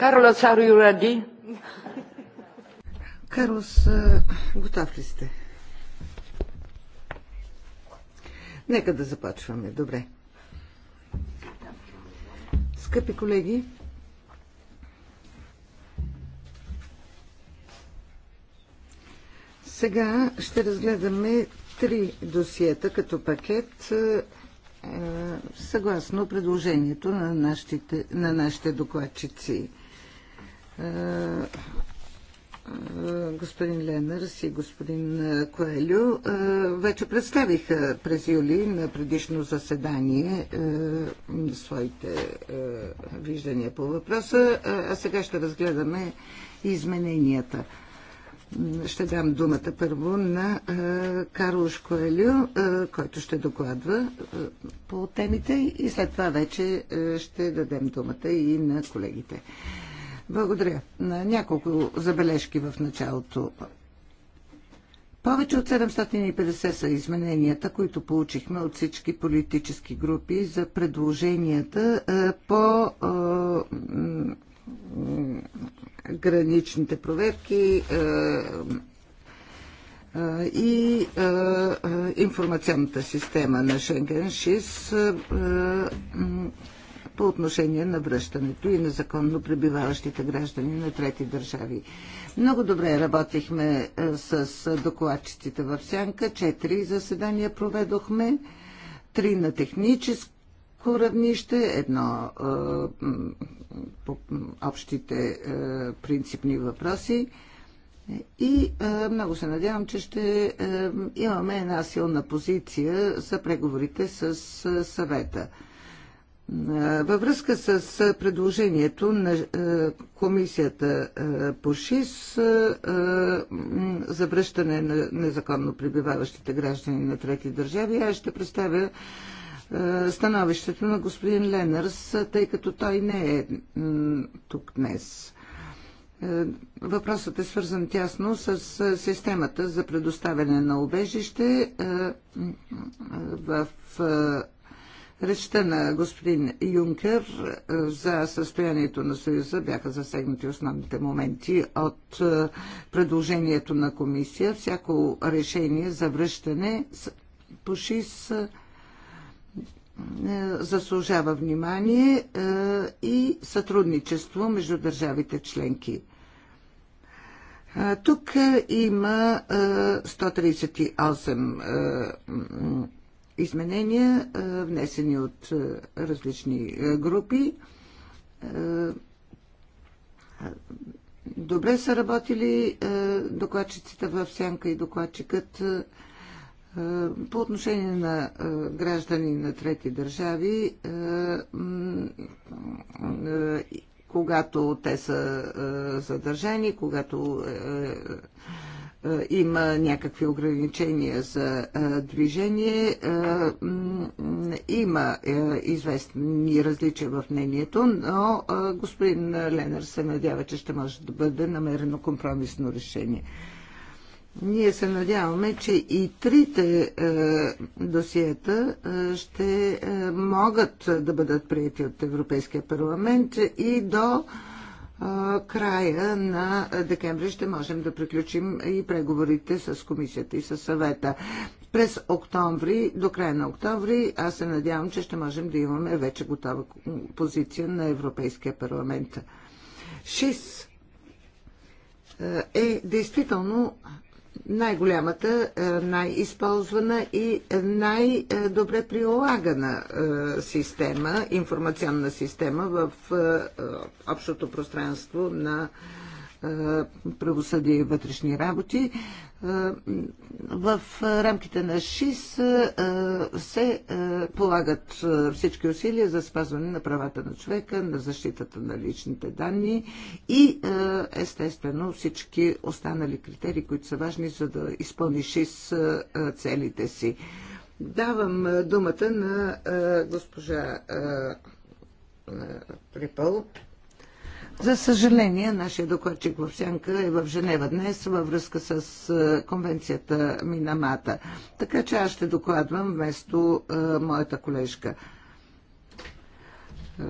Карлос, are you ready? Карлос, готов ли сте? Нека да започваме. Добре. Скъпи колеги, сега ще разгледаме три досиета като пакет съгласно предложението на нашите, на нашите докладчици господин Ленърс и господин Коелю вече представиха през юли на предишно заседание своите виждания по въпроса, а сега ще разгледаме измененията. Ще дам думата първо на Карлош Коелю, който ще докладва по темите и след това вече ще дадем думата и на колегите. Благодаря. На няколко забележки в началото. Повече от 750 са измененията, които получихме от всички политически групи за предложенията по граничните проверки и информационната система на Шенген 6 по отношение на връщането и на законно пребиваващите граждани на трети държави. Много добре работихме е, с докладчиците в Сянка. Четири заседания проведохме. Три на техническо равнище, едно е, по общите е, принципни въпроси. И много се надявам, че ще имаме една силна позиция за преговорите с съвета. Във връзка с предложението на е, комисията е, по ШИС е, за връщане на незаконно пребиваващите граждани на трети държави, аз ще представя становището на господин Ленърс, тъй като той не е тук днес. Въпросът е свързан тясно с системата за предоставяне на убежище в Речта на господин Юнкер е, за състоянието на Съюза бяха засегнати основните моменти от е, предложението на комисия. Всяко решение за връщане по ШИС е, заслужава внимание и сътрудничество между държавите членки. Тук има 138 изменения, внесени от различни групи. Добре са работили докладчиците в Сянка и докладчикът по отношение на граждани на трети държави, когато те са задържани, когато е, има някакви ограничения за е, движение, е, има известни различия в мнението, но господин Ленър се надява, че ще може да бъде намерено компромисно решение. Ние се надяваме, че и трите досиета ще могат да бъдат прияти от Европейския парламент и до края на декември ще можем да приключим и преговорите с комисията и с съвета. През октомври, до края на октомври, аз се надявам, че ще можем да имаме вече готова позиция на Европейския парламент. ШИС е действително най-голямата, е, най-използвана и най-добре прилагана е, система, информационна система в е, общото пространство на правосъдие и вътрешни работи в рамките на ШИС се полагат всички усилия за спазване на правата на човека, на защитата на личните данни и естествено всички останали критерии, които са важни за да изпълни ШИС целите си. Давам думата на госпожа Припъл. За съжаление, нашия докладчик в Сянка е в Женева днес във връзка с е, конвенцията Минамата. Така че аз ще докладвам вместо а, е, моята колежка. Е,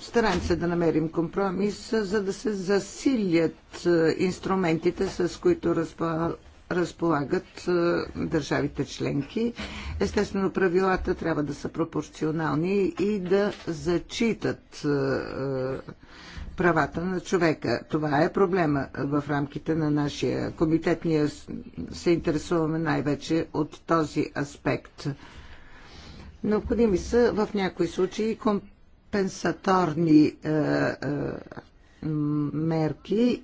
стараем се да намерим компромис, за да се засилят инструментите, с които разполагат разполагат е, държавите членки. Естествено, правилата трябва да са пропорционални и да зачитат е, е, правата на човека. Това е проблема в рамките на нашия комитет. Ние се интересуваме най-вече от този аспект. Необходими са в някои случаи компенсаторни мерки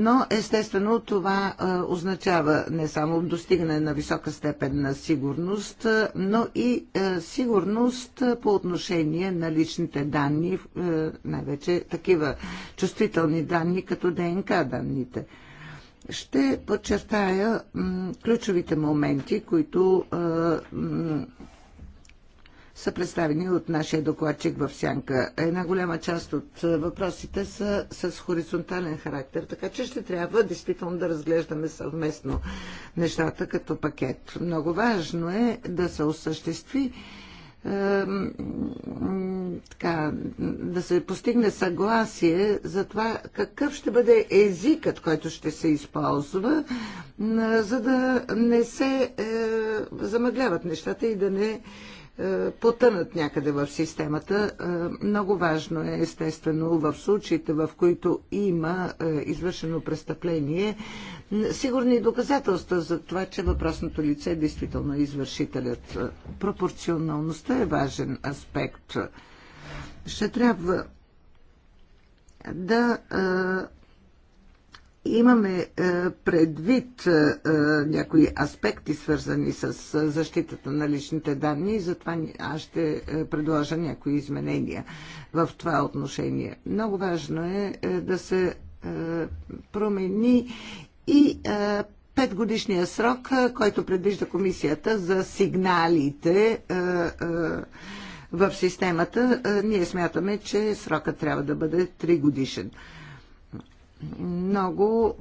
но естествено това означава не само достигане на висока степен на сигурност, но и сигурност по отношение на личните данни, най-вече такива чувствителни данни, като ДНК данните. Ще подчертая ключовите моменти, които са представени от нашия докладчик в Сянка. Една голяма част от е, въпросите са с хоризонтален характер, така че ще трябва действително да разглеждаме съвместно нещата като пакет. Много важно е да се осъществи така, да се постигне съгласие за това какъв ще бъде езикът, който ще се използва, за да не се е, замъгляват нещата и да не е, потънат някъде в системата. Е, много важно е, естествено, в случаите, в които има е, извършено престъпление, сигурни доказателства за това, че въпросното лице е действително извършителят. Пропорционалността е важен аспект. Ще трябва да имаме е, предвид е, е, някои аспекти, свързани с защитата на личните данни и затова аз ще предложа някои изменения в това отношение. Много важно е да се промени и петгодишния срок, който предвижда комисията за сигналите в системата. Ние смятаме, че срокът трябва да бъде 3 годишен много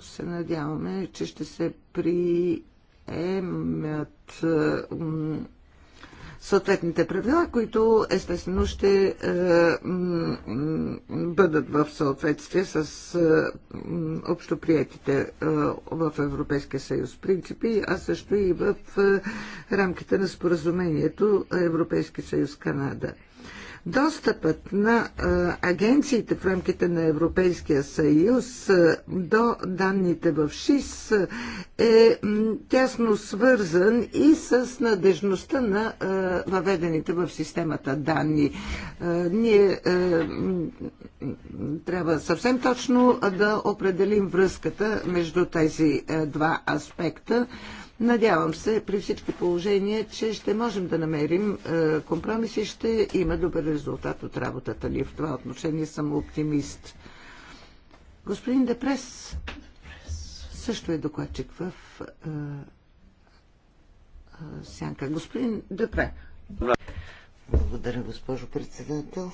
се надяваме, че ще се приемат съответните правила, които естествено ще м, бъдат в съответствие с м, общоприетите а, в Европейския съюз принципи, а също и в рамките на споразумението Европейски съюз Канада. Достъпът на агенциите в рамките на Европейския съюз до данните в ШИС е тясно свързан и с надежността на въведените в системата данни. Ние трябва съвсем точно да определим връзката между тези два аспекта. Надявам се при всички положения, че ще можем да намерим е, компромиси и ще има добър резултат от работата ни. В това отношение съм оптимист. Господин Депрес също е докладчик в е, е, Сянка. Господин Депре. Благодаря, госпожо председател.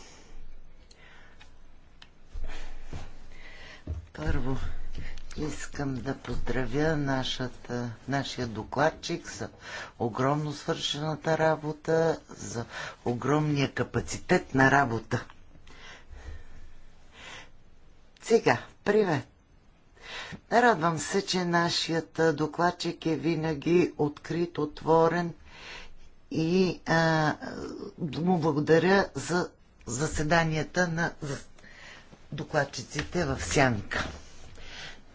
Първо, Искам да поздравя нашата, нашия докладчик за огромно свършената работа, за огромния капацитет на работа. Сега, привет! Радвам се, че нашият докладчик е винаги открит, отворен и а, му благодаря за заседанията на докладчиците в Сянка.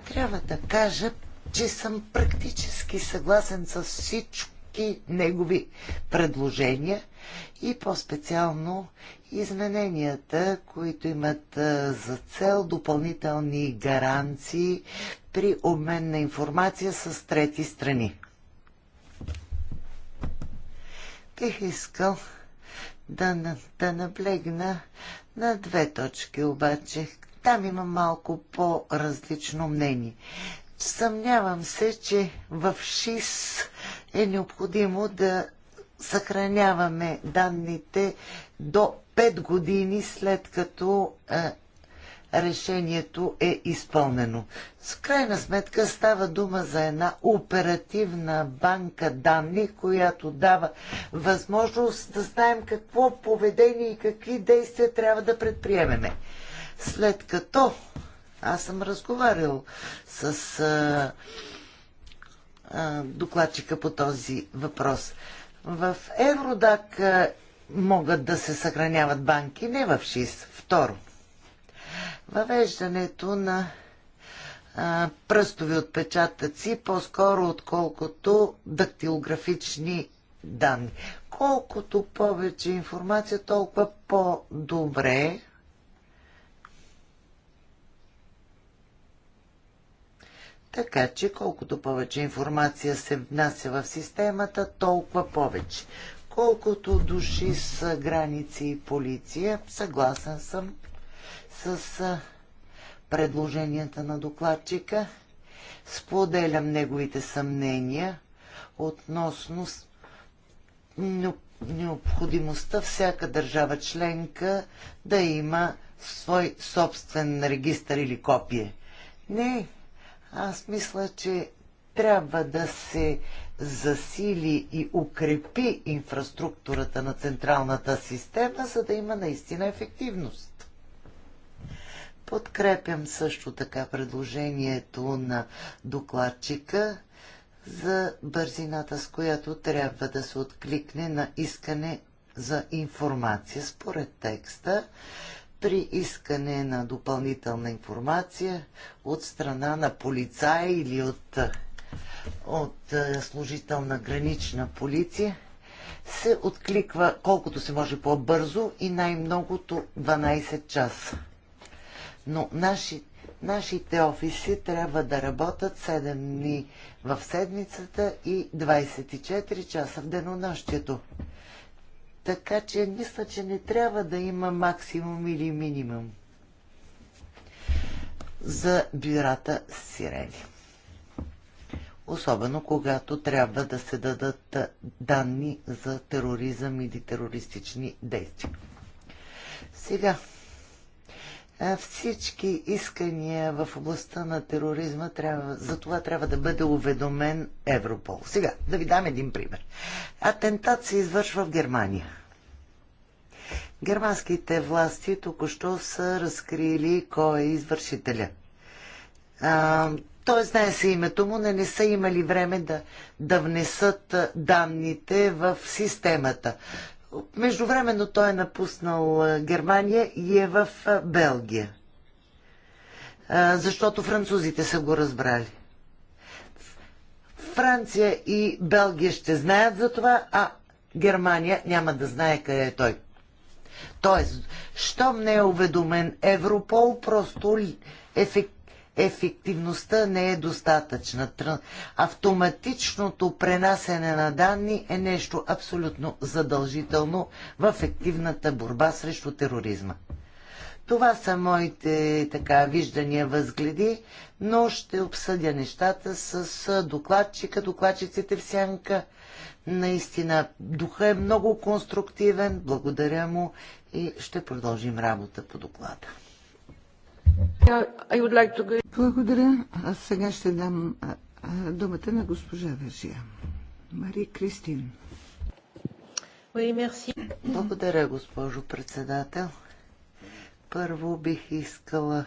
Трябва да кажа, че съм практически съгласен с всички негови предложения и по-специално измененията, които имат за цел допълнителни гаранции при обмен на информация с трети страни. Бих искал да, да наблегна на две точки обаче, там има малко по-различно мнение. Съмнявам се, че в ШИС е необходимо да съхраняваме данните до 5 години след като е, решението е изпълнено. С крайна сметка става дума за една оперативна банка данни, която дава възможност да знаем какво поведение и какви действия трябва да предприемеме след като аз съм разговарял с а, а, докладчика по този въпрос. В Евродак а, могат да се съхраняват банки, не в ШИС. Второ, въвеждането на а, пръстови отпечатъци по-скоро отколкото дактилографични данни. Колкото повече информация, толкова по-добре Така че колкото повече информация се внася в системата, толкова повече. Колкото души с граници и полиция, съгласен съм с предложенията на докладчика. Споделям неговите съмнения относно необходимостта всяка държава членка да има свой собствен регистр или копие. Не, аз мисля, че трябва да се засили и укрепи инфраструктурата на централната система, за да има наистина ефективност. Подкрепям също така предложението на докладчика за бързината, с която трябва да се откликне на искане за информация според текста при искане на допълнителна информация от страна на полицай или от, от е, служител на гранична полиция се откликва колкото се може по-бързо и най-многото 12 часа. Но наши, нашите офиси трябва да работят 7 дни в седмицата и 24 часа в денонощието. Така че мисля, че не трябва да има максимум или минимум за бюрата сирени. Особено когато трябва да се дадат данни за тероризъм или терористични действия. Сега всички искания в областта на тероризма трябва, за това трябва да бъде уведомен Европол. Сега, да ви дам един пример. Атентат се извършва в Германия. Германските власти току-що са разкрили кой е извършителя. А, той знае се името му, но не са имали време да, да внесат данните в системата. Междувременно той е напуснал Германия и е в Белгия. Защото французите са го разбрали. Франция и Белгия ще знаят за това, а Германия няма да знае къде е той. Тоест, щом не е уведомен Европол, просто ефект, ефективността не е достатъчна. Автоматичното пренасене на данни е нещо абсолютно задължително в ефективната борба срещу тероризма. Това са моите така виждания, възгледи, но ще обсъдя нещата с докладчика, докладчиците в сянка. Наистина, духа е много конструктивен, благодаря му и ще продължим работа по доклада. Благодаря. А сега ще дам думата на госпожа Вержия. Мари Кристин. Благодаря, госпожо председател. Първо бих искала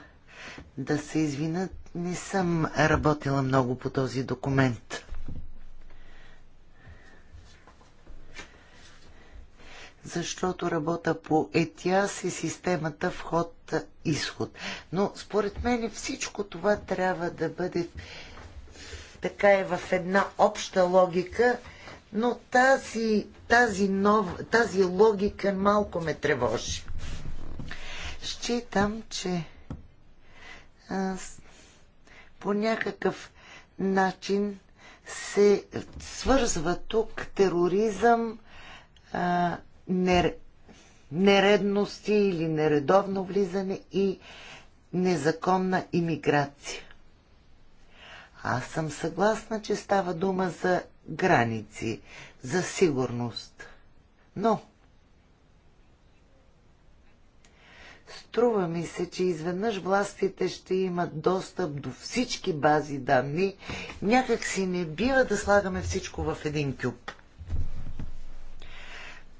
да се извина. Не съм работила много по този документ. защото работа по ЕТИАС и системата вход-изход. Но според мен всичко това трябва да бъде така е в една обща логика, но тази, тази, нов, тази логика малко ме тревожи. Считам, че аз, по някакъв начин се свързва тук тероризъм, а, нередности или нередовно влизане и незаконна имиграция. Аз съм съгласна, че става дума за граници, за сигурност. Но Струва ми се, че изведнъж властите ще имат достъп до всички бази данни. Някак си не бива да слагаме всичко в един кюб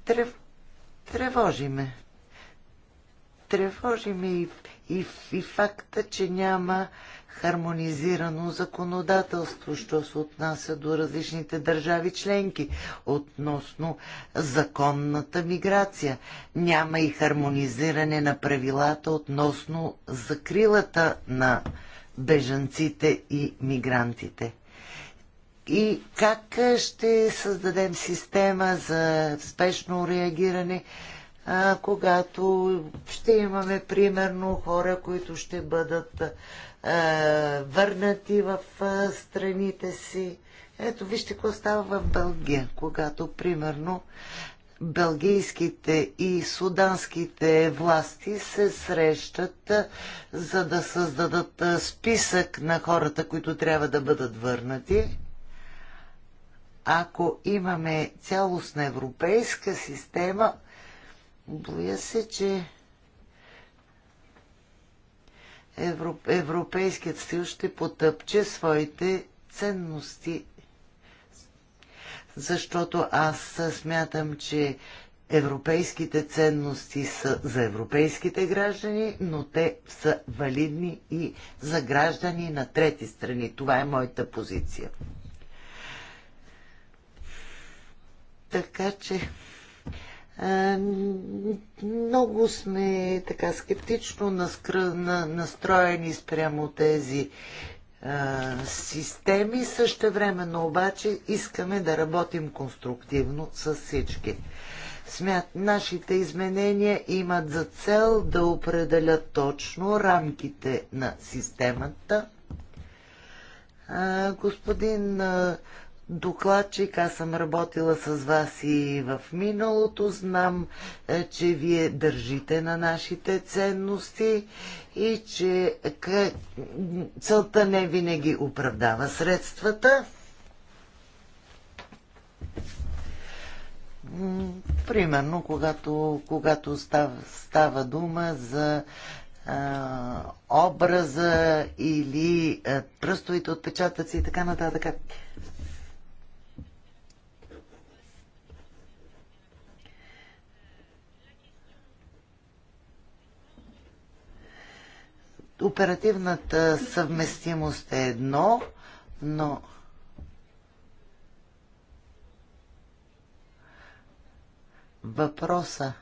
трев, тревожиме. Тревожиме и, и, и факта, че няма хармонизирано законодателство, що се отнася до различните държави членки относно законната миграция. Няма и хармонизиране на правилата относно закрилата на бежанците и мигрантите и как ще създадем система за спешно реагиране, а, когато ще имаме примерно хора, които ще бъдат а, върнати в а, страните си. Ето, вижте какво става в Бългия, когато примерно белгийските и суданските власти се срещат, за да създадат списък на хората, които трябва да бъдат върнати ако имаме цялостна европейска система, боя се, че Европейският съюз ще потъпче своите ценности. Защото аз смятам, че европейските ценности са за европейските граждани, но те са валидни и за граждани на трети страни. Това е моята позиция. Така че много сме така скептично настроени спрямо тези а, системи. Същевременно обаче искаме да работим конструктивно с всички. Смят, нашите изменения имат за цел да определят точно рамките на системата. А, господин а, докладчик. Аз съм работила с вас и в миналото. Знам, е, че вие държите на нашите ценности и че целта не винаги оправдава средствата. Примерно, когато, когато става, става дума за а, образа или пръстовите отпечатъци и така нататък. оперативната съвместимост е едно, но въпроса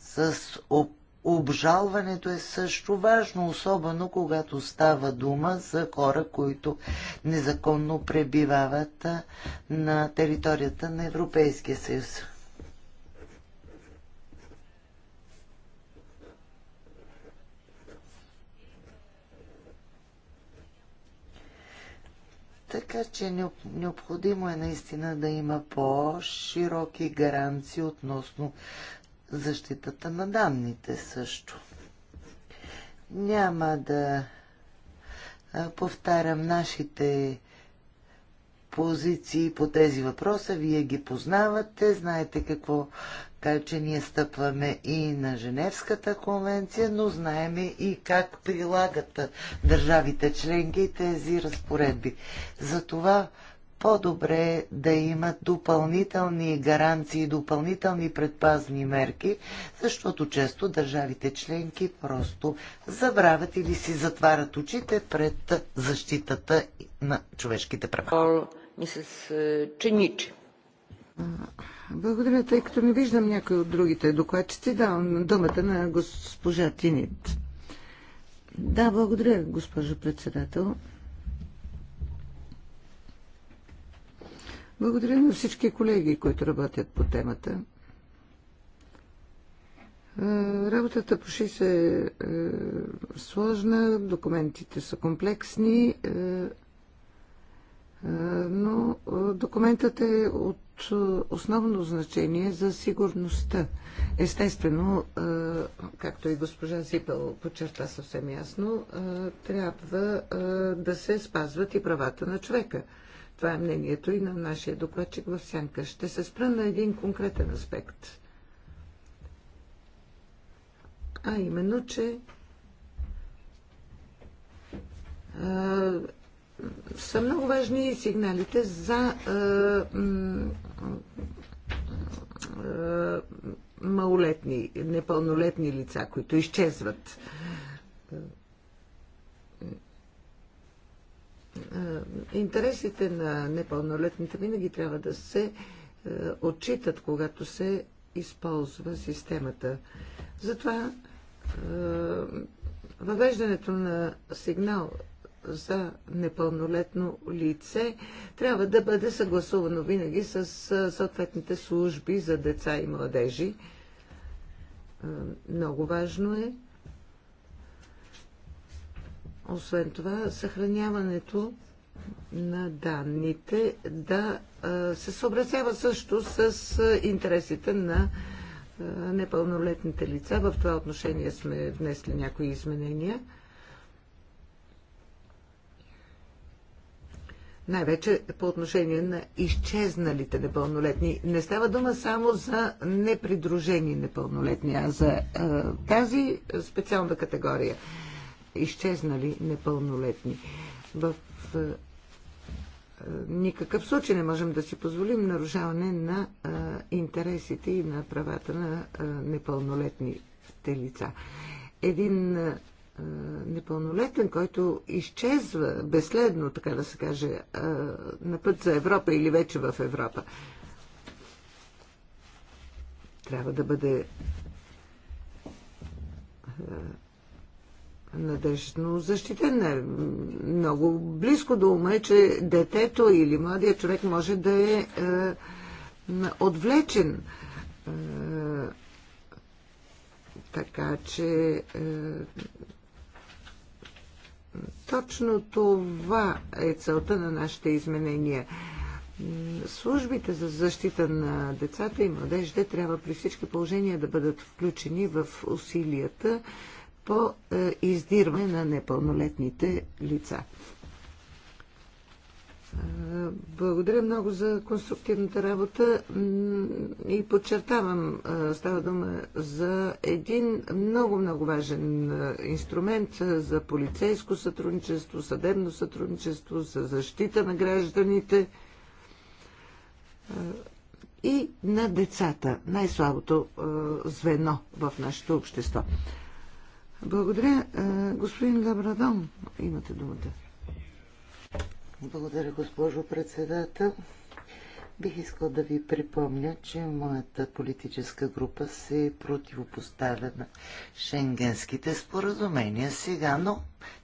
с обжалването е също важно, особено когато става дума за хора, които незаконно пребивават на територията на Европейския съюз. Така че необходимо е наистина да има по-широки гаранции относно защитата на данните също. Няма да повтарям нашите позиции по тези въпроса. Вие ги познавате, знаете какво така че ние стъпваме и на Женевската конвенция, но знаеме и как прилагат държавите членки и тези разпоредби. Затова по-добре е да имат допълнителни гаранции, допълнителни предпазни мерки, защото често държавите членки просто забравят или си затварят очите пред защитата на човешките права. че Ченичи. Благодаря, тъй като не виждам някой от другите докладчици. Давам думата на госпожа Тинит. Да, благодаря, госпожо председател. Благодаря на всички колеги, които работят по темата. Е, работата по ШИС е сложна, документите са комплексни. Е, е, но е, документът е от е, основно значение за сигурността. Естествено, както и госпожа Зипел подчерта съвсем ясно, трябва да се спазват и правата на човека. Това е мнението и на нашия докладчик в Сянка. Ще се спра на един конкретен аспект. А именно, че са много важни сигналите за е, е, малолетни, непълнолетни лица, които изчезват. Е, интересите на непълнолетните винаги трябва да се отчитат, когато се използва системата. Затова въвеждането на сигнал за непълнолетно лице трябва да бъде съгласувано винаги с съответните служби за деца и младежи. Много важно е. Освен това, съхраняването на данните да се съобразява също с интересите на непълнолетните лица. В това отношение сме внесли някои изменения. най-вече по отношение на изчезналите непълнолетни. Не става дума само за непридружени непълнолетни, а за а, е, тази специална категория изчезнали непълнолетни. В а, е, е, никакъв случай не можем да си позволим нарушаване на а, интересите и на правата на а, непълнолетните лица. Един а, е, непълнолетен, който изчезва безследно, така да се каже, е, на път за Европа или вече в Европа. Трябва да бъде е, надежно защитен. Не, много близко до ума е, че детето или младия човек може да е, е отвлечен. Е, така че е, точно това е целта на нашите изменения. Службите за защита на децата и младежите трябва при всички положения да бъдат включени в усилията по е, издирване на непълнолетните лица. Благодаря много за конструктивната работа и подчертавам, става дума за един много-много важен инструмент за полицейско сътрудничество, съдебно сътрудничество, за защита на гражданите и на децата, най-слабото звено в нашето общество. Благодаря. Господин Габрадон, имате думата. Благодаря, госпожо председател. Бих искал да ви припомня, че моята политическа група се противопоставя на шенгенските споразумения сега, но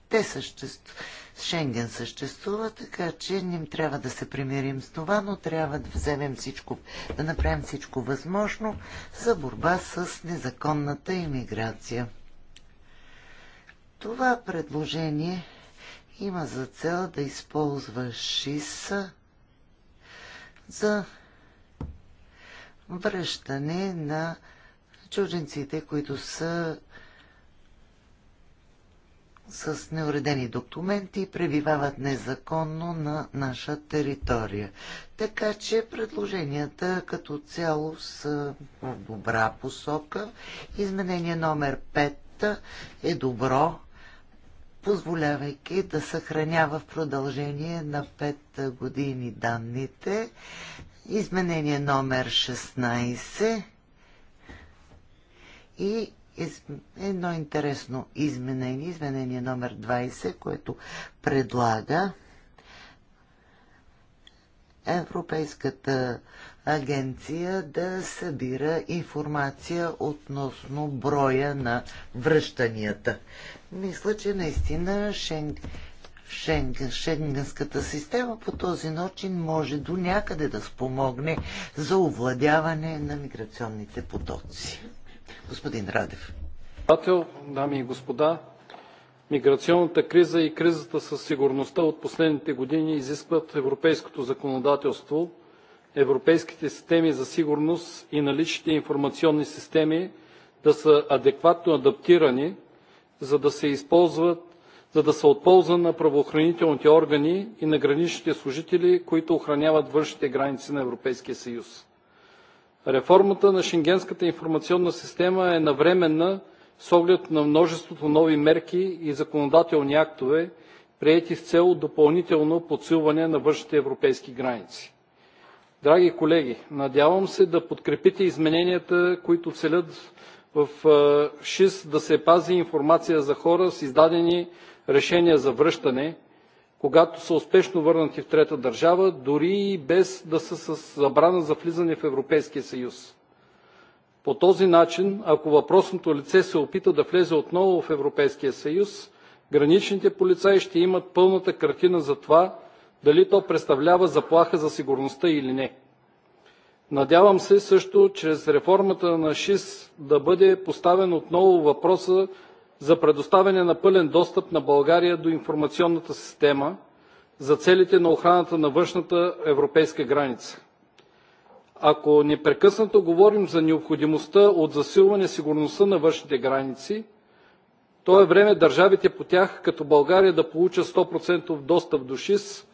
те съществуват. Шенген съществува, така че ним трябва да се примирим с това, но трябва да вземем всичко, да направим всичко възможно за борба с незаконната иммиграция. Това предложение има за цел да използва шиса за връщане на чужденците, които са с неуредени документи и пребивават незаконно на наша територия. Така че предложенията като цяло са в добра посока. Изменение номер 5 е добро, позволявайки да съхранява в продължение на 5 години данните. Изменение номер 16 и едно интересно изменение, изменение номер 20, което предлага Европейската агенция да събира информация относно броя на връщанията. Мисля, че наистина Шенг... Шенг... Шенгенската система по този начин може до някъде да спомогне за овладяване на миграционните потоци. Господин Радев. Пател, дами и господа, миграционната криза и кризата със сигурността от последните години изискват европейското законодателство, европейските системи за сигурност и наличните информационни системи да са адекватно адаптирани – за да се използват за да са от полза на правоохранителните органи и на граничните служители, които охраняват външните граници на Европейския съюз. Реформата на Шенгенската информационна система е навременна с оглед на множеството нови мерки и законодателни актове, приети с цел допълнително подсилване на външните европейски граници. Драги колеги, надявам се да подкрепите измененията, които целят в ШИС да се пази информация за хора с издадени решения за връщане, когато са успешно върнати в трета държава, дори и без да са с забрана за влизане в Европейския съюз. По този начин, ако въпросното лице се опита да влезе отново в Европейския съюз, граничните полицаи ще имат пълната картина за това дали то представлява заплаха за сигурността или не. Надявам се също чрез реформата на ШИС да бъде поставен отново въпросът за предоставяне на пълен достъп на България до информационната система за целите на охраната на външната европейска граница. Ако непрекъснато говорим за необходимостта от засилване сигурността на външните граници, то е време държавите по тях, като България, да получат 100% достъп до ШИС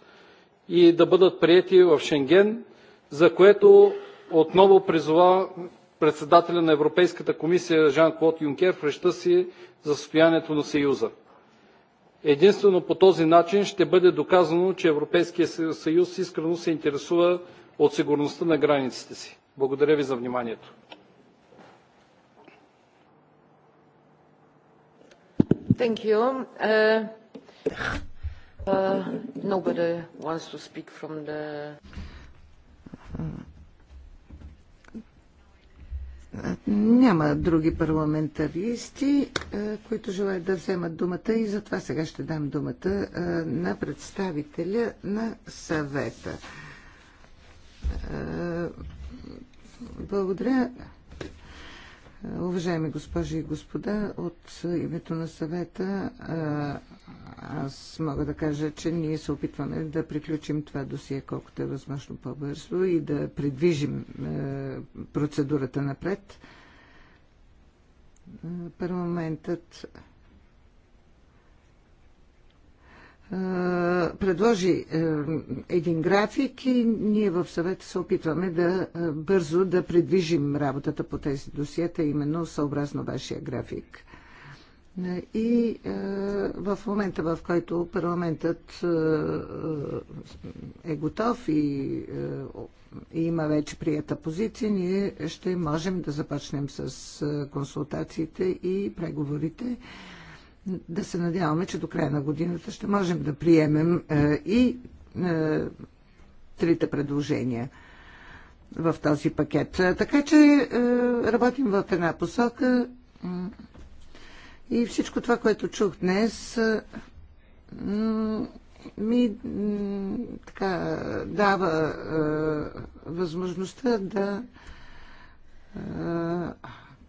и да бъдат приети в Шенген, за което отново призова председателя на Европейската комисия Жан Клод Юнкер в речта си за състоянието на Съюза. Единствено по този начин ще бъде доказано, че Европейският съюз искрено се интересува от сигурността на границите си. Благодаря ви за вниманието. Thank you. Uh, uh, nobody wants to speak from the... Няма други парламентаристи, е, които желаят да вземат думата и затова сега ще дам думата е, на представителя на съвета. Е, благодаря. Уважаеми госпожи и господа, от името на съвета аз мога да кажа, че ние се опитваме да приключим това досие колкото е възможно по-бързо и да придвижим процедурата напред. Парламентът предложи един график и ние в съвета се опитваме да бързо да придвижим работата по тези досиета, именно съобразно вашия график. И в момента, в който парламентът е готов и има вече прията позиция, ние ще можем да започнем с консултациите и преговорите да се надяваме, че до края на годината ще можем да приемем е, и е, трите предложения в този пакет. Така че е, работим в една посока и всичко това, което чух днес, ми така, дава възможността да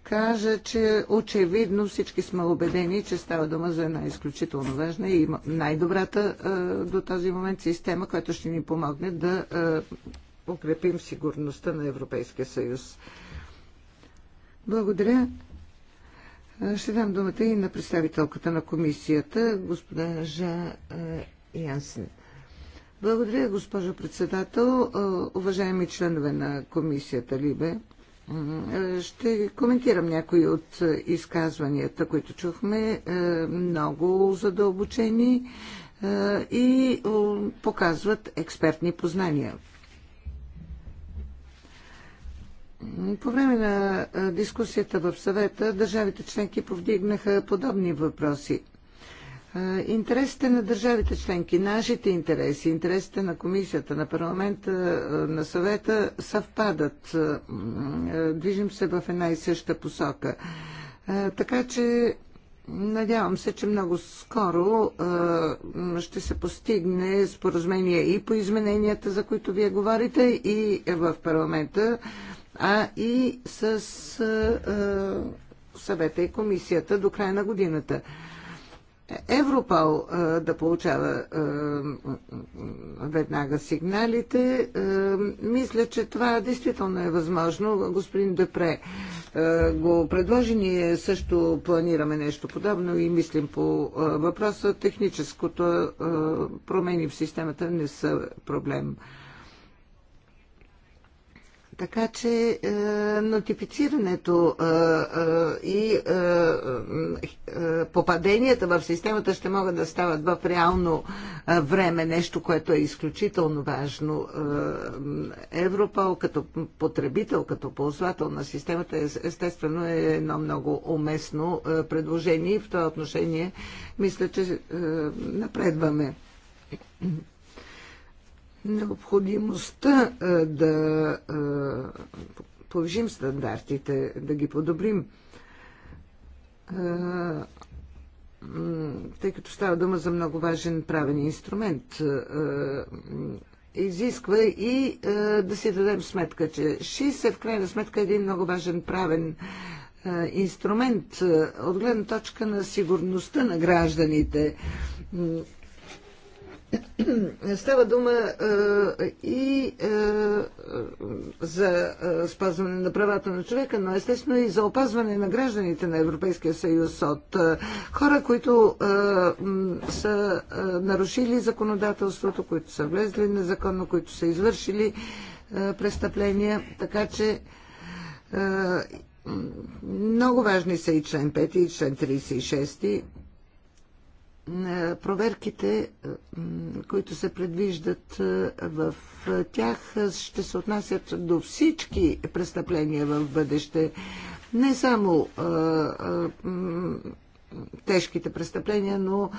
кажа, че очевидно всички сме убедени, че става дума за една изключително важна и най-добрата е, до този момент система, която ще ни помогне да е, укрепим сигурността на Европейския съюз. Благодаря. Е, ще дам думата и на представителката на комисията, господа Жа Янсен. Благодаря, госпожо председател, уважаеми членове на комисията Либе. Ще коментирам някои от изказванията, които чухме, е, много задълбочени е, и показват експертни познания. По време на е, дискусията в съвета държавите членки повдигнаха подобни въпроси – Интересите на държавите членки, нашите интереси, интересите на комисията, на парламента, на съвета съвпадат. Движим се в една и съща посока. Така че надявам се, че много скоро ще се постигне споразумение и по измененията, за които вие говорите, и в парламента, а и с съвета и комисията до края на годината. Европол да получава веднага сигналите. Мисля, че това действително е възможно. Господин Депре го предложи. Ние също планираме нещо подобно и мислим по въпроса. Техническото промени в системата не са проблем. Така че е, нотифицирането е, е, и е, е, попаденията в системата ще могат да стават в реално е, време, нещо, което е изключително важно. Е, Европол като потребител, като ползвател на системата, е, естествено е едно много уместно е, предложение и в това отношение мисля, че е, напредваме необходимостта е, да е, повишим стандартите, да ги подобрим, е, тъй като става дума за много важен правен инструмент, изисква и да си дадем сметка, че ШИС е в крайна сметка един много важен правен инструмент от гледна точка на сигурността на гражданите Става дума и за спазване на правата на човека, но естествено и за опазване на гражданите на Европейския съюз от хора, които са нарушили законодателството, които са влезли незаконно, които са извършили престъпления. Така че много важни са и член 5 и член 36 проверките, е, които се предвиждат е, в тях, е, ще се отнасят до всички престъпления в бъдеще. Не само тежките престъпления, но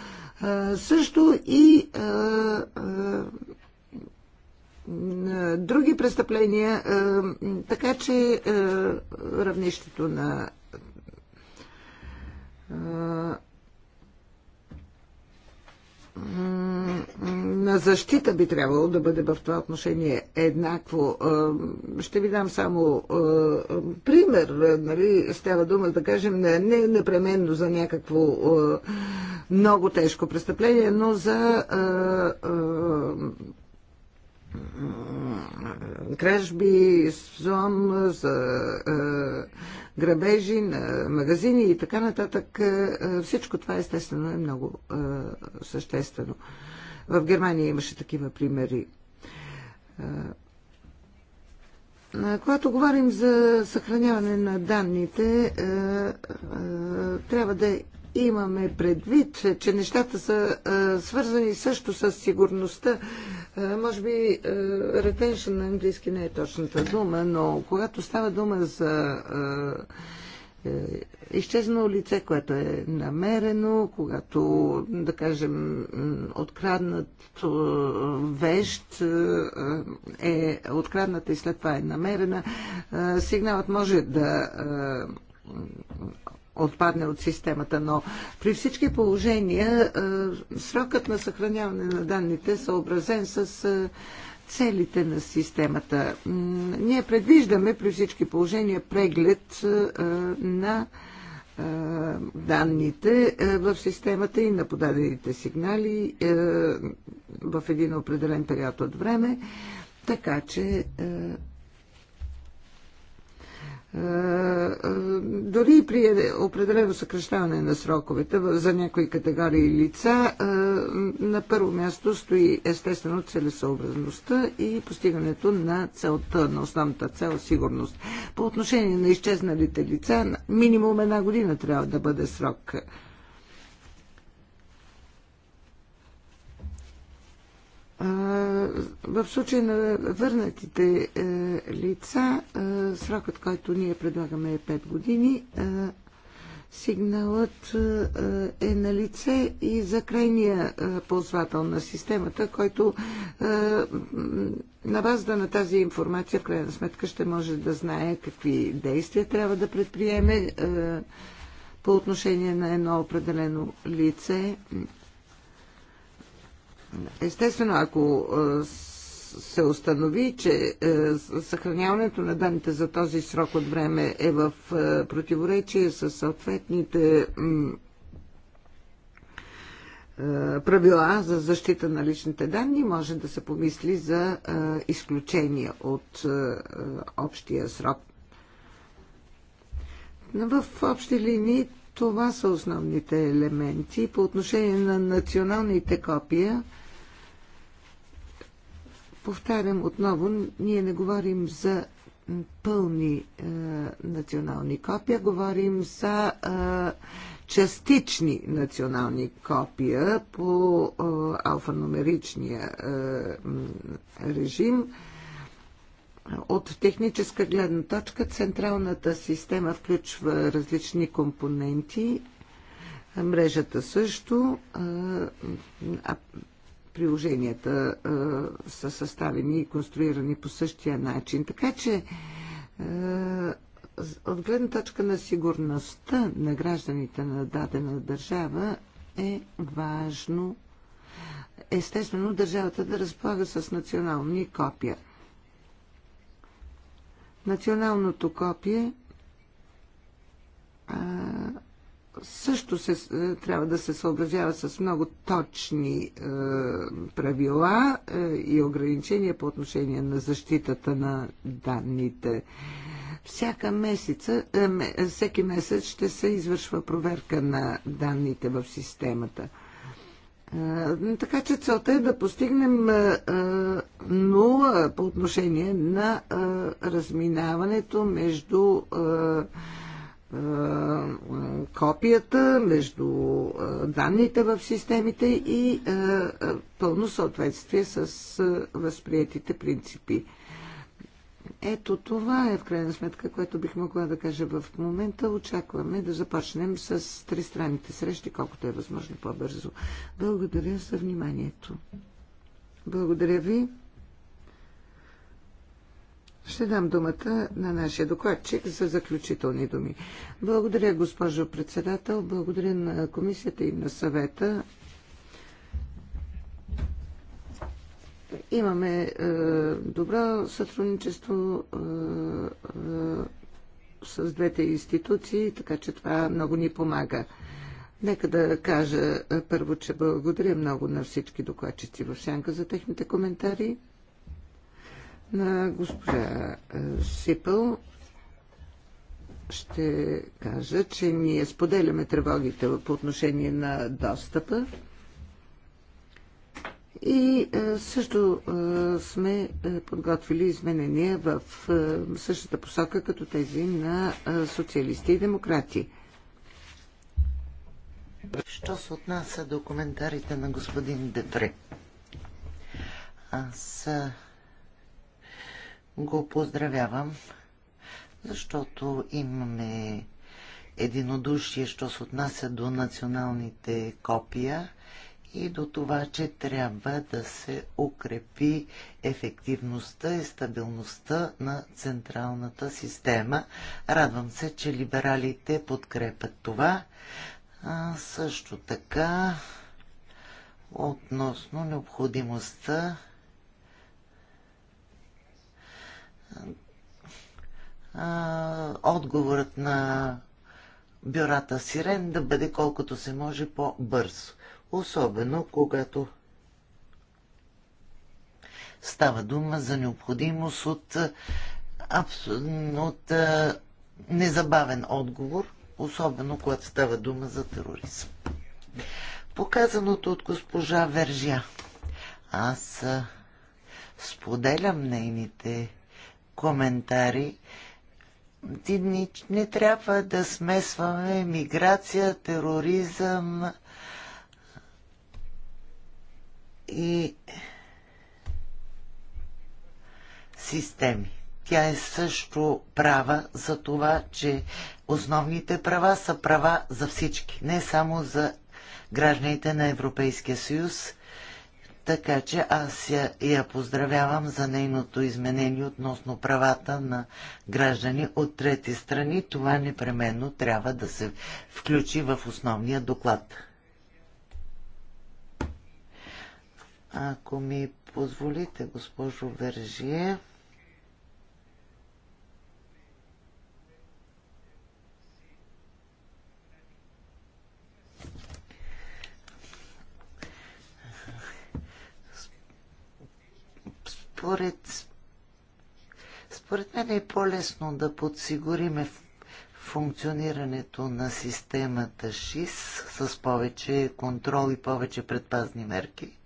също и други престъпления, така че равнището на на защита би трябвало да бъде в това отношение еднакво. Ще ви дам само пример. Нали? Става дума да кажем не непременно за някакво много тежко престъпление, но за кражби, сон, за грабежи на магазини и така нататък. Е, е, всичко това естествено е много е, съществено. В Германия имаше такива примери. Когато говорим за съхраняване на данните, трябва да имаме предвид, че нещата са свързани също с сигурността е, може би retention е, на английски не е точната дума, но когато става дума за е, изчезнало лице, което е намерено, когато, да кажем, откраднат вещ е открадната и след това е намерена, сигналът може да отпадне от системата, но при всички положения е, срокът на съхраняване на данните е съобразен с е, целите на системата. Ние предвиждаме при всички положения преглед е, на данните в системата и на подадените сигнали в един определен период от време, така че е, е, дори и при определено съкрещаване на сроковете за някои категории лица, е, на първо място стои естествено целесообразността и постигането на целта, на основната цел сигурност. По отношение на изчезналите лица, минимум една година трябва да бъде срок. В случай на върнатите е, лица, е, срокът, който ние предлагаме е 5 години. Е, сигналът е на лице и за крайния ползвател на системата, който на базата на тази информация в крайна сметка ще може да знае какви действия трябва да предприеме по отношение на едно определено лице Естествено, ако се установи, че съхраняването на данните за този срок от време е в противоречие с съответните правила за защита на личните данни, може да се помисли за изключение от общия срок. В общи линии това са основните елементи. По отношение на националните копия, повтарям отново, ние не говорим за пълни е, национални копия, говорим за е, частични национални копия по е, алфанумеричния е, режим. Е, от техническа гледна точка централната система включва различни компоненти, мрежата също, а приложенията са съставени и конструирани по същия начин. Така че от гледна точка на сигурността на гражданите на дадена държава е важно естествено държавата да разполага с национални копия – Националното копие също се, е, трябва да се съобразява с много точни а, е, правила а, е, и ограничения по отношение на защитата на данните. Всяка месеца, е, всеки месец ще се извършва проверка на данните в системата. Е, така че целта е да постигнем е, е, нула по отношение на разминаването между копията, между данните в системите и пълно съответствие с възприятите принципи. Ето това е в крайна сметка, което бих могла да кажа в момента. Очакваме да започнем с тристранните срещи, колкото е възможно по-бързо. Благодаря за вниманието. Благодаря ви. Ще дам думата на нашия докладчик за заключителни думи. Благодаря, госпожо председател, благодаря на комисията и на съвета Имаме е, добро сътрудничество е, е, с двете институции, така че това много ни помага. Нека да кажа първо, че благодаря много на всички докладчици в Сянка за техните коментари. На госпожа Сипъл ще кажа, че ние споделяме тревогите по отношение на достъпа и е, също е, сме е, подготвили изменения в същата посока, като тези на социалисти и демократи. Що се отнася до коментарите на господин Депре? Аз го поздравявам, защото имаме единодушие, що се отнася до националните копия и до това, че трябва да се укрепи ефективността и стабилността на централната система. Радвам се, че либералите подкрепят това. А, също така, относно необходимостта отговорът на бюрата Сирен да бъде колкото се може по-бързо особено когато става дума за необходимост от, от незабавен отговор, особено когато става дума за тероризъм. Показаното от госпожа Вержя. Аз споделям нейните коментари. Не, не трябва да смесваме миграция, тероризъм, и системи. Тя е също права за това, че основните права са права за всички, не само за гражданите на Европейския съюз. Така че аз я, я поздравявам за нейното изменение относно правата на граждани от трети страни. Това непременно трябва да се включи в основния доклад. Ако ми позволите, госпожо Вержие, според, според мен е по-лесно да подсигуриме функционирането на системата ШИС с повече контрол и повече предпазни мерки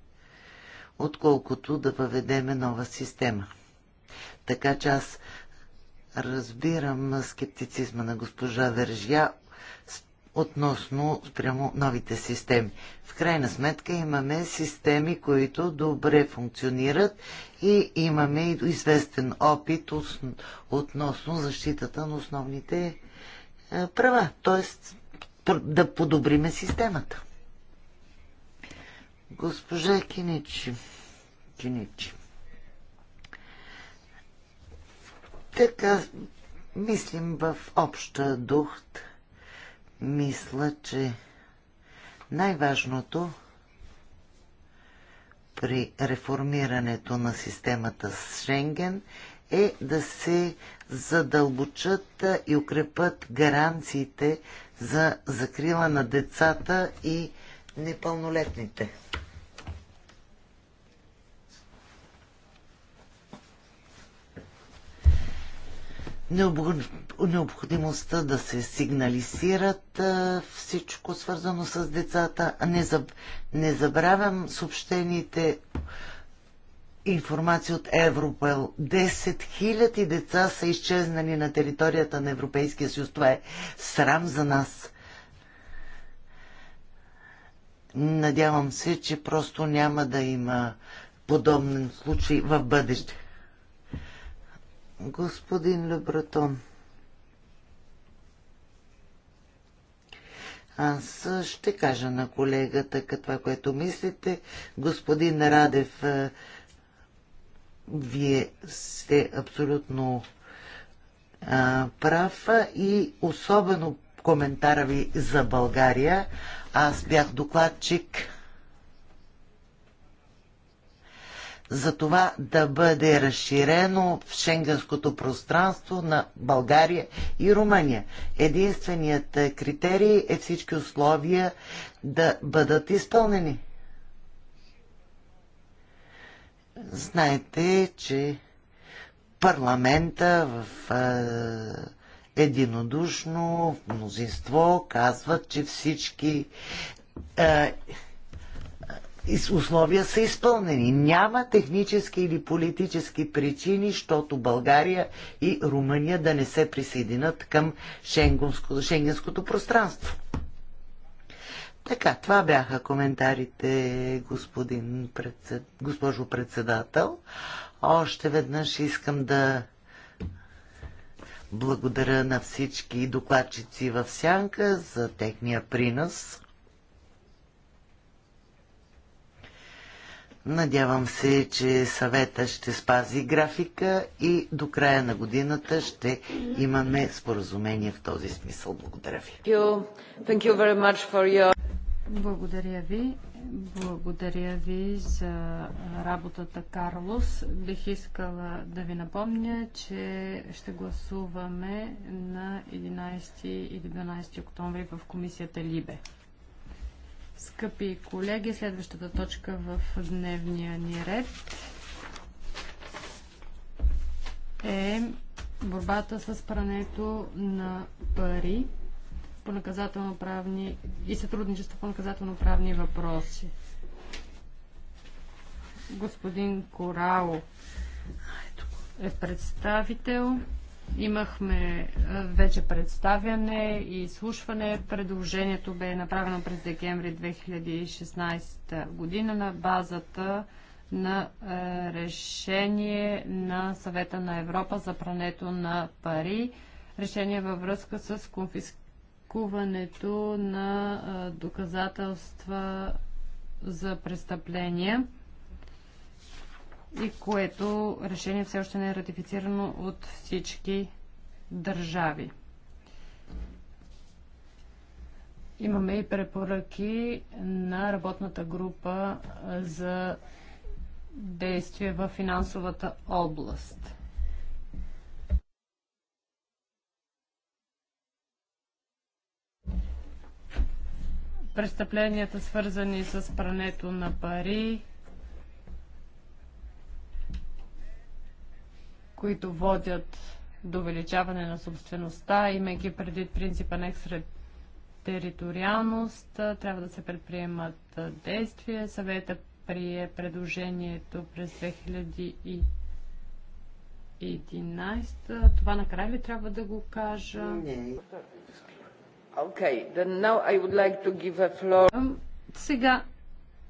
отколкото да въведеме нова система. Така че аз разбирам скептицизма на госпожа Вержия относно прямо новите системи. В крайна сметка имаме системи, които добре функционират и имаме и известен опит относно защитата на основните е, права, т.е. да подобриме системата. Госпожа Киничи. Киничи. Така, мислим в обща дух. Мисля, че най-важното при реформирането на системата с Шенген е да се задълбочат и укрепат гаранциите за закрила на децата и непълнолетните. необходимостта да се сигнализират всичко свързано с децата. Не, не забравям съобщените информация от Европел. 10 000 деца са изчезнали на територията на Европейския съюз. Това е срам за нас. Надявам се, че просто няма да има подобен случай в бъдеще. Господин Лебратон, аз ще кажа на колегата това, което мислите. Господин Радев, е, вие сте абсолютно прав и особено коментара ви за България. Аз бях докладчик за това да бъде разширено в шенгенското пространство на България и Румъния. Единственият е, критерий е всички условия да бъдат изпълнени. Знаете, че парламента в е, единодушно, в мнозинство казват, че всички е, е условия са изпълнени. Няма технически или политически причини, защото България и Румъния да не се присъединят към шенгенското, шенгенското пространство. Така, това бяха коментарите, господин председ... госпожо председател. Още веднъж искам да благодаря на всички докладчици в Сянка за техния принос. Надявам се, че съвета ще спази графика и до края на годината ще имаме споразумение в този смисъл. Благодаря ви. Благодаря ви. Благодаря ви за работата, Карлос. Бих искала да ви напомня, че ще гласуваме на 11 и 12 октомври в комисията Либе. Скъпи колеги, следващата точка в дневния ни ред е борбата с прането на пари по наказателно-правни и сътрудничество по наказателно-правни въпроси. Господин Корао, е представител. Имахме вече представяне и слушване. Предложението бе направено през декември 2016 година на базата на решение на Съвета на Европа за прането на пари. Решение във връзка с конфиск изискуването на доказателства за престъпления и което решение все още не е ратифицирано от всички държави. Имаме и препоръки на работната група за действие в финансовата област. престъпленията свързани с прането на пари, които водят до увеличаване на собствеността, имайки предвид принципа на териториалност, трябва да се предприемат действия. Съвета прие предложението през 2011. Това накрая ли трябва да го кажа? Не. Okay, then now I would like to give a floor. Сега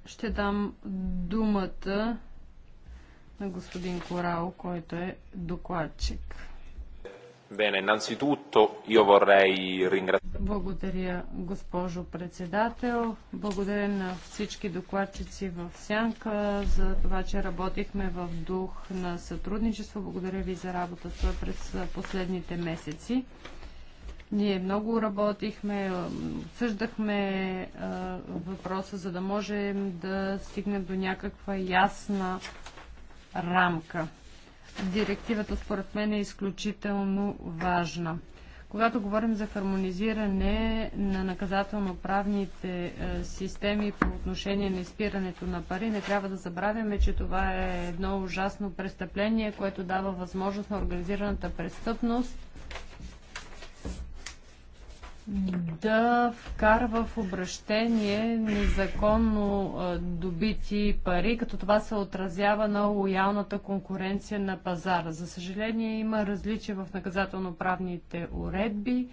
ще дам думата на господин Корал, който е докладчик. Bene, innanzitutto io vorrei ringraziare. Благодаря, госпожо председател. Благодаря на всички докладчици в Сянка за това, че работихме в дух на сътрудничество. Благодаря ви за работата през последните месеци. Ние много работихме, обсъждахме въпроса, за да можем да стигнем до някаква ясна рамка. Директивата според мен е изключително важна. Когато говорим за хармонизиране на наказателно-правните е, системи по отношение на изпирането на пари, не трябва да забравяме, че това е едно ужасно престъпление, което дава възможност на организираната престъпност да вкарва в обращение незаконно добити пари, като това се отразява на лоялната конкуренция на пазара. За съжаление има различия в наказателно-правните уредби.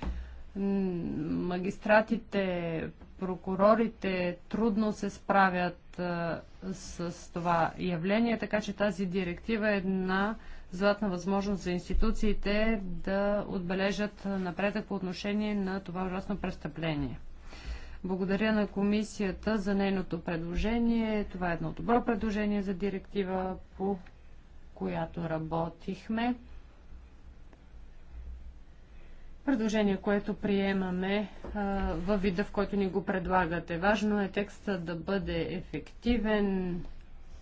Магистратите, прокурорите трудно се справят с това явление, така че тази директива е една златна възможност за институциите да отбележат напредък по отношение на това ужасно престъпление. Благодаря на комисията за нейното предложение. Това е едно добро предложение за директива, по която работихме. Предложение, което приемаме а, във вида, в който ни го предлагате. Важно е текста да бъде ефективен,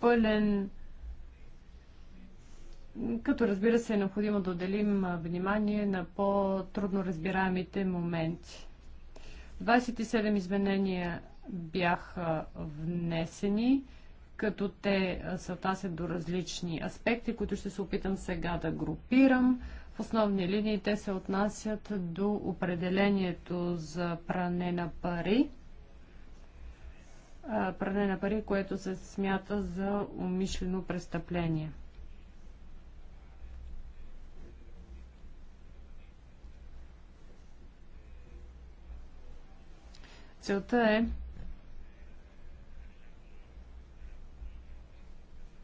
пълен, като разбира се е необходимо да отделим внимание на по-трудно разбираемите моменти. 27 изменения бяха внесени, като те се отнасят до различни аспекти, които ще се опитам сега да групирам. В основни линии те се отнасят до определението за пране на пари. Пране на пари, което се смята за умишлено престъпление. Целта е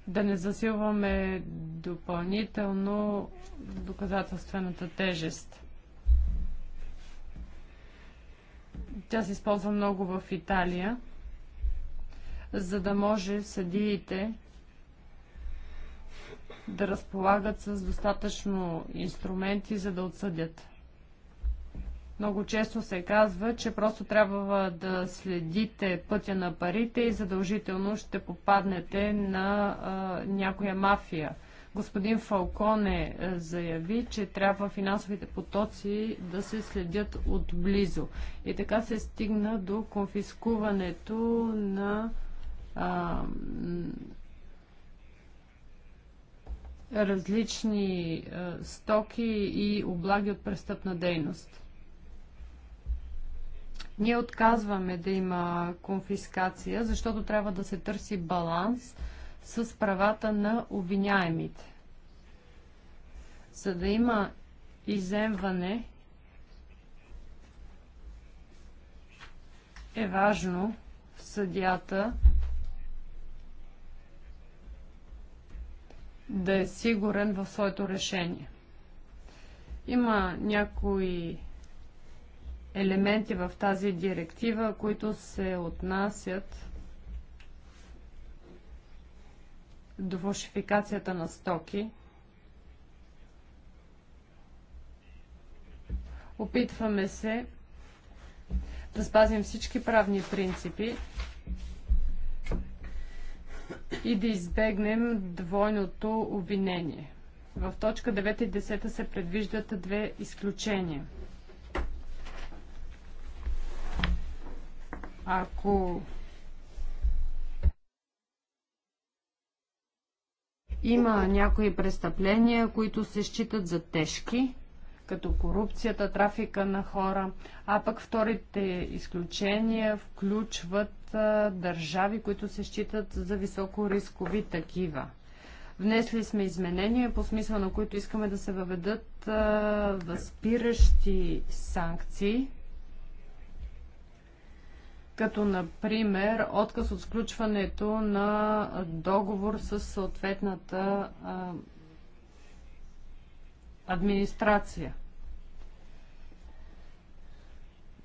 да не засилваме допълнително доказателствената тежест. Тя се използва много в Италия, за да може съдиите да разполагат с достатъчно инструменти, за да отсъдят. Много често се казва, че просто трябва да следите пътя на парите и задължително ще попаднете на а, някоя мафия. Господин Фалконе е, заяви, че трябва финансовите потоци да се следят отблизо. И така се стигна до конфискуването на а, различни а, стоки и облаги от престъпна дейност. Ние отказваме да има конфискация, защото трябва да се търси баланс с правата на обвиняемите. За да има иземване, е важно съдята да е сигурен в своето решение. Има някои елементи в тази директива, които се отнасят до фалшификацията на стоки. Опитваме се да спазим всички правни принципи и да избегнем двойното обвинение. В точка 9 и 10 се предвиждат две изключения – Ако има някои престъпления, които се считат за тежки, като корупцията, трафика на хора, а пък вторите изключения включват държави, които се считат за високо рискови такива. Внесли сме изменения, по смисъл на които искаме да се въведат възпиращи санкции като например отказ от сключването на договор с съответната администрация.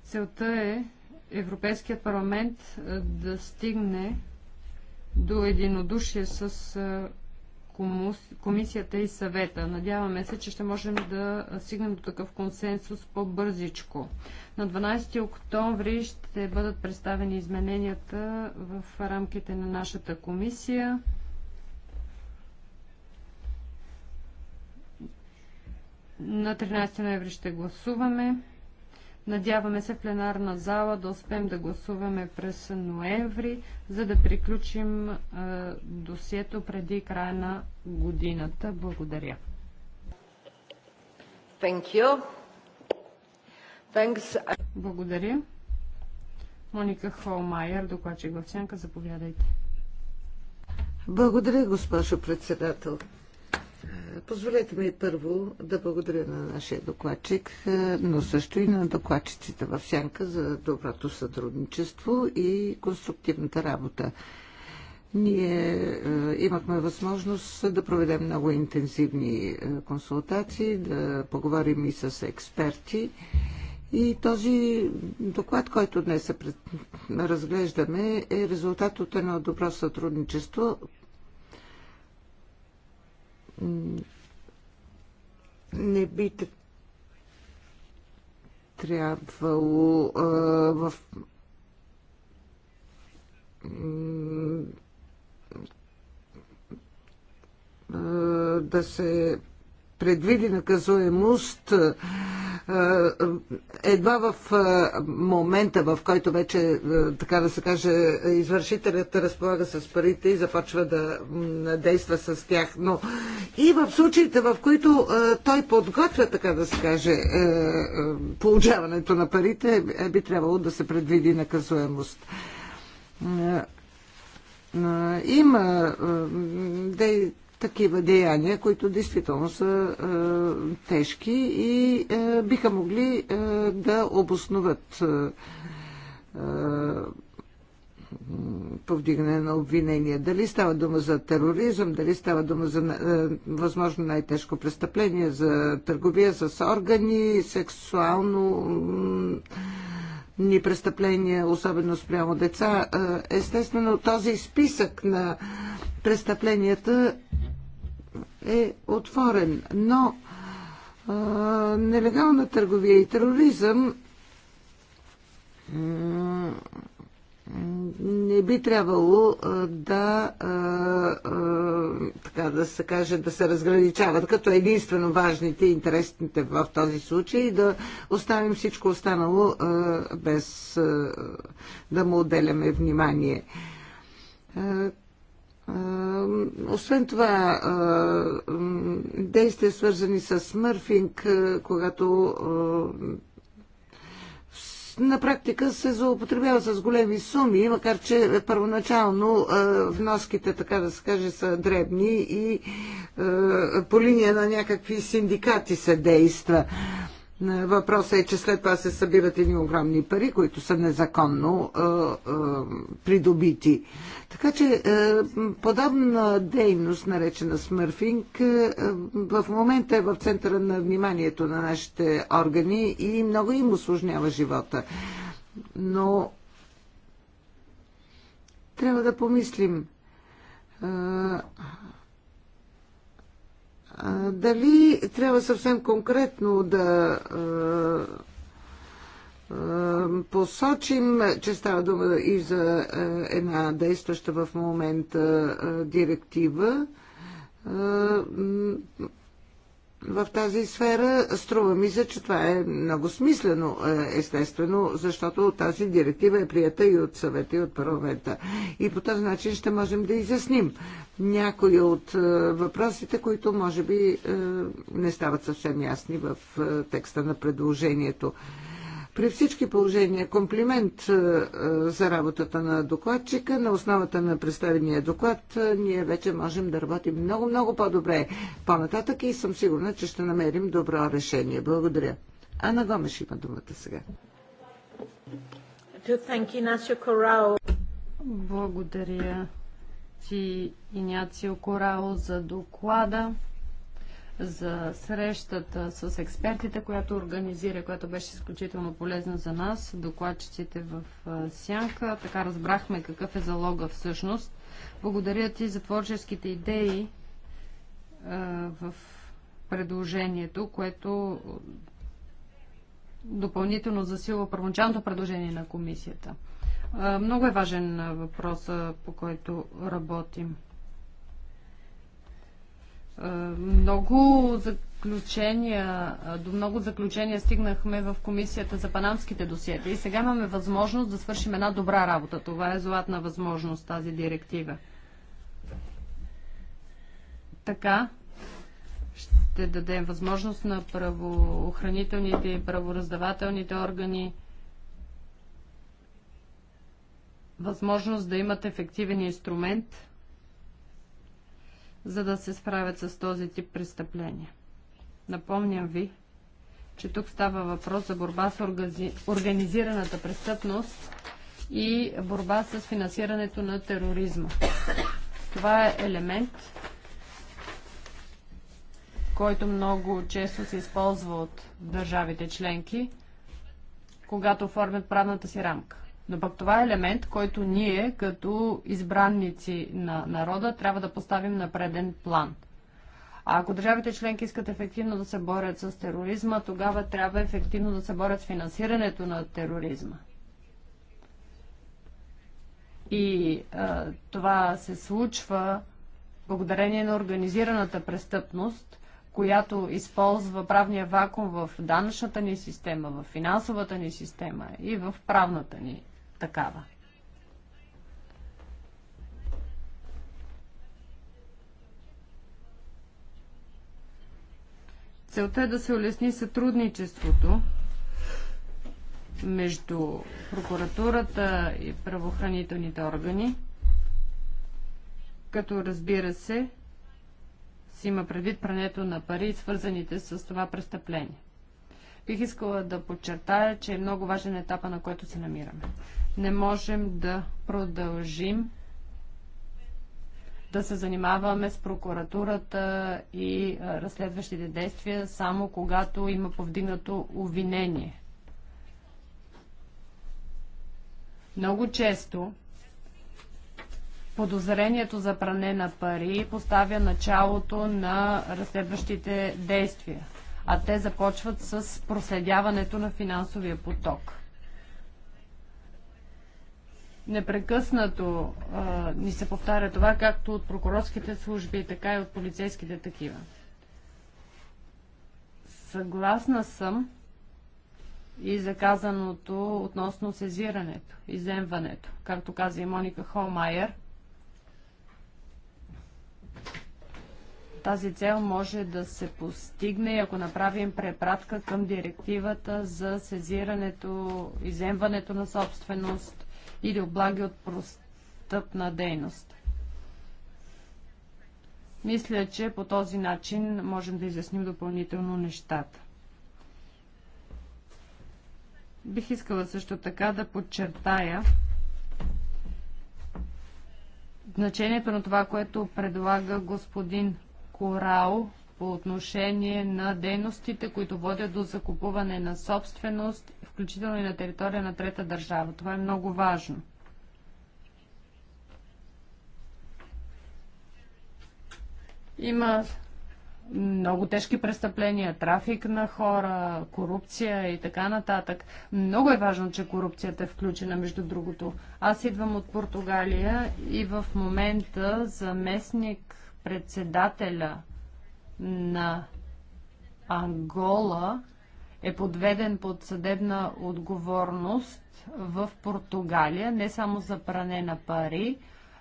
Целта е Европейският парламент да стигне до единодушие с комисията и съвета. Надяваме се, че ще можем да стигнем до такъв консенсус по-бързичко. На 12 октомври ще бъдат представени измененията в рамките на нашата комисия. На 13 ноември ще гласуваме. Надяваме се в пленарна зала да успеем да гласуваме през ноември, за да приключим е, досието преди края на годината. Благодаря. Thank you. Thanks. Благодаря. Моника Холмайер, докладчик в сянка, заповядайте. Благодаря, госпожо председател. Позволете ми първо да благодаря на нашия докладчик, е, но също и на докладчиците в Сянка за доброто сътрудничество и конструктивната работа. Ние е, имахме възможност да проведем много интензивни е, консултации, да поговорим и с експерти. И този доклад, който днес разглеждаме, е резултат от едно добро сътрудничество не би трябвало а, в да се предвиди наказуемост едва в момента, в който вече, така да се каже, извършителят разполага с парите и започва да действа с тях. Но и в случаите, в които той подготвя, така да се каже, получаването на парите, е, би трябвало да се предвиди наказуемост. Има такива деяния, които действително са е, тежки и е, биха могли е, да обосноват е, е, повдигане на обвинения. Дали става дума за тероризъм, дали става дума за е, възможно най-тежко престъпление, за търговия с органи, сексуално ни престъпления, особено спрямо деца. Е, естествено, този списък на престъпленията е отворен, но а, нелегална търговия и тероризъм не би трябвало да, така да се каже, да се разграничават като единствено важните и интересните в този случай и да оставим всичко останало без да му отделяме внимание. Освен това, действия свързани с мърфинг, когато на практика се злоупотребява с големи суми, макар че първоначално вноските, така да се каже, са дребни и по линия на някакви синдикати се действа. Въпросът е, че след това се събират едни огромни пари, които са незаконно а, а, придобити. Така че а, подобна дейност, наречена смърфинг, а, в момента е в центъра на вниманието на нашите органи и много им осложнява живота. Но трябва да помислим. Дали трябва съвсем конкретно да посочим, че става дума и за една действаща в момента директива, в тази сфера. Струва ми се, че това е много смислено, е, естествено, защото тази директива е прията и от съвета, и от парламента. И по този начин ще можем да изясним някои от е, въпросите, които може би е, не стават съвсем ясни в текста на предложението. При всички положения комплимент е, е, за работата на докладчика. На основата на представения доклад е, ние вече можем да работим много-много по-добре по-нататък и съм сигурна, че ще намерим добро решение. Благодаря. Ана Гомеш има думата сега. Благодаря ти, Иняцио Корао, за доклада за срещата с експертите, която организира, която беше изключително полезна за нас, докладчиците в Сянка. Така разбрахме какъв е залога всъщност. Благодаря ти за творческите идеи в предложението, което допълнително засилва първоначалното предложение на комисията. много е важен въпрос, по който работим. Е, много заключения, е, до много заключения стигнахме в комисията за панамските досиета и сега имаме възможност да свършим една добра работа. Това е златна възможност, тази директива. Така, ще дадем възможност на правоохранителните и правораздавателните органи възможност да имат ефективен инструмент – за да се справят с този тип престъпления. Напомням ви, че тук става въпрос за борба с организираната престъпност и борба с финансирането на тероризма. Това е елемент, който много често се използва от държавите членки, когато оформят правната си рамка. Но пък това е елемент, който ние, като избранници на народа, трябва да поставим на преден план. А ако държавите членки искат ефективно да се борят с тероризма, тогава трябва ефективно да се борят с финансирането на тероризма. И а, това се случва благодарение на организираната престъпност, която използва правния вакуум в данъчната ни система, в финансовата ни система и в правната ни такава. Целта е да се улесни сътрудничеството между прокуратурата и правоохранителните органи, като разбира се, си има предвид прането на пари свързаните с това престъпление. Бих искала да подчертая, че е много важен етапа, на който се намираме не можем да продължим да се занимаваме с прокуратурата и разследващите действия само когато има повдигнато обвинение. Много често подозрението за пране на пари поставя началото на разследващите действия, а те започват с проследяването на финансовия поток непрекъснато а, ни се повтаря това, както от прокурорските служби, така и от полицейските такива. Съгласна съм и заказаното относно сезирането, иземването, както каза и Моника Холмайер. Тази цел може да се постигне, ако направим препратка към директивата за сезирането, иземването на собственост или облаги от простъпна дейност. Мисля, че по този начин можем да изясним допълнително нещата. Бих искала също така да подчертая значението на това, което предлага господин Корао по отношение на дейностите, които водят до закупуване на собственост включително и на територия на трета държава. Това е много важно. Има много тежки престъпления, трафик на хора, корупция и така нататък. Много е важно, че корупцията е включена, между другото. Аз идвам от Португалия и в момента заместник председателя на Ангола е подведен под съдебна отговорност в Португалия, не само за пране на пари,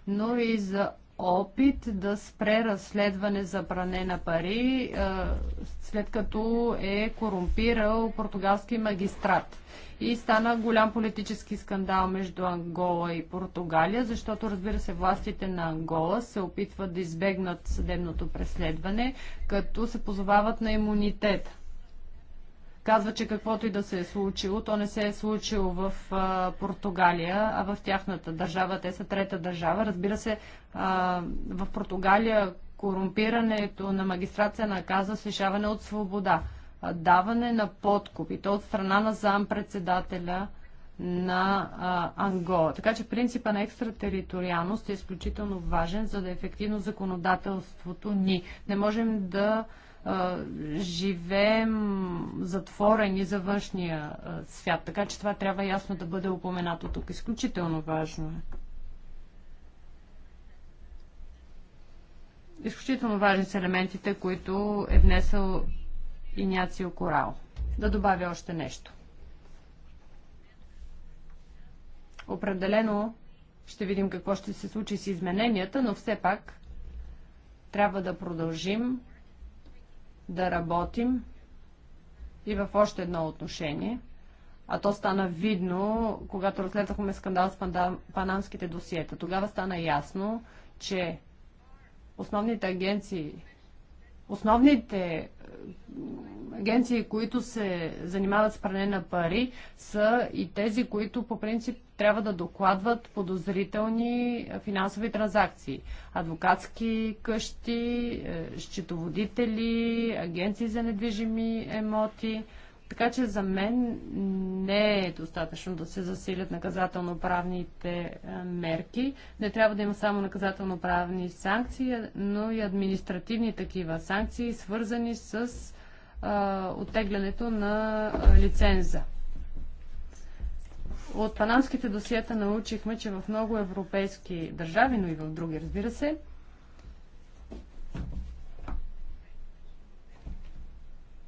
но и за опит да спре разследване за пране на пари, е, след като е корумпирал португалски магистрат. И стана голям политически скандал между Ангола и Португалия, защото, разбира се, властите на Ангола се опитват да избегнат съдебното преследване, като се позовават на имунитет казва, че каквото и да се е случило, то не се е случило в а, Португалия, а в тяхната държава. Те са трета държава. Разбира се, а, в Португалия корумпирането на магистрация наказва с лишаване от свобода, а, даване на подкупи, то от страна на зампредседателя на а, Ангола. Така че принципа на екстратериториалност е изключително важен, за да е ефективно законодателството ни. Не можем да живеем затворени за външния свят. Така че това трябва ясно да бъде упоменато тук. Изключително важно е. Изключително важни са елементите, които е внесъл Иняцио Корал. Да добавя още нещо. Определено ще видим какво ще се случи с измененията, но все пак трябва да продължим да работим и в още едно отношение, а то стана видно, когато разследвахме скандал с панамските досиета. Тогава стана ясно, че основните агенции, основните агенции, които се занимават с пране на пари, са и тези, които по принцип трябва да докладват подозрителни финансови транзакции. Адвокатски къщи, е, счетоводители, агенции за недвижими емоти. Така че за мен не е достатъчно да се засилят наказателно-правните е, мерки. Не трябва да има само наказателно-правни санкции, но и административни такива санкции, свързани с оттеглянето на лиценза. От панамските досиета научихме, че в много европейски държави, но и в други, разбира се,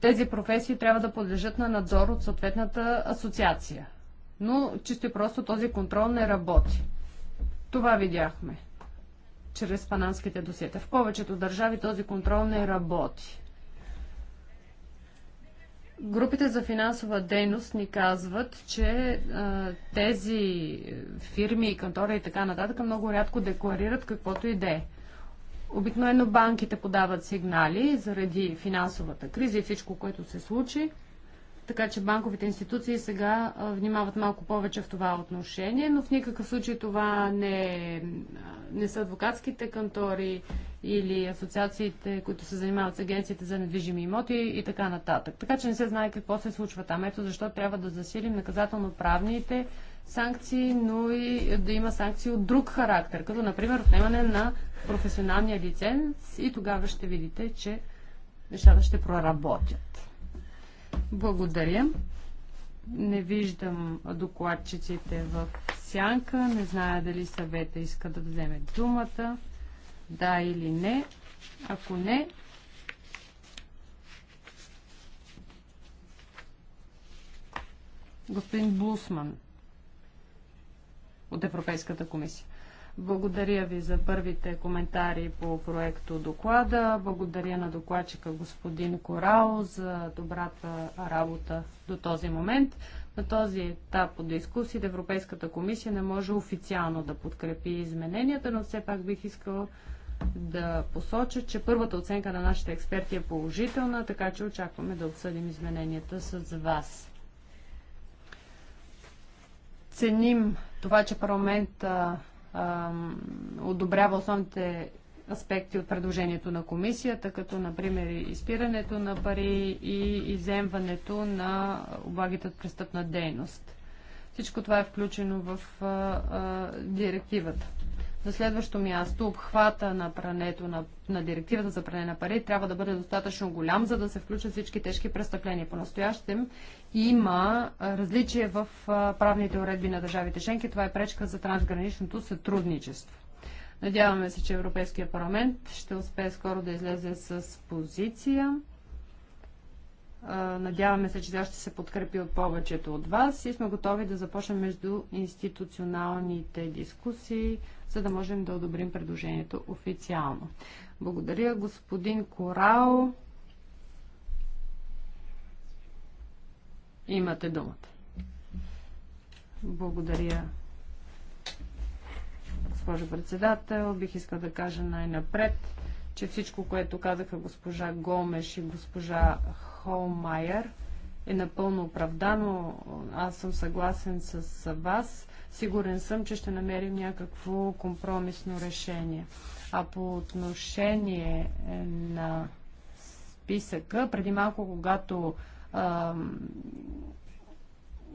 тези професии трябва да подлежат на надзор от съответната асоциация. Но чисто и просто този контрол не работи. Това видяхме чрез панамските досиета. В повечето държави този контрол не работи. Групите за финансова дейност ни казват, че а, тези фирми и кантори и така нататък много рядко декларират каквото и да е. Обикновено банките подават сигнали заради финансовата криза и всичко, което се случи. Така че банковите институции сега внимават малко повече в това отношение, но в никакъв случай това не, не са адвокатските кантори или асоциациите, които се занимават с агенциите за недвижими имоти и така нататък. Така че не се знае какво се случва там. Ето защо трябва да засилим наказателно-правните санкции, но и да има санкции от друг характер, като например отнемане на професионалния лиценз и тогава ще видите, че нещата ще проработят. Благодаря. Не виждам докладчиците в сянка. Не зная дали съвета иска да вземе думата да или не. Ако не, господин Блусман от Европейската комисия. Благодаря ви за първите коментари по проекто доклада. Благодаря на докладчика господин Корао за добрата работа до този момент. На този етап от дискусията Европейската комисия не може официално да подкрепи измененията, но все пак бих искала да посоча, че първата оценка на нашите експерти е положителна, така че очакваме да обсъдим измененията с вас. Ценим това, че парламент а, а, одобрява основните аспекти от предложението на комисията, като например изпирането на пари и иземването на облагите от престъпна дейност. Всичко това е включено в а, а, директивата. На следващо място, обхвата на прането на, на директивата за пране на пари трябва да бъде достатъчно голям, за да се включат всички тежки престъпления. По-настоящем има различие в правните уредби на държавите членки. Това е пречка за трансграничното сътрудничество. Надяваме се, че Европейския парламент ще успее скоро да излезе с позиция Надяваме се, че тя ще се подкрепи от повечето от вас и сме готови да започнем между институционалните дискусии, за да можем да одобрим предложението официално. Благодаря, господин Корао. Имате думата. Благодаря, госпожо председател. Бих искал да кажа най-напред, че всичко, което казаха госпожа Гомеш и госпожа Холмайер е напълно оправдано. Аз съм съгласен с вас. Сигурен съм, че ще намерим някакво компромисно решение. А по отношение е, на списъка, преди малко, когато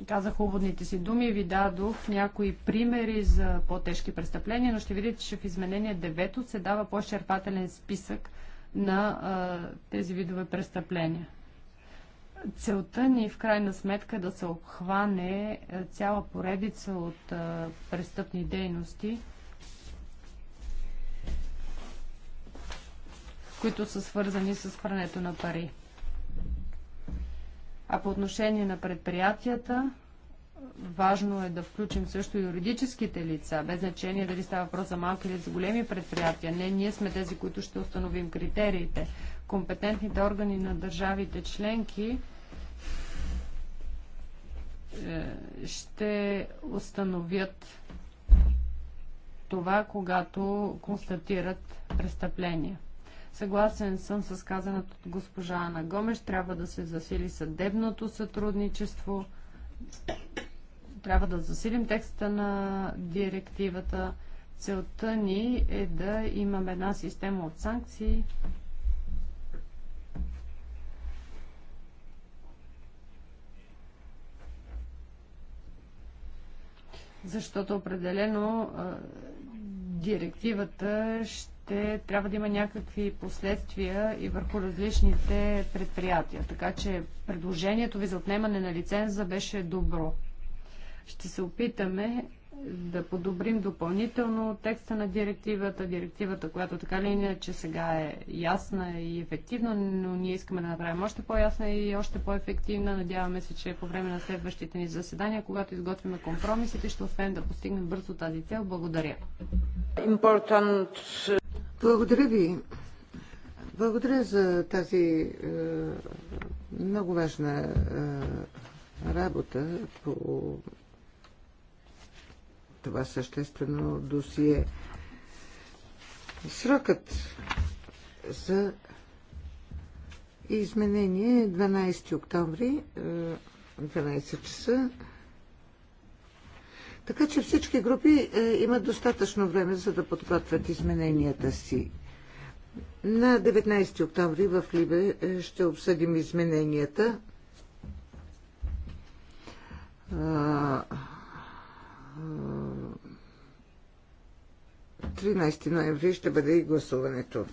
казах уводните си думи ви дадох някои примери за по-тежки престъпления, но ще видите, че в изменение 9 се дава по шерпателен списък на а, тези видове престъпления. Целта ни е в крайна сметка е да се обхване цяла поредица от а, престъпни дейности, които са свързани с прането на пари. А по отношение на предприятията, важно е да включим също юридическите лица, без значение дали става въпрос за малки или за големи предприятия. Не, ние сме тези, които ще установим критериите. Компетентните органи на държавите членки е, ще установят това, когато констатират престъпления. Съгласен съм с казаното от госпожа Ана Гомеш. Трябва да се засили съдебното сътрудничество. Трябва да засилим текста на директивата. Целта ни е да имаме една система от санкции, защото определено директивата ще ще трябва да има някакви последствия и върху различните предприятия. Така че предложението ви за отнемане на лиценза беше добро. Ще се опитаме да подобрим допълнително текста на директивата, директивата, която така ли иначе сега е ясна и ефективна, но ние искаме да направим още по-ясна и още по-ефективна. Надяваме се, че по време на следващите ни заседания, когато изготвим компромисите, ще успеем да постигнем бързо тази цел. Благодаря. Important... Благодаря ви. Благодаря за тази е, много важна е, работа по това съществено досие. Срокът за изменение е 12 октомври, е, 12 часа. Така че всички групи е, имат достатъчно време, за да подготвят измененията си. На 19 октомври в Либе е, ще обсъдим измененията. А, 13 ноември ще бъде и гласуването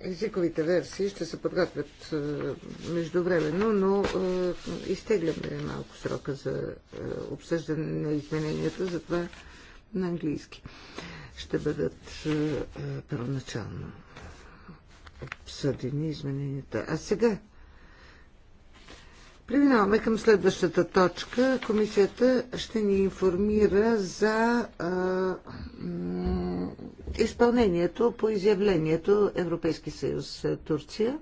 езиковите версии ще се подготвят е, междувременно, но е, изтегляме малко срока за е, обсъждане на измененията, затова на английски ще бъдат първоначално обсъдени измененията. А сега Преминаваме към следващата точка. Комисията ще ни информира за а, м, изпълнението по изявлението Европейски съюз Турция.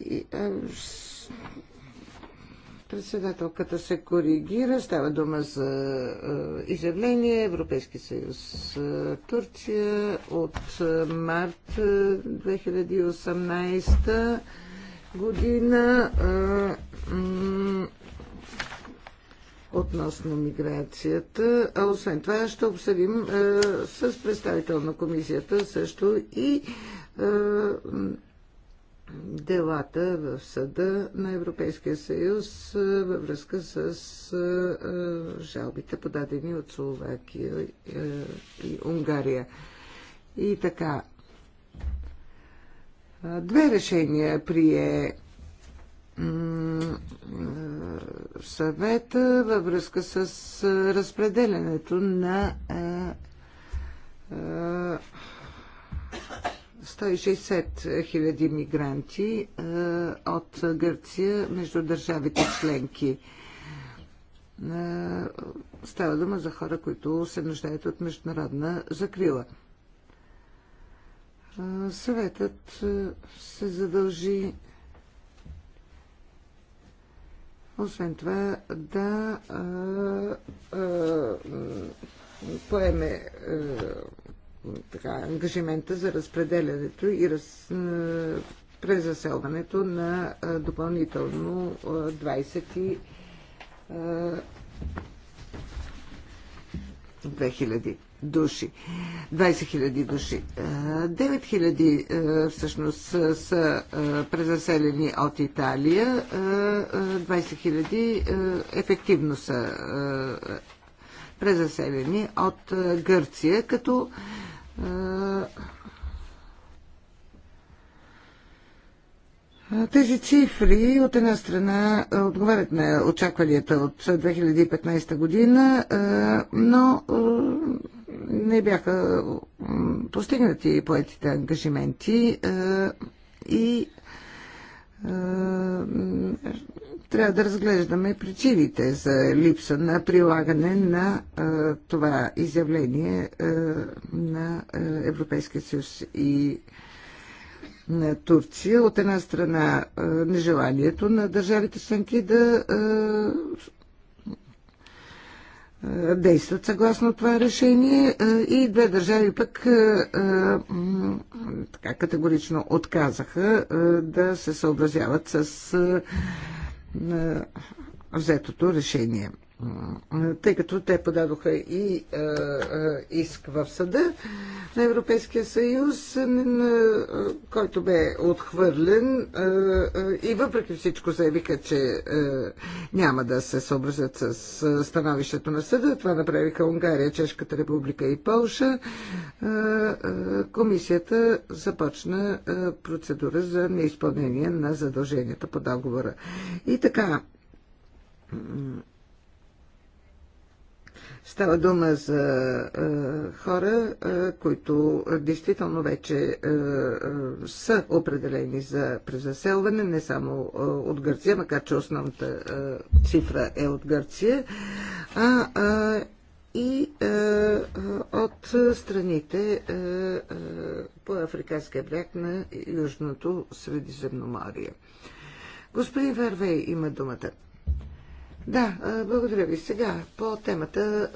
И, а, Председателката се коригира. Става дума за е, изявление Европейски съюз е, Турция от е, март 2018 е, година е, относно миграцията. А освен това ще обсъдим с представител на комисията също и делата в съда на Европейския съюз във връзка с жалбите подадени от Словакия и Унгария. И така. Две решения прие съвета във връзка с разпределянето на 160 хиляди мигранти е, от Гърция между държавите членки. Е, става дума за хора, които се нуждаят от международна закрила. Е, съветът се задължи освен това да а, а, поеме а, така, ангажимента за разпределянето и раз, е, презаселването на е, допълнително 20 е, 2000 души. 20 000 души. 9 000, всъщност са презаселени от Италия. 20 000 ефективно са презаселени от Гърция, като тези цифри от една страна отговарят на очакванията от 2015 година, но не бяха постигнати поетите ангажименти и трябва да разглеждаме причините за липса на прилагане на а, това изявление а, на Европейския съюз и на Турция. От една страна а, нежеланието на държавите членки да действат съгласно това решение и две държави пък така категорично отказаха да се съобразяват с взетото решение тъй като те подадоха и а, а, иск в съда на Европейския съюз, който бе отхвърлен и въпреки всичко заявиха, че няма да се съобразят с становището на съда. Това направиха Унгария, Чешката република и Полша. Комисията започна процедура за неизпълнение на задълженията по договора. И така, Става дума за е, хора, е, които действително вече е, са определени за презаселване, не само от Гърция, макар че основната цифра е от Гърция, а и е, от страните е, е, по Африканския бряг на Южното Средиземноморие. Господин Вервей има думата. Да, благодаря ви. Сега по темата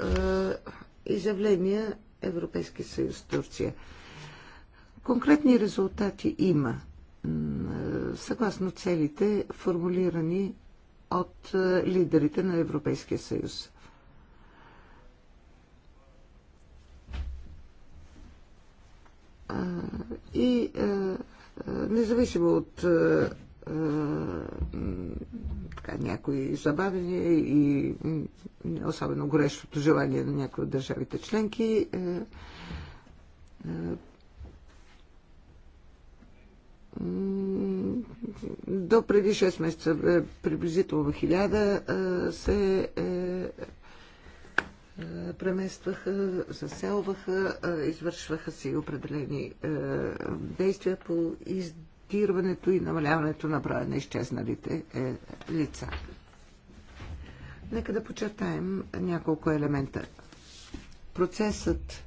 изявления Европейски съюз Турция. Конкретни резултати има съгласно целите, формулирани от лидерите на Европейския съюз. И независимо от е, така, някои забавения и особено горещото желание на някои от държавите членки. Е, е, до преди 6 месеца приблизително 1000 се преместваха, заселваха, извършваха си определени действия по издържане адаптирането и намаляването на броя на изчезналите е, лица. Нека да почертаем няколко елемента. Процесът е,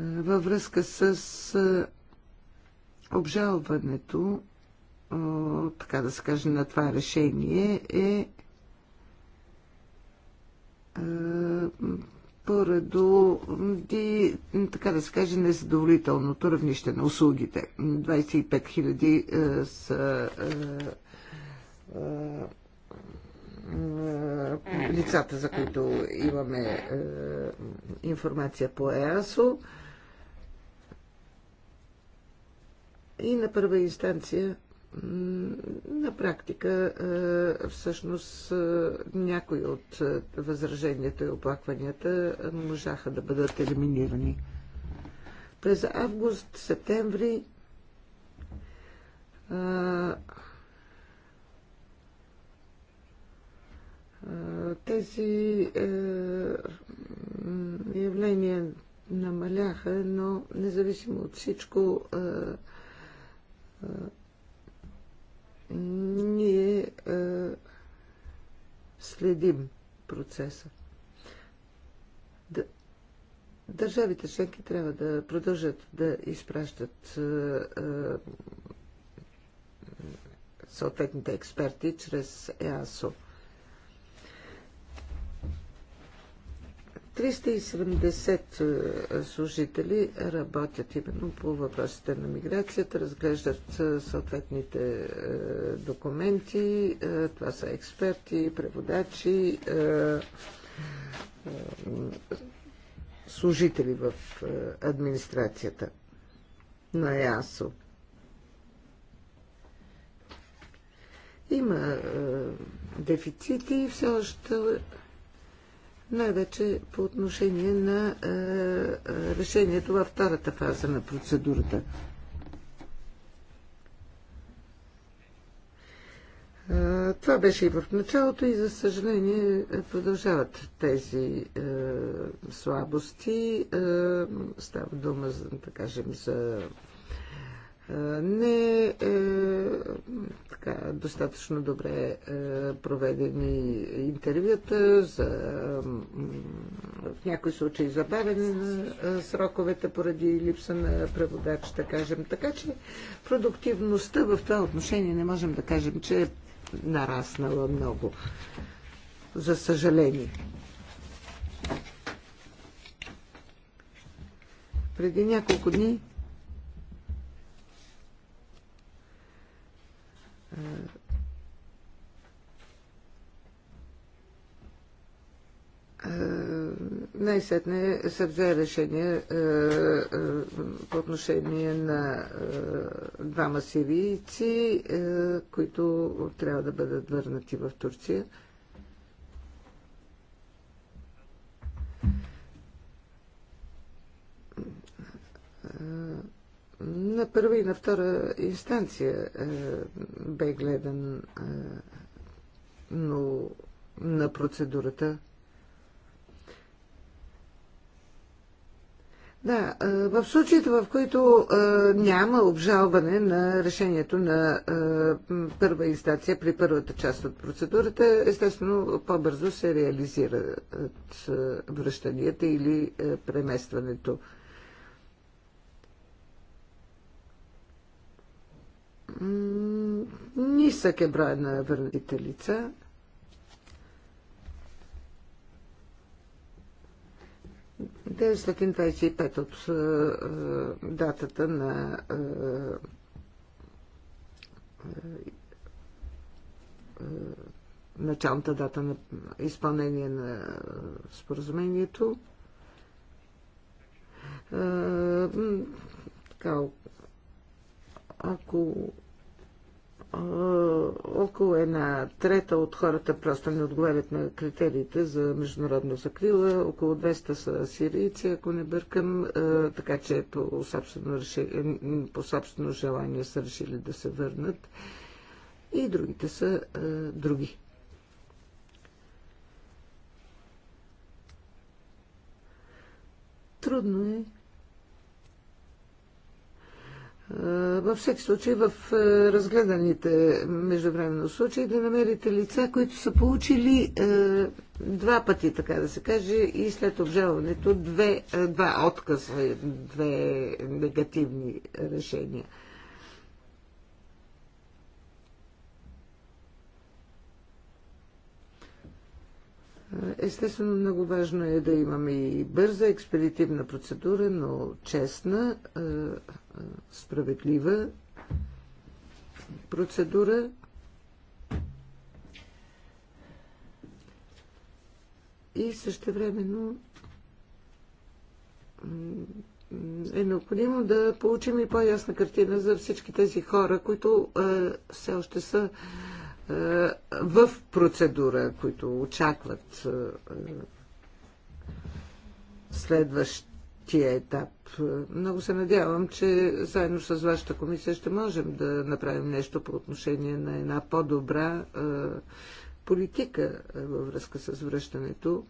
във връзка с е, обжалването, е, така да се каже, на това решение е поради, така да се каже, незадоволителното равнище на услугите. 25 000 е, са е, е, е, лицата, за които имаме е, информация по ЕАСО. И на първа инстанция на практика, е, всъщност, е, някои от е, възраженията и оплакванията можаха да бъдат елиминирани. През август, септември тези явления намаляха, но независимо от всичко ние е, следим процеса. Държавите членки трябва да продължат да изпращат е, е, съответните експерти чрез ЕАСО. 370 е, служители работят именно по въпросите на миграцията, разглеждат е, съответните е, документи. Това са експерти, преводачи, служители в администрацията на ЕАСО. Има дефицити и все още най-вече по отношение на е, е, решението във втората фаза на процедурата. Е, това беше и в началото и за съжаление продължават тези е, слабости. Е, става дума, за да кажем, за е, не е, така, достатъчно добре е, проведени интервюта, за, в някои случаи забавени на е, сроковете поради липса на преводач, да кажем. Така че продуктивността в това отношение не можем да кажем, че е нараснала много. За съжаление. Преди няколко дни Е, е, най-сетне се взе решение е, по отношение на двама сирийци, които трябва да бъдат върнати в Турция. Uh на първа и на втора инстанция е, бе гледан е, но на процедурата. Да, е, в случаите, в които няма обжалване на решението на първа инстанция при първата част от процедурата, естествено по-бързо се реализират връщанията или преместването. Нисък е броя на върнатите лица. Те от е, е, датата на е, началната дата на изпълнение на споразумението. така, ако около една трета от хората просто не отговарят на критериите за международно закрила, около 200 са сирийци, ако не бъркам, така че по собствено, решение, по собствено желание са решили да се върнат и другите са други. Трудно е във всеки случай, в е, разгледаните междувременно случаи да намерите лица, които са получили е, два пъти, така да се каже, и след обжалването две, е, два отказа, две негативни решения. Естествено, много важно е да имаме и бърза, експедитивна процедура, но честна, справедлива процедура. И същевременно е необходимо да получим и по-ясна картина за всички тези хора, които все още са в процедура, които очакват е, следващия етап. Много се надявам, че заедно с вашата комисия ще можем да направим нещо по отношение на една по-добра е, политика е, във връзка с връщането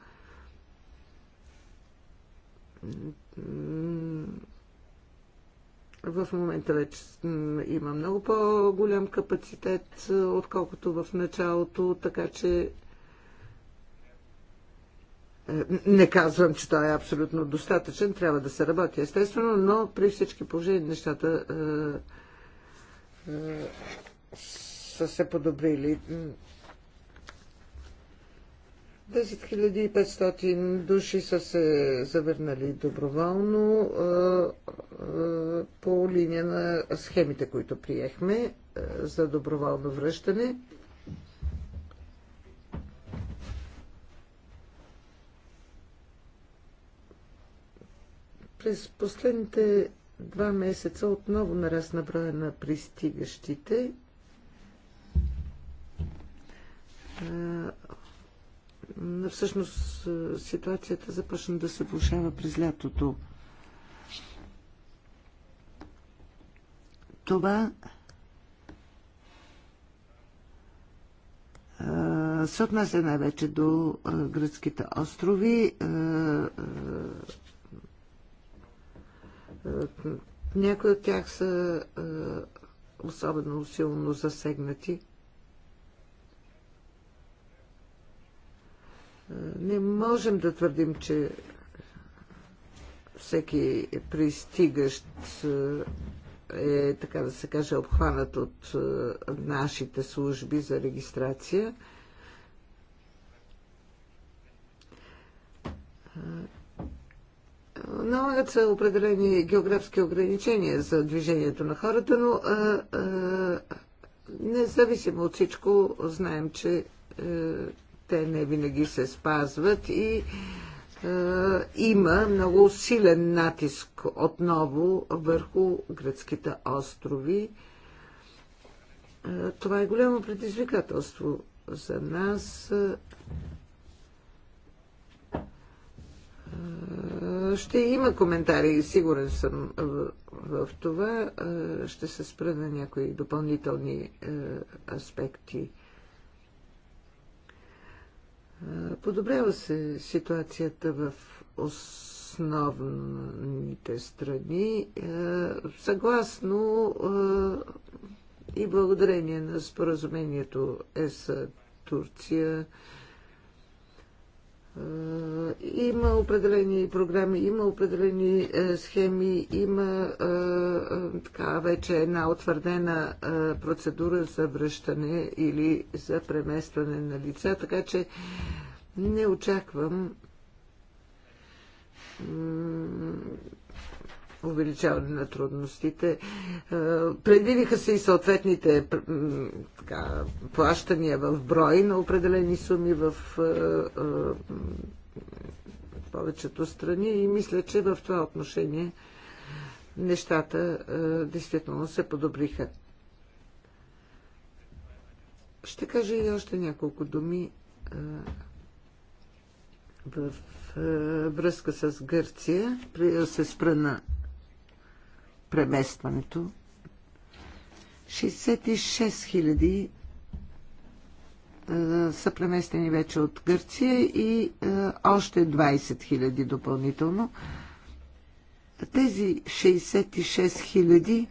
в момента вече има много по-голям капацитет, е, отколкото в началото, така че е, не казвам, че той е абсолютно достатъчен, трябва да се работи естествено, но при всички положения нещата е, е, са се подобрили. 10500 души са се завърнали доброволно по линия на схемите, които приехме за доброволно връщане. През последните два месеца отново нарасна броя на пристигащите Всъщност е, ситуацията започна да се влушава през лятото. Това е, се отнася най-вече до е, гръцките острови. Някои от тях са особено силно засегнати. Не можем да твърдим, че всеки пристигащ е, така да се каже, обхванат от е, нашите служби за регистрация. Налагат се определени географски ограничения за движението на хората, но а, е, а, е, независимо от всичко, знаем, че те не винаги се спазват и е, има много силен натиск отново върху гръцките острови. Е, това е голямо предизвикателство за нас. Е, ще има коментари, сигурен съм в това. Ще се спра на някои допълнителни аспекти. Подобрява се ситуацията в основните страни, съгласно и благодарение на споразумението ЕС Турция е, има определени програми, има определени е, схеми, има е, така вече една утвърдена процедура за връщане или за преместване на лица, така че не очаквам увеличаване на трудностите. Е, предвидиха се и съответните така, плащания в брой на определени суми в е, е, повечето страни и мисля, че в това отношение нещата действително се подобриха. Ще кажа и още няколко думи в връзка с Гърция. Преди да се спра на преместването. 66 хиляди е, са преместени вече от Гърция и е, още 20 хиляди допълнително. Тези 66 хиляди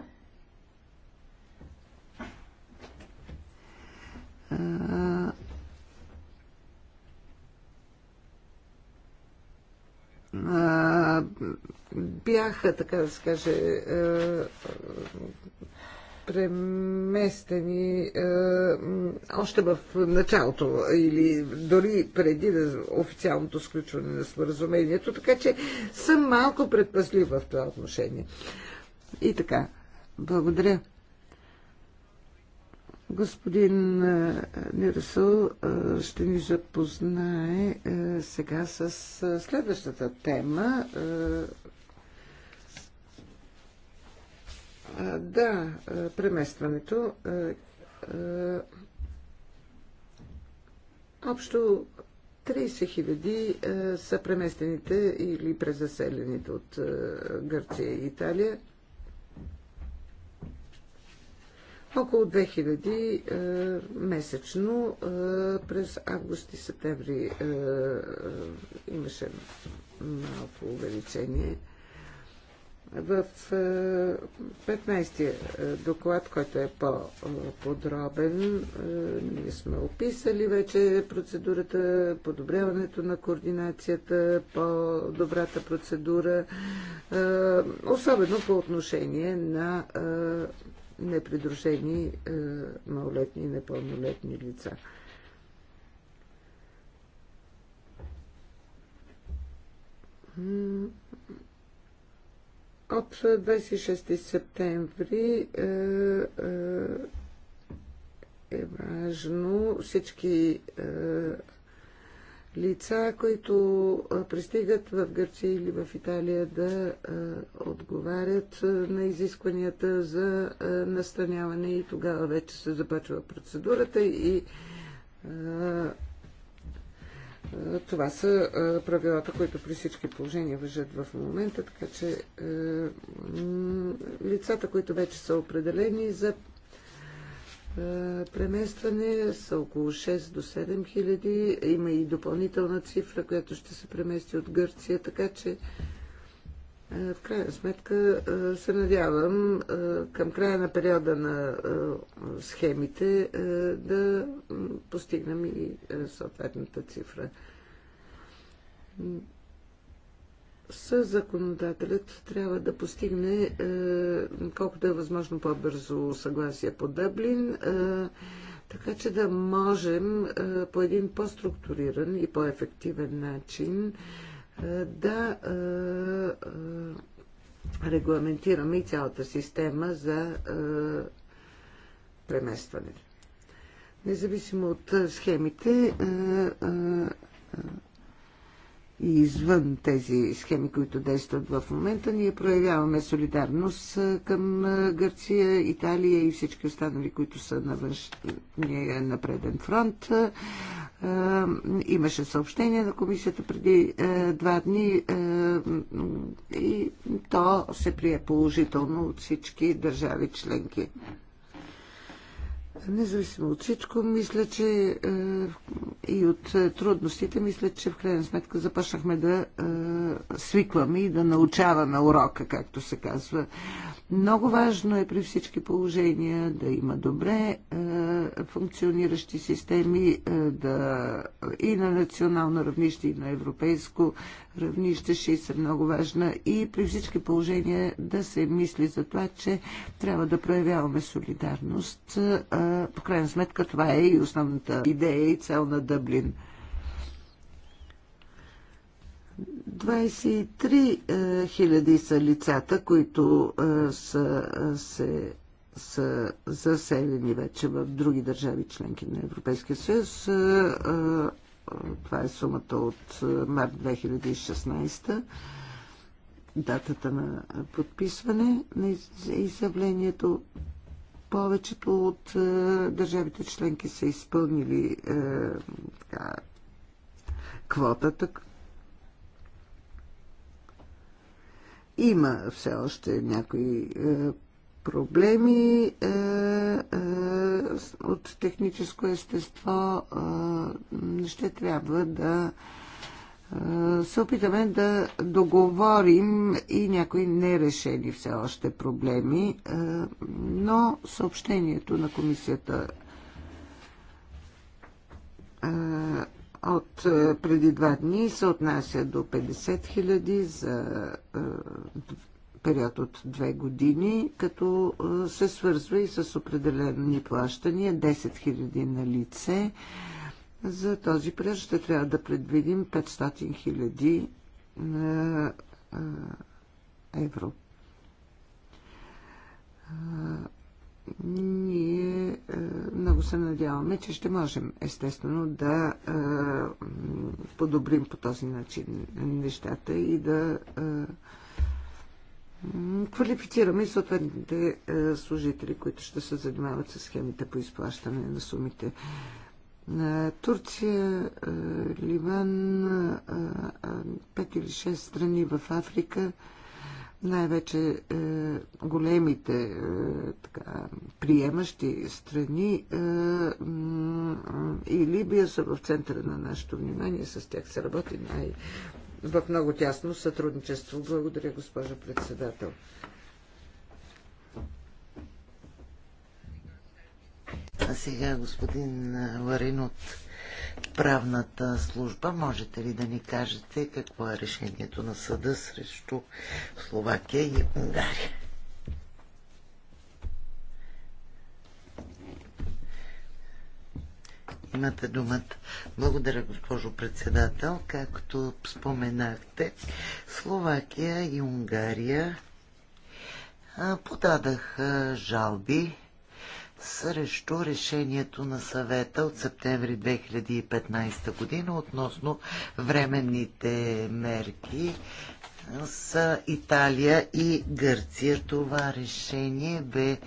е, бяха, така да се каже, е, преместени е, още в началото или дори преди официалното сключване на споразумението, така че съм малко предпазлив в това отношение. И така, благодаря. Господин е, Нирсъл ще ни запознае сега с следващата тема Да, е, преместването. Е, е, общо 30 хиляди са преместените или презаселените от Гърция и Италия. Около 2000 е, месечно е, през август и септември е, имаше малко увеличение. Е, в 15-тия е, е, доклад, който е по-подробен, е, ние сме описали вече процедурата, подобряването на координацията, по-добрата процедура, особено по отношение на непридружени малолетни и непълнолетни лица. Mm. От 26 септември е, е, е важно всички е, лица, които е, пристигат в Гърция или в Италия да е, отговарят е, на изискванията за настаняване и тогава вече се започва процедурата и това са правилата, които при всички положения въжат в момента, така че лицата, които вече са определени за преместване са около 6 до 7 хиляди. Има и допълнителна цифра, която ще се премести от Гърция, така че е, в крайна сметка е, се надявам е, към края на периода на схемите да постигнем и съответната цифра. Със законодателят трябва да постигне колкото е възможно по-бързо съгласие по Дъблин, така че да можем по един по-структуриран и по-ефективен начин е, да е, е, регламентираме и цялата система за преместване. Независимо от схемите, и извън тези схеми, които действат в момента, ние проявяваме солидарност към Гърция, Италия и всички останали, които са на външния напреден фронт. Имаше съобщение на комисията преди два дни и то се прие положително от всички държави членки. Независимо от всичко, мисля, че е, и от е, трудностите, мисля, че в крайна сметка започнахме да е, свикваме и да научаваме урока, както се казва. Много важно е при всички положения да има добре функциониращи системи да, и на национално равнище, и на европейско равнище ще са много важна и при всички положения да се мисли за това, че трябва да проявяваме солидарност по крайна сметка това е и основната идея и цел на Дъблин. 23 е, хиляди са лицата, които е, са, се, са заселени вече в други държави, членки на Европейския съюз. Е, това е сумата от март 2016 датата на подписване на изявлението повечето от е, държавите членки са изпълнили е, така, квотата. Има все още някои е, проблеми е, е, от техническо естество е, ще трябва да е, се опитаме да договорим и някои нерешени все още проблеми, е, но съобщението на комисията е, от преди два дни се отнася до 50 000 за период от две години, като се свързва и с определени плащания 10 000 на лице за този период ще трябва да предвидим 500 хиляди е, е, евро. Ние е, много се надяваме, че ще можем естествено да подобрим по този начин нещата и да квалифицираме и съответните служители, които ще се занимават с схемите по изплащане на сумите. Е, Турция, е, Ливан, е, пет или шест страни в Африка, най-вече големите така, приемащи страни и Либия са в центъра на нашето внимание. С тях се работи най- в много тясно сътрудничество. Благодаря, госпожа председател. А сега господин Ларин от правната служба, можете ли да ни кажете какво е решението на съда срещу Словакия и Унгария? Имате думата. Благодаря, госпожо председател. Както споменахте, Словакия и Унгария подадаха жалби срещу решението на съвета от септември 2015 година относно временните мерки с Италия и Гърция. Това решение бе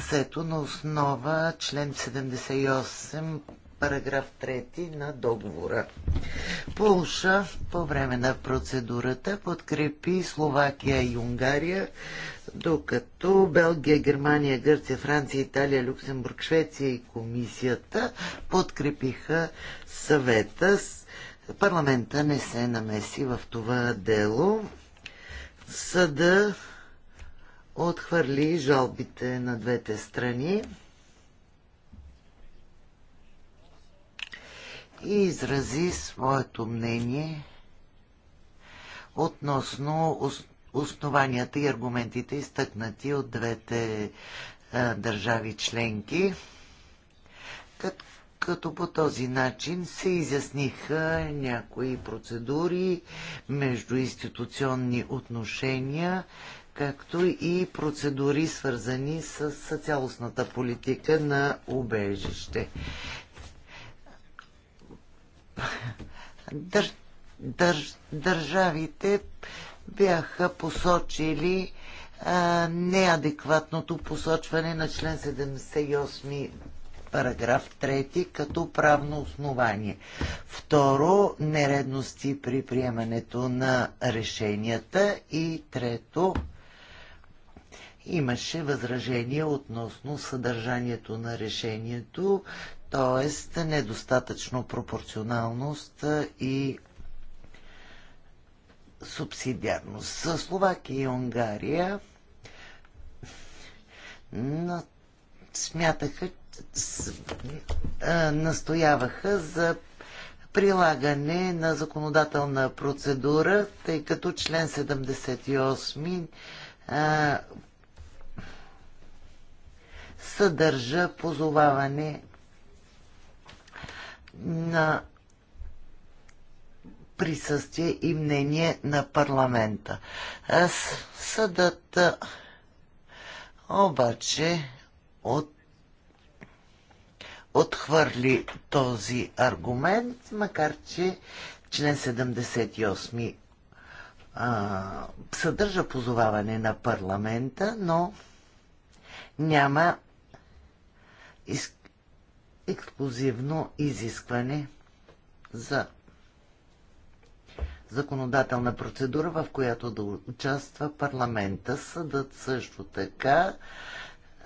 всето на основа член 78 параграф 3 на договора. Полша по време на процедурата подкрепи Словакия и Унгария, докато Белгия, Германия, Гърция, Франция, Италия, Люксембург, Швеция и комисията подкрепиха съвета. Парламента не се намеси в това дело. Съда отхвърли жалбите на двете страни. И изрази своето мнение относно основанията и аргументите, изтъкнати от двете държави членки, като, като по този начин се изясниха някои процедури, междуинституционни отношения, както и процедури свързани с цялостната политика на убежище дър, дър, държавите бяха посочили а, неадекватното посочване на член 78 параграф 3 като правно основание. Второ, нередности при приемането на решенията. И трето, имаше възражение относно съдържанието на решението, т.е. недостатъчно пропорционалност и субсидиарност. С Словакия и Унгария на... смятаха, настояваха за прилагане на законодателна процедура, тъй като член 78 а, съдържа позоваване на присъствие и мнение на парламента. Съдът обаче от отхвърли този аргумент, макар че член 78 съдържа позоваване на парламента, но няма из, ексклюзивно изискване за законодателна процедура, в която да участва парламента. Съдът също така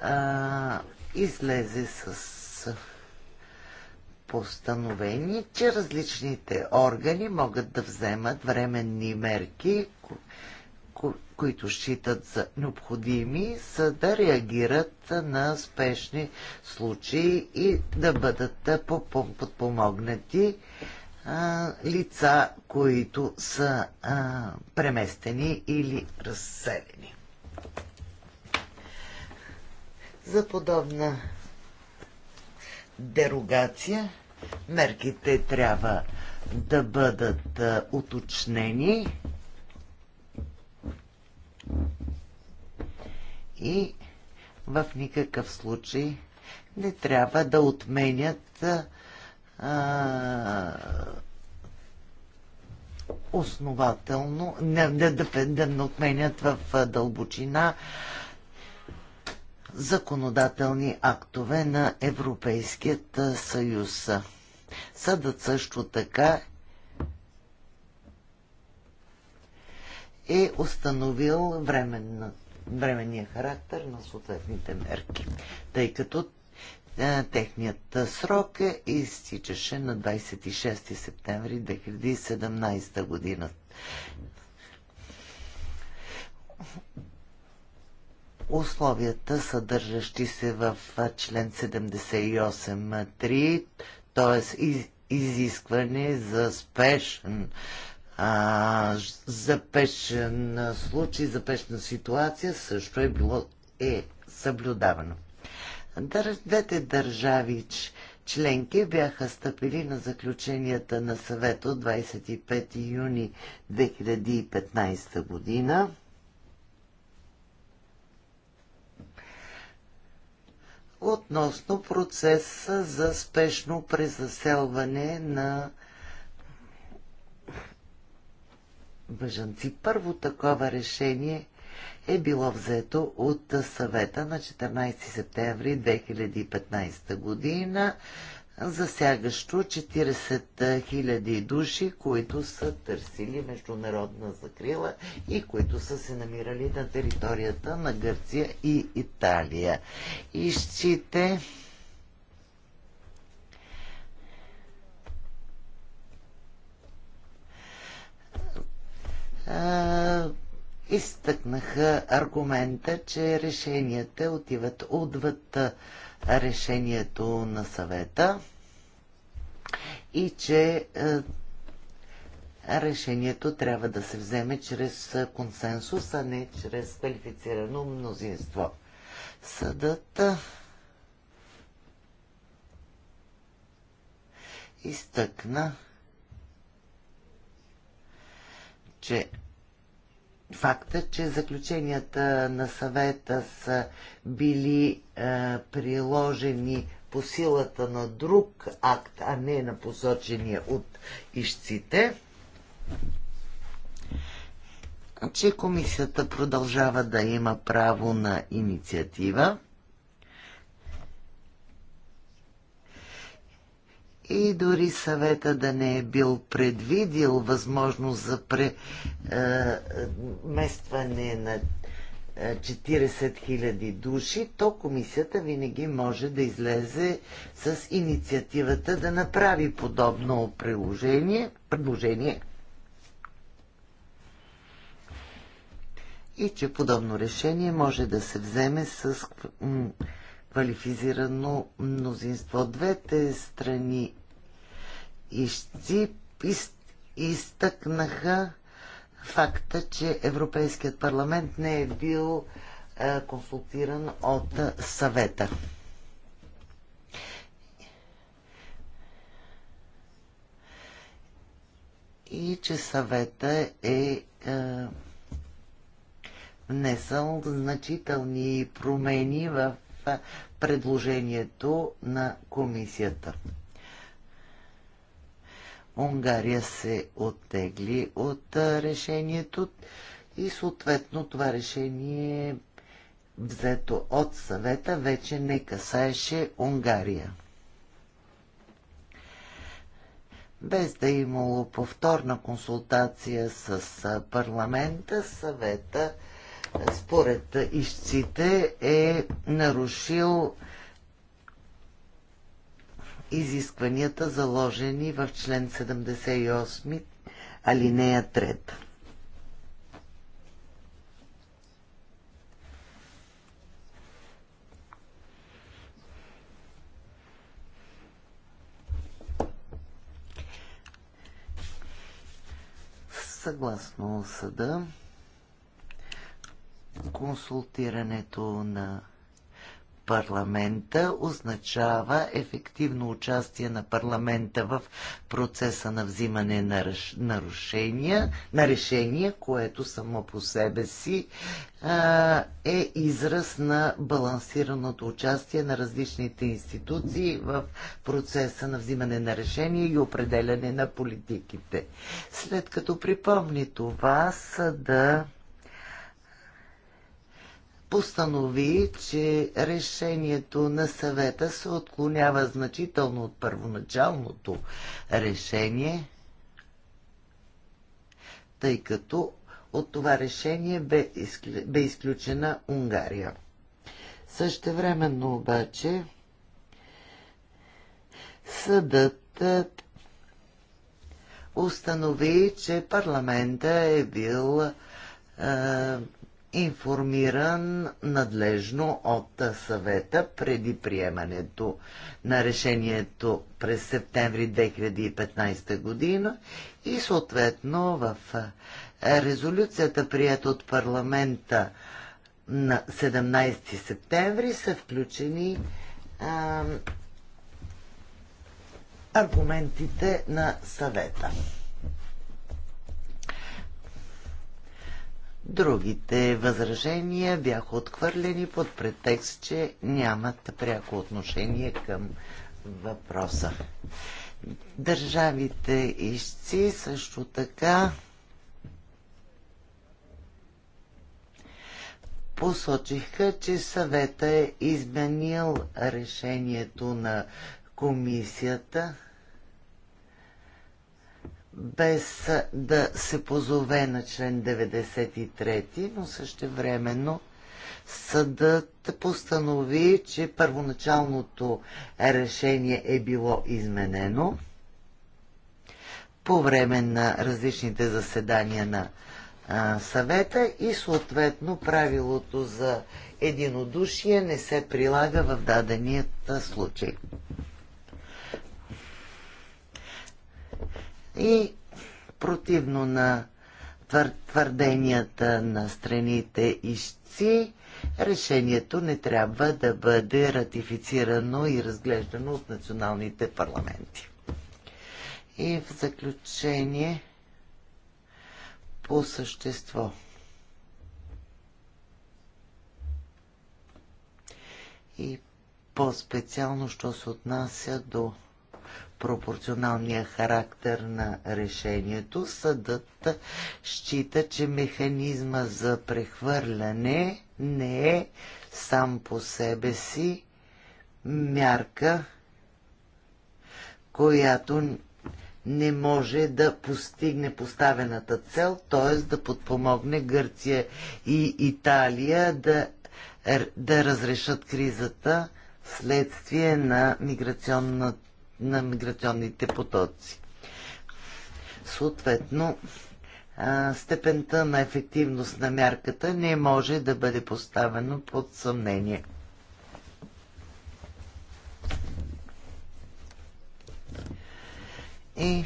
а, излезе с постановени, че различните органи могат да вземат временни мерки, които считат за необходими, са да реагират на спешни случаи и да бъдат подпомогнати лица, които са преместени или разселени. За подобна дерогация мерките трябва да бъдат уточнени и в никакъв случай не трябва да отменят а, основателно, не, да, да, да не отменят в дълбочина законодателни актове на Европейският съюз. Съдът също така е установил временна, временния характер на съответните мерки, тъй като е, техният срок е изтичаше на 26 септември 2017 година. Условията, съдържащи се в е, член 78.3, т.е. изискване за спешен а, за пешен случай, за пешна ситуация също е било е съблюдавано. Двете държави членки бяха стъпили на заключенията на съвета от 25 юни 2015 година. относно процеса за спешно презаселване на бъжанци. Първо такова решение е било взето от съвета на 14 септември 2015 година, засягащо 40 000 души, които са търсили международна закрила и които са се намирали на територията на Гърция и Италия. И ще изтъкнаха аргумента, че решенията отиват отвъд решението на съвета и че решението трябва да се вземе чрез консенсус, а не чрез квалифицирано мнозинство. Съдът изтъкна, че факта, че заключенията на съвета са били е, приложени по силата на друг акт, а не на посочения от ищците, че комисията продължава да има право на инициатива. и дори съвета да не е бил предвидил възможност за преместване е, на 40 е, 000 души, то комисията винаги може да излезе с инициативата да направи подобно приложение, предложение. И че подобно решение може да се вземе с квалифицирано мнозинство. Двете страни изтъкнаха факта, че Европейският парламент не е бил е, консултиран от съвета. И че съвета е, е внесъл значителни промени в предложението на комисията. Унгария се оттегли от решението и съответно това решение е взето от съвета вече не касаеше Унгария. Без да е имало повторна консултация с парламента, съвета според ищците е нарушил изискванията заложени в член 78 алинея 3. Съгласно съда, консултирането на парламента означава ефективно участие на парламента в процеса на взимане на, реш... на, решения, на решения, което само по себе си а, е израз на балансираното участие на различните институции в процеса на взимане на решения и определяне на политиките. След като припомни това, съда да постанови, че решението на съвета се отклонява значително от първоначалното решение, тъй като от това решение бе, изклю... бе изключена Унгария. Същевременно обаче съдът е, установи, че парламента е бил е, информиран надлежно от съвета преди приемането на решението през септември 2015 година и съответно в резолюцията, прията от парламента на 17 септември, са включени а, аргументите на съвета. Другите възражения бяха отхвърлени под претекст, че нямат пряко отношение към въпроса. Държавите изци също така посочиха, че съвета е изменил решението на комисията – без да се позове на член 93, но също времено съдът постанови, че първоначалното решение е било изменено по време на различните заседания на а, съвета и съответно правилото за единодушие не се прилага в даденият случай. и противно на твърденията на страните ищци, решението не трябва да бъде ратифицирано и разглеждано от националните парламенти. И в заключение по същество. И по-специално, що се отнася до пропорционалния характер на решението, съдът счита, че механизма за прехвърляне не е сам по себе си мярка, която не може да постигне поставената цел, т.е. да подпомогне Гърция и Италия да, да разрешат кризата следствие на миграционната на миграционните потоци. Съответно, степента на ефективност на мярката не може да бъде поставено под съмнение. И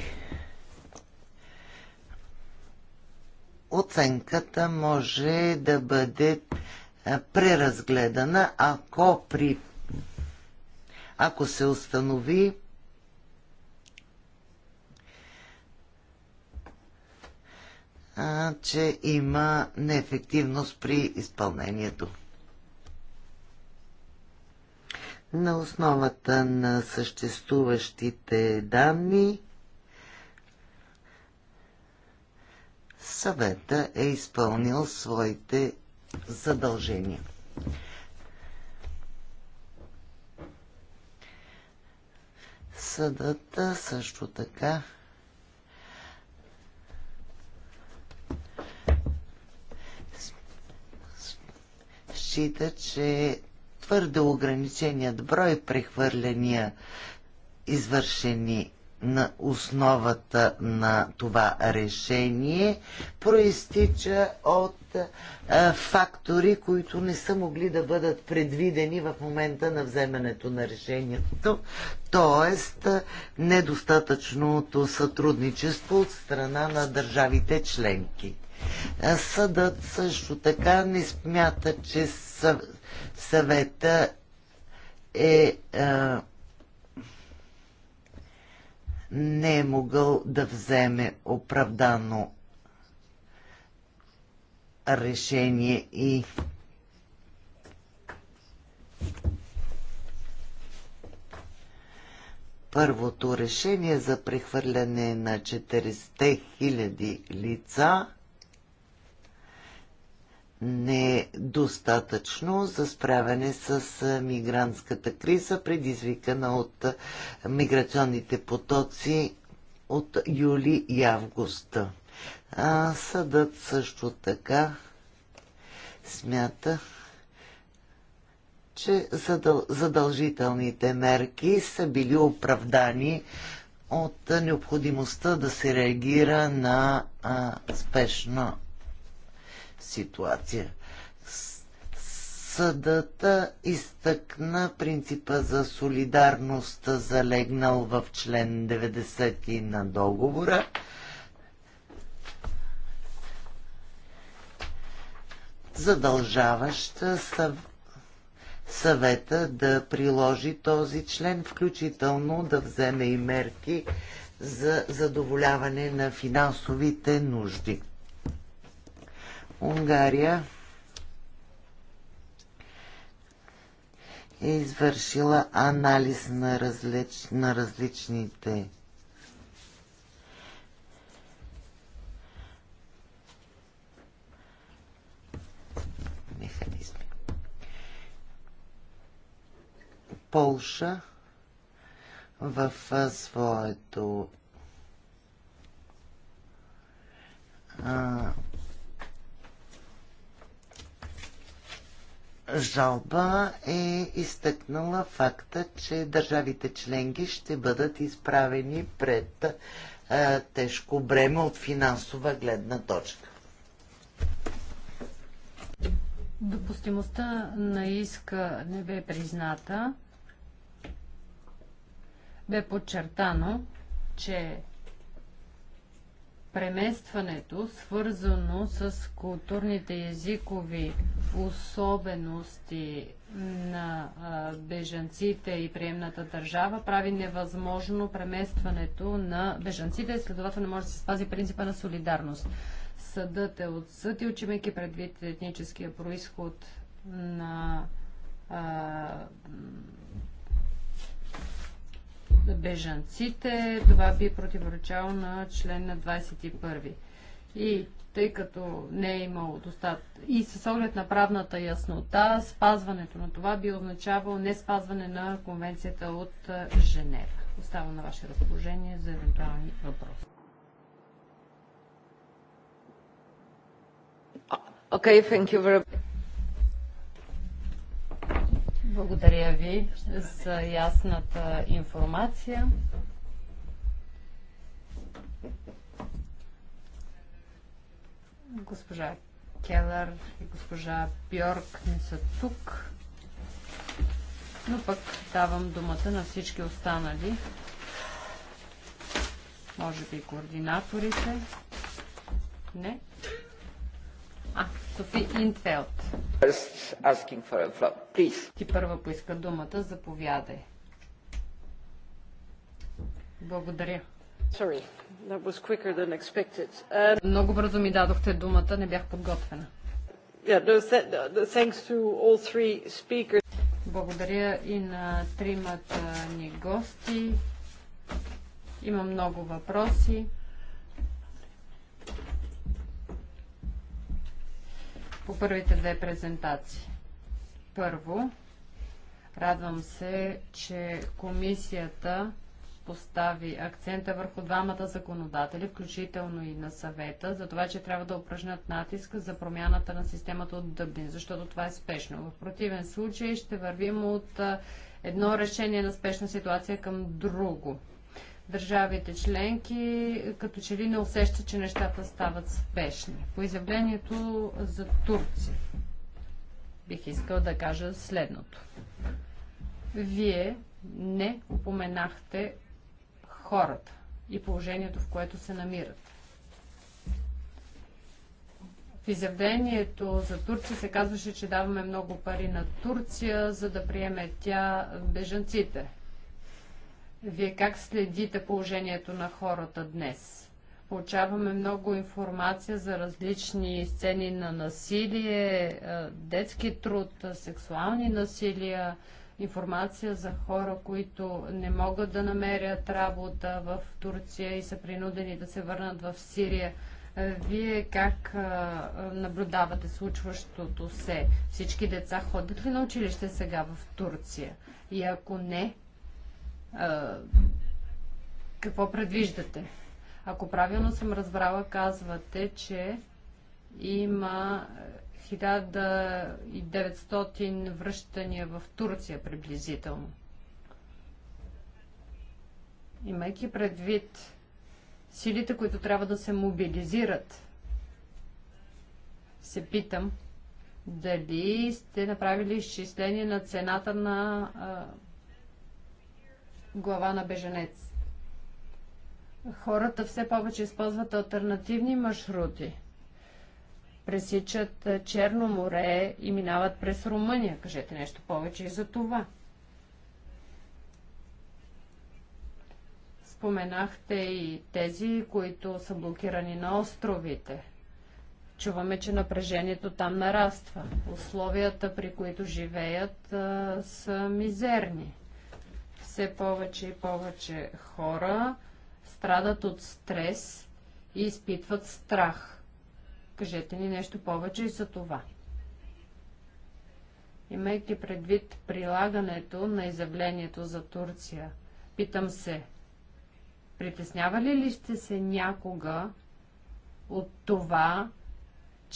оценката може да бъде преразгледана, ако при ако се установи а, че има неефективност при изпълнението. На основата на съществуващите данни съвета е изпълнил своите задължения. Съдата също така счита, че твърде ограниченият брой прехвърляния, извършени на основата на това решение, проистича от а, фактори, които не са могли да бъдат предвидени в момента на вземането на решението, т.е. недостатъчното сътрудничество от страна на държавите членки. Съдът също така не смята, че съвета е не е могъл да вземе оправдано решение и първото решение за прехвърляне на 40 000 лица Недостатъчно за справяне с мигрантската криза, предизвикана от миграционните потоци от юли и август. А съдът също така смята, че задъл... задължителните мерки са били оправдани от необходимостта да се реагира на а, спешно ситуация. Съдата изтъкна принципа за солидарност, залегнал в член 90 на договора. задължаваща съвета да приложи този член, включително да вземе и мерки за задоволяване на финансовите нужди. Унгария е извършила анализ на, различ, на различните механизми. Полша в своето а, жалба е изтъкнала факта, че държавите членки ще бъдат изправени пред е, тежко бреме от финансова гледна точка. Допустимостта на иска не бе призната. Бе подчертано, че преместването, свързано с културните езикови особености на бежанците и приемната държава, прави невъзможно преместването на бежанците и следователно може да се спази принципа на солидарност. Съдът е отсъдил, чимайки предвид етническия происход на бежанците. Това би противоречало на член на 21. И тъй като не е имало достатъчно и с оглед на правната яснота, спазването на това би означавало не спазване на конвенцията от е, Женева. Оставам на ваше разположение за евентуални въпроси. Okay, thank you very much. Благодаря ви за ясната информация. Госпожа Келър и госпожа Бьорк не са тук, но пък давам думата на всички останали, може би координаторите. Не. А, Софи Инфелд. Ти първа поиска думата, заповядай. Благодаря. Sorry, that was quicker than expected. Um... Много бързо ми дадохте думата, не бях подготвена. Yeah, no, thanks to all three speakers. Благодаря и на тримата ни гости. Има много въпроси. по първите две презентации. Първо, радвам се, че комисията постави акцента върху двамата законодатели, включително и на съвета, за това, че трябва да упражнят натиск за промяната на системата от Дъбдин, защото това е спешно. В противен случай ще вървим от едно решение на спешна ситуация към друго държавите членки като че ли не усеща, че нещата стават спешни. По изявлението за Турция бих искал да кажа следното. Вие не упоменахте хората и положението, в което се намират. В изявлението за Турция се казваше, че даваме много пари на Турция, за да приеме тя бежанците. Вие как следите положението на хората днес? Получаваме много информация за различни сцени на насилие, детски труд, сексуални насилия, информация за хора, които не могат да намерят работа в Турция и са принудени да се върнат в Сирия. Вие как наблюдавате случващото се? Всички деца ходят ли на училище сега в Турция? И ако не, какво предвиждате? Ако правилно съм разбрала, казвате, че има 1900 връщания в Турция приблизително. Имайки предвид силите, които трябва да се мобилизират, се питам дали сте направили изчисление на цената на глава на беженец. Хората все повече използват альтернативни маршрути. Пресичат е, Черно море и минават през Румъния. Кажете нещо повече и за това. Споменахте и тези, които са блокирани на островите. Чуваме, че напрежението там нараства. Условията, при които живеят, е, са мизерни все повече и повече хора страдат от стрес и изпитват страх. Кажете ни нещо повече и за това. Имайки предвид прилагането на изявлението за Турция, питам се, притеснявали ли сте се някога от това,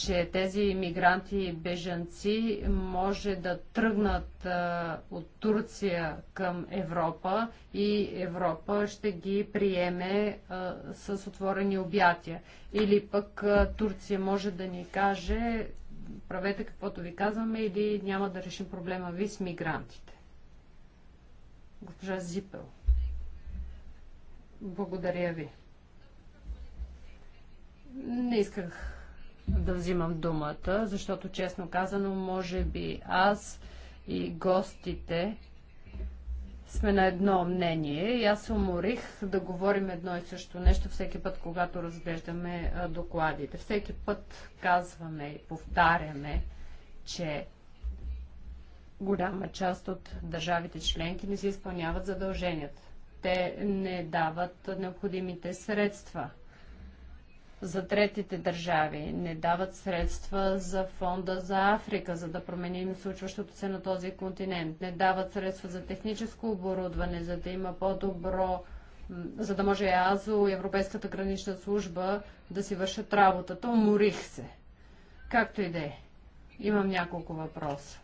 че тези мигранти и бежанци може да тръгнат а, от Турция към Европа и Европа ще ги приеме а, с отворени обятия. Или пък а, Турция може да ни каже правете каквото ви казваме или няма да решим проблема ви с мигрантите. Госпожа Зипел. Благодаря ви. Не исках да взимам думата, защото честно казано, може би аз и гостите сме на едно мнение и аз се уморих да говорим едно и също нещо всеки път, когато разглеждаме докладите. Всеки път казваме и повтаряме, че голяма част от държавите членки не си изпълняват задълженията. Те не дават необходимите средства – за третите държави, не дават средства за фонда за Африка, за да променим случващото се на този континент, не дават средства за техническо оборудване, за да има по-добро за да може ЕАЗО и Европейската гранична служба да си вършат работата. Уморих се. Както и да е. Имам няколко въпроса.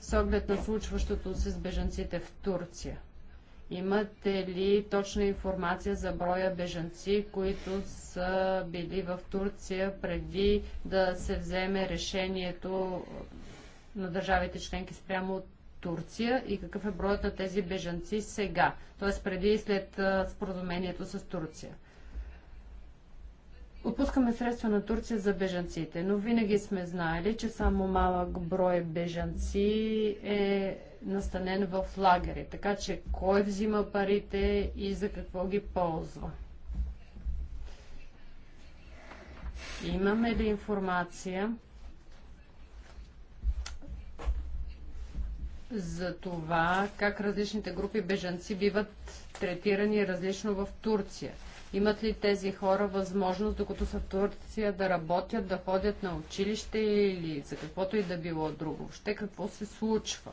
С оглед на случващото се с бежанците в Турция – Имате ли точна информация за броя бежанци, които са били в Турция преди да се вземе решението на държавите членки спрямо Турция и какъв е броят на тези бежанци сега, т.е. преди и след споразумението с Турция? Отпускаме средства на Турция за бежанците, но винаги сме знаели, че само малък брой бежанци е настанен в лагери. Така че кой взима парите и за какво ги ползва? Имаме ли информация за това как различните групи бежанци биват третирани различно в Турция? Имат ли тези хора възможност, докато са в Турция, да работят, да ходят на училище или за каквото и да било друго? Въобще какво се случва?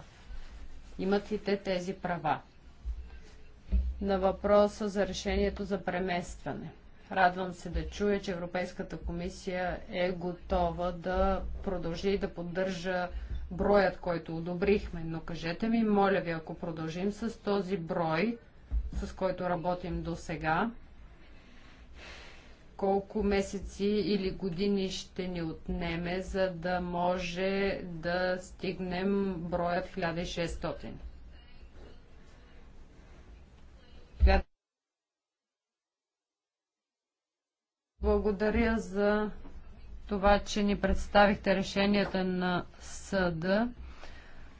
Имат ли те тези права? На въпроса за решението за преместване. Радвам се да чуя, че Европейската комисия е готова да продължи и да поддържа броят, който одобрихме. Но кажете ми, моля ви, ако продължим с този брой, с който работим до сега, колко месеци или години ще ни отнеме, за да може да стигнем броят 1600. Благодаря за това, че ни представихте решенията на съда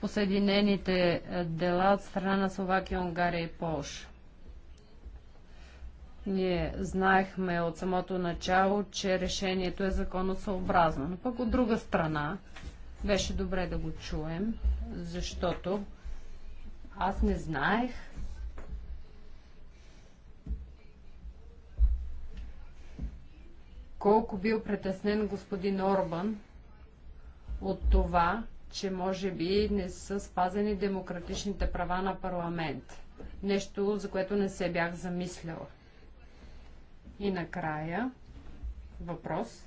по съединените дела от страна на Словакия, Унгария и Полша. Ние знаехме от самото начало, че решението е законосъобразно. Но пък от друга страна, беше добре да го чуем, защото аз не знаех, колко бил притеснен господин Орбан от това, че може би не са спазени демократичните права на парламент. Нещо, за което не се бях замисляла. И накрая въпрос.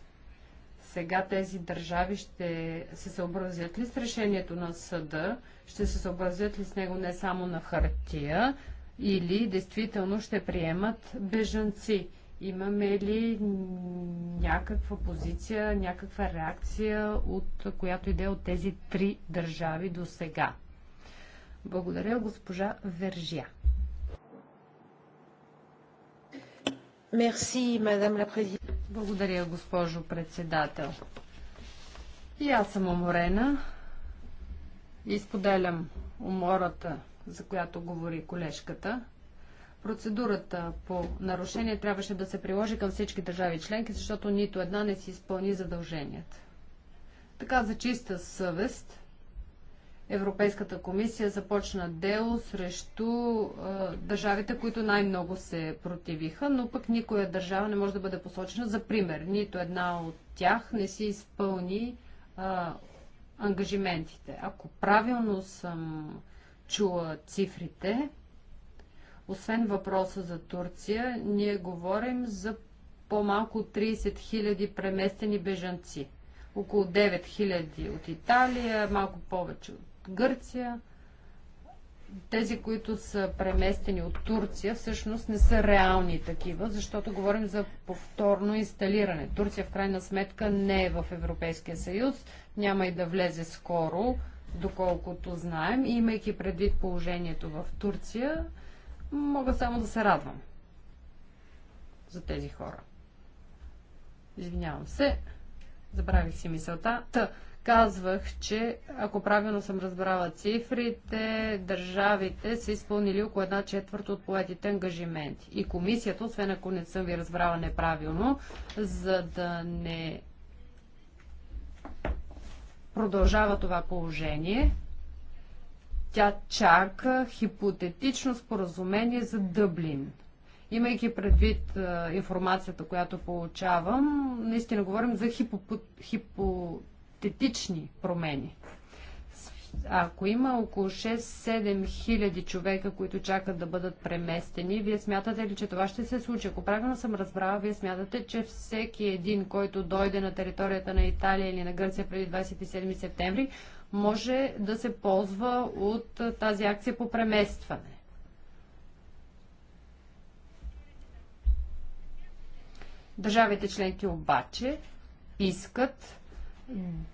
Сега тези държави ще се съобразят ли с решението на съда? Ще се съобразят ли с него не само на хартия? Или действително ще приемат бежанци? Имаме ли някаква позиция, някаква реакция, от която иде от тези три държави до сега? Благодаря, госпожа Вержия. Благодаря, госпожо председател. И аз съм уморена и споделям умората, за която говори колежката. Процедурата по нарушение трябваше да се приложи към всички държави членки, защото нито една не си изпълни задълженията. Така за чиста съвест – Европейската комисия започна дело срещу е, държавите, които най-много се противиха, но пък никоя държава не може да бъде посочена за пример. Нито една от тях не си изпълни е, ангажиментите. Ако правилно съм чула цифрите, освен въпроса за Турция, ние говорим за по-малко 30 000 преместени бежанци. Около 9 000 от Италия, малко повече от Гърция, тези, които са преместени от Турция, всъщност не са реални такива, защото говорим за повторно инсталиране. Турция в крайна сметка не е в Европейския съюз, няма и да влезе скоро, доколкото знаем. И имайки предвид положението в Турция, мога само да се радвам за тези хора. Извинявам се, забравих си мисълта. Та, казвах, че ако правилно съм разбрала цифрите, държавите са изпълнили около една четвърта от поетите ангажименти. И комисията, освен ако не съм ви разбрала неправилно, за да не продължава това положение, тя чака хипотетично споразумение за Дъблин. Имайки предвид а, информацията, която получавам, наистина говорим за хипо, хипо, естетични промени. Ако има около 6-7 хиляди човека, които чакат да бъдат преместени, вие смятате ли, че това ще се случи? Ако правилно съм разбрала, вие смятате, че всеки един, който дойде на територията на Италия или на Гърция преди 27 септември, може да се ползва от тази акция по преместване. Държавите членки обаче искат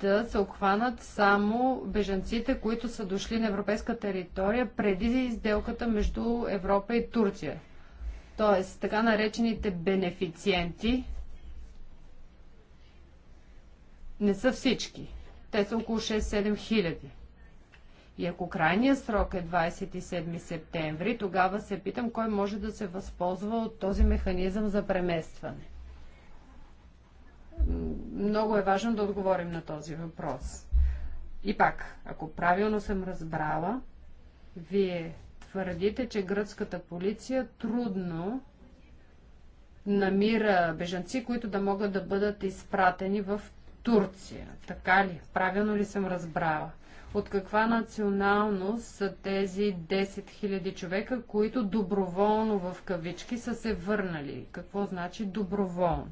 да се обхванат само бежанците, които са дошли на европейска територия преди изделката между Европа и Турция. Тоест, така наречените бенефициенти не са всички. Те са около 6-7 хиляди. И ако крайният срок е 27 септември, тогава се питам кой може да се възползва от този механизъм за преместване много е важно да отговорим на този въпрос. И пак, ако правилно съм разбрала, вие твърдите, че гръцката полиция трудно намира бежанци, които да могат да бъдат изпратени в Турция. Така ли? Правилно ли съм разбрала? От каква националност са тези 10 000 човека, които доброволно в кавички са се върнали? Какво значи доброволно?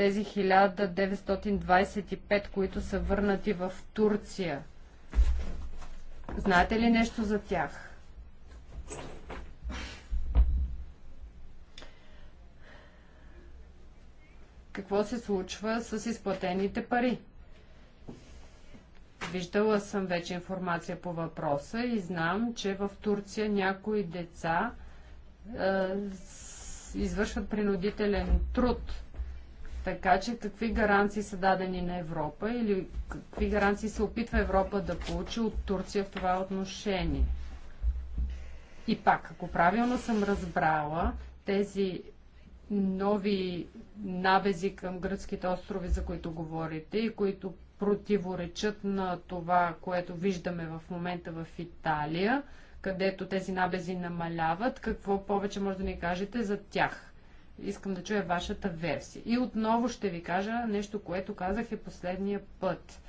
тези 1925, които са върнати в Турция. Знаете ли нещо за тях? Какво се случва с изплатените пари? Виждала съм вече информация по въпроса и знам, че в Турция някои деца е, извършват принудителен труд – така че какви гаранции са дадени на Европа или какви гаранции се опитва Европа да получи от Турция в това отношение? И пак, ако правилно съм разбрала, тези нови набези към гръцките острови, за които говорите и които противоречат на това, което виждаме в момента в Италия, където тези набези намаляват. Какво повече може да ни кажете за тях? Искам да чуя вашата версия. И отново ще ви кажа нещо, което казах и последния път.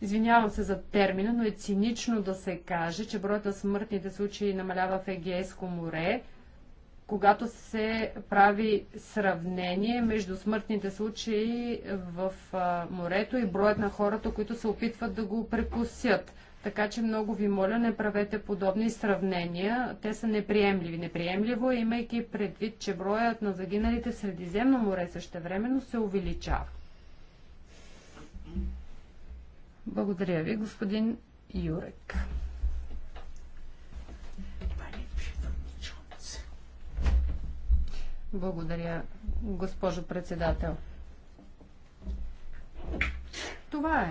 Извинявам се за термина, но е цинично да се каже, че броят на смъртните случаи намалява в Егейско море, когато се прави сравнение между смъртните случаи в морето и броят на хората, които се опитват да го прекусят. Така че много ви моля, не правете подобни сравнения. Те са неприемливи. Неприемливо е, имайки предвид, че броят на загиналите Средиземно море времено се увеличава. Благодаря ви, господин Юрек. Благодаря, госпожо председател. Това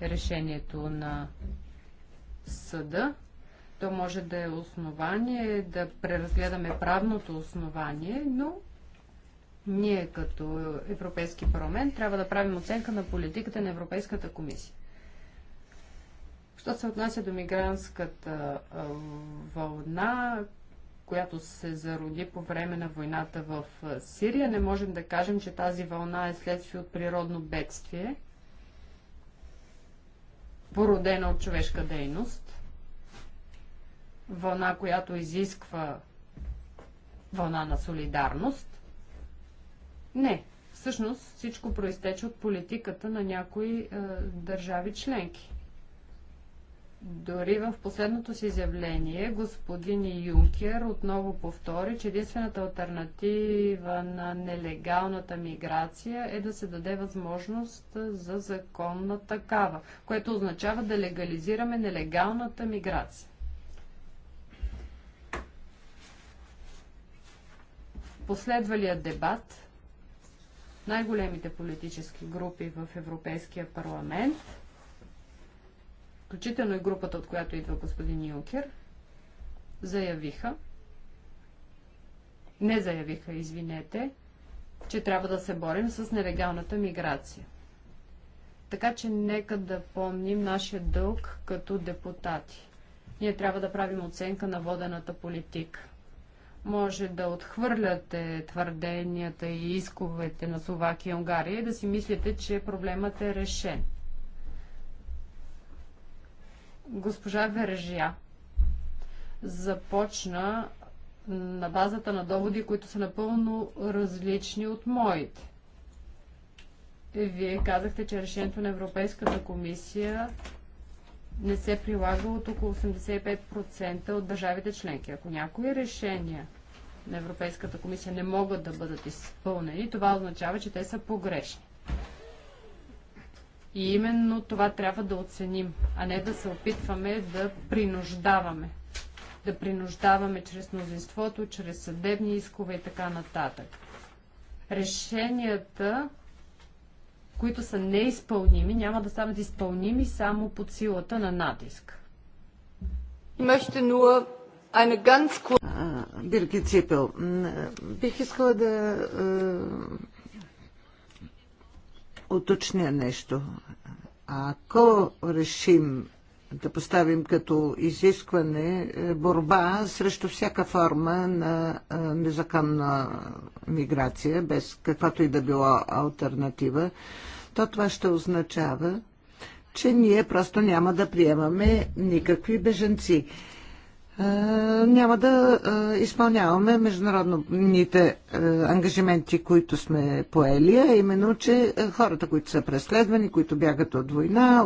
е решението на съда. То може да е основание да преразгледаме правното основание, но ние като Европейски парламент трябва да правим оценка на политиката на Европейската комисия. Що се отнася до мигрантската вълна, която се зароди по време на войната в Сирия, не можем да кажем, че тази вълна е следствие от природно бедствие – породена от човешка дейност, вълна, която изисква вълна на солидарност. Не, всъщност всичко проистече от политиката на някои е, държави членки. Дори в последното си изявление господин Юнкер отново повтори, че единствената альтернатива на нелегалната миграция е да се даде възможност за законна такава, което означава да легализираме нелегалната миграция. последвалия дебат най-големите политически групи в Европейския парламент – включително и групата, от която идва господин Юнкер, заявиха, не заявиха, извинете, че трябва да се борим с нелегалната миграция. Така че нека да помним нашия дълг като депутати. Ние трябва да правим оценка на водената политика. Може да отхвърляте твърденията и исковете на Словакия и Унгария и да си мислите, че проблемът е решен – Госпожа Вережия започна на базата на доводи, които са напълно различни от моите. Вие казахте, че решението на Европейската комисия не се прилага от около 85% от държавите членки. Ако някои решения на Европейската комисия не могат да бъдат изпълнени, това означава, че те са погрешни. И именно това трябва да оценим, а не да се опитваме да принуждаваме. Да принуждаваме чрез мнозинството, чрез съдебни искове и така нататък. Решенията, които са неизпълними, няма да станат изпълними само под силата на натиск. Имаще нула. eine Бирки Ципел, бих искала да уточня нещо. Ако решим да поставим като изискване е, борба срещу всяка форма на е, незаконна миграция, без каквато и да било альтернатива, то това ще означава, че ние просто няма да приемаме никакви беженци. Е, няма да е, изпълняваме международните е, ангажименти, които сме поели, а именно, че хората, които са преследвани, които бягат от война,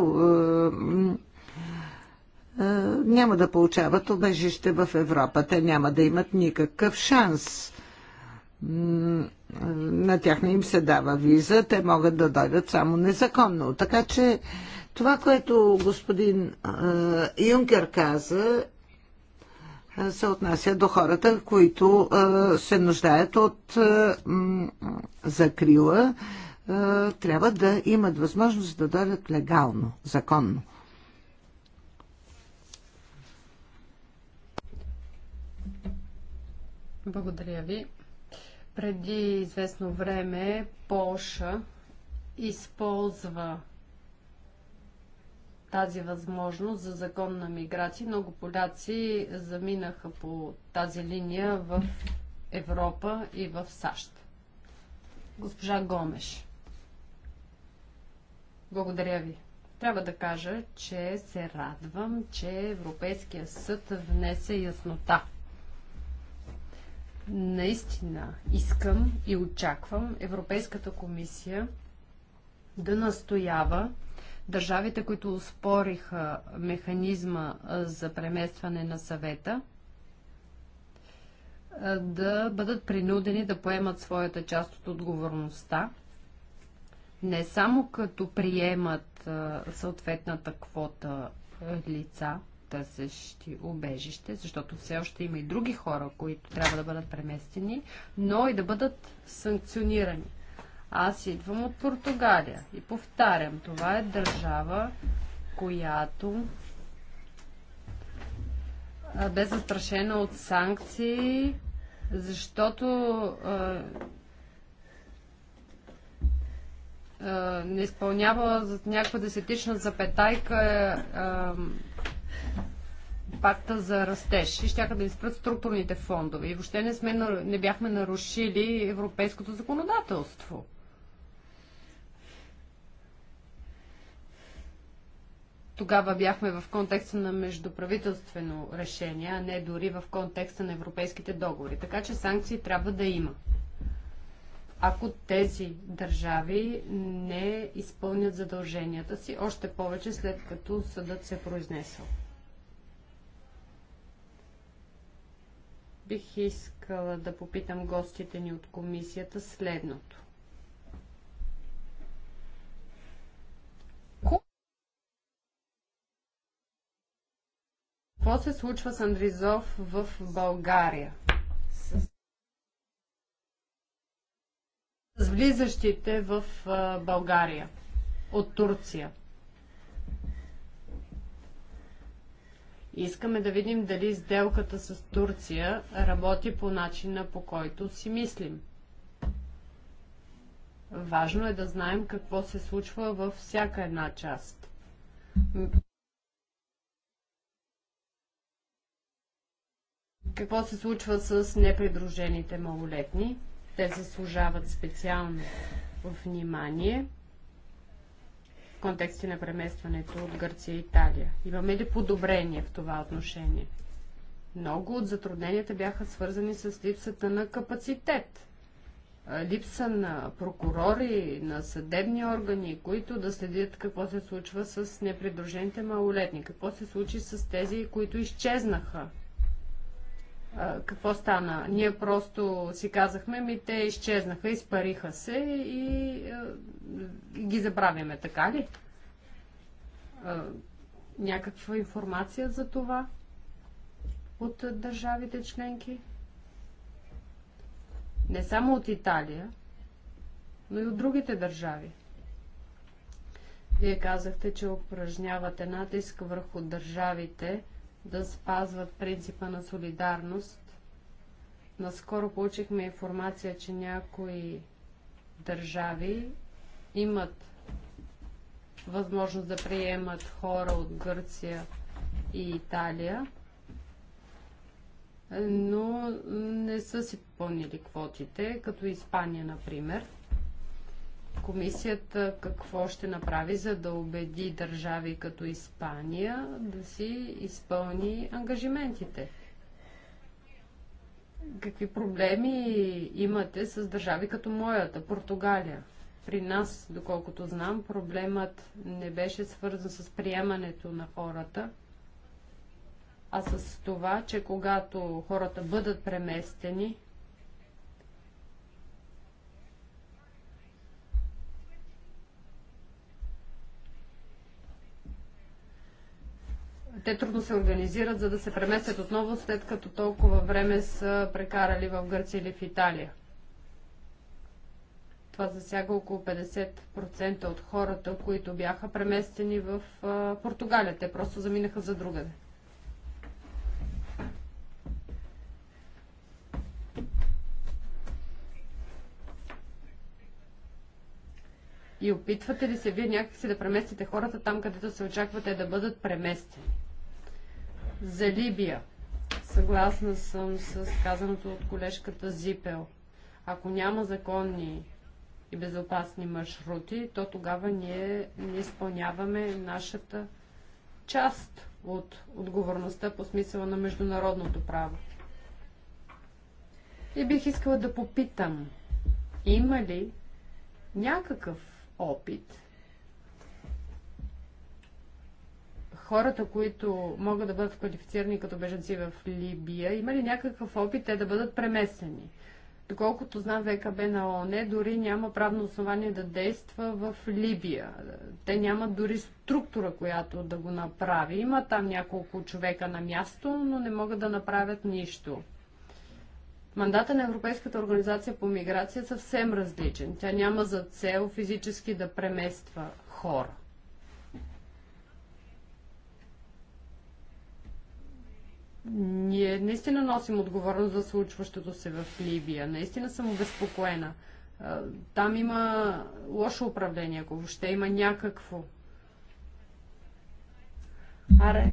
няма да получават обежище в Европа. Те няма да имат никакъв шанс. На тях не им се дава виза, те могат да дойдат само незаконно. Така че това, което господин Юнкер каза, се отнася до хората, които се нуждаят от закрила, трябва да имат възможност да дойдат легално, законно. Благодаря ви. Преди известно време Полша използва тази възможност за законна миграция. Много поляци заминаха по тази линия в Европа и в САЩ. Госпожа Гомеш. Благодаря ви. Трябва да кажа, че се радвам, че Европейския съд внесе яснота. Наистина искам и очаквам Европейската комисия да настоява Държавите, които спориха механизма за преместване на съвета, да бъдат принудени да поемат своята част от отговорността, не само като приемат съответната квота лица, търсещи убежище, защото все още има и други хора, които трябва да бъдат преместени, но и да бъдат санкционирани. Аз идвам от Португалия и повтарям, това е държава, която бе застрашена от санкции, защото не изпълнява за някаква десетична запетайка пакта за растеж и ще да изпрат структурните фондове. И въобще не, сме, не бяхме нарушили европейското законодателство. Тогава бяхме в контекста на междуправителствено решение, а не дори в контекста на европейските договори. Така че санкции трябва да има. Ако тези държави не изпълнят задълженията си, още повече след като съдът се е произнесъл. Бих искала да попитам гостите ни от комисията следното. Какво се случва с Андризов в България? С влизащите в България от Турция. Искаме да видим дали сделката с Турция работи по начина по който си мислим. Важно е да знаем какво се случва във всяка една част. Какво се случва с непридружените малолетни? Те заслужават специално внимание в контексте на преместването от Гърция и Италия. Имаме ли подобрение в това отношение? Много от затрудненията бяха свързани с липсата на капацитет липса на прокурори, на съдебни органи, които да следят какво се случва с непридружените малолетни, какво се случи с тези, които изчезнаха какво стана? Ние просто си казахме, ми те изчезнаха, изпариха се и, и ги забравяме, така ли? Някаква информация за това от държавите членки? Не само от Италия, но и от другите държави. Вие казахте, че упражнявате натиск върху държавите, да спазват принципа на солидарност. Наскоро получихме информация, че някои държави имат възможност да приемат хора от Гърция и Италия, но не са си попълнили квотите, като Испания, например – комисията какво ще направи, за да убеди държави като Испания да си изпълни ангажиментите? Какви проблеми имате с държави като моята, Португалия? При нас, доколкото знам, проблемът не беше свързан с приемането на хората, а с това, че когато хората бъдат преместени, те трудно се организират, за да се преместят отново, след като толкова време са прекарали в Гърция или в Италия. Това засяга около 50% от хората, които бяха преместени в Португалия. Те просто заминаха за другаде. И опитвате ли се вие някакси да преместите хората там, където се очаквате да бъдат преместени? За Либия. Съгласна съм с казаното от колежката Зипел. Ако няма законни и безопасни маршрути, то тогава ние не изпълняваме нашата част от отговорността по смисъла на международното право. И бих искала да попитам, има ли някакъв опит хората, които могат да бъдат квалифицирани като беженци в Либия, има ли някакъв опит те да бъдат преместени? Доколкото знам, ВКБ на ООН дори няма правно основание да действа в Либия. Те нямат дори структура, която да го направи. Има там няколко човека на място, но не могат да направят нищо. Мандата на Европейската организация по миграция е съвсем различен. Тя няма за цел физически да премества хора. Ние наистина носим отговорност за случващото се в Ливия. Наистина съм обезпокоена. Там има лошо управление, ако въобще има някакво. Аре.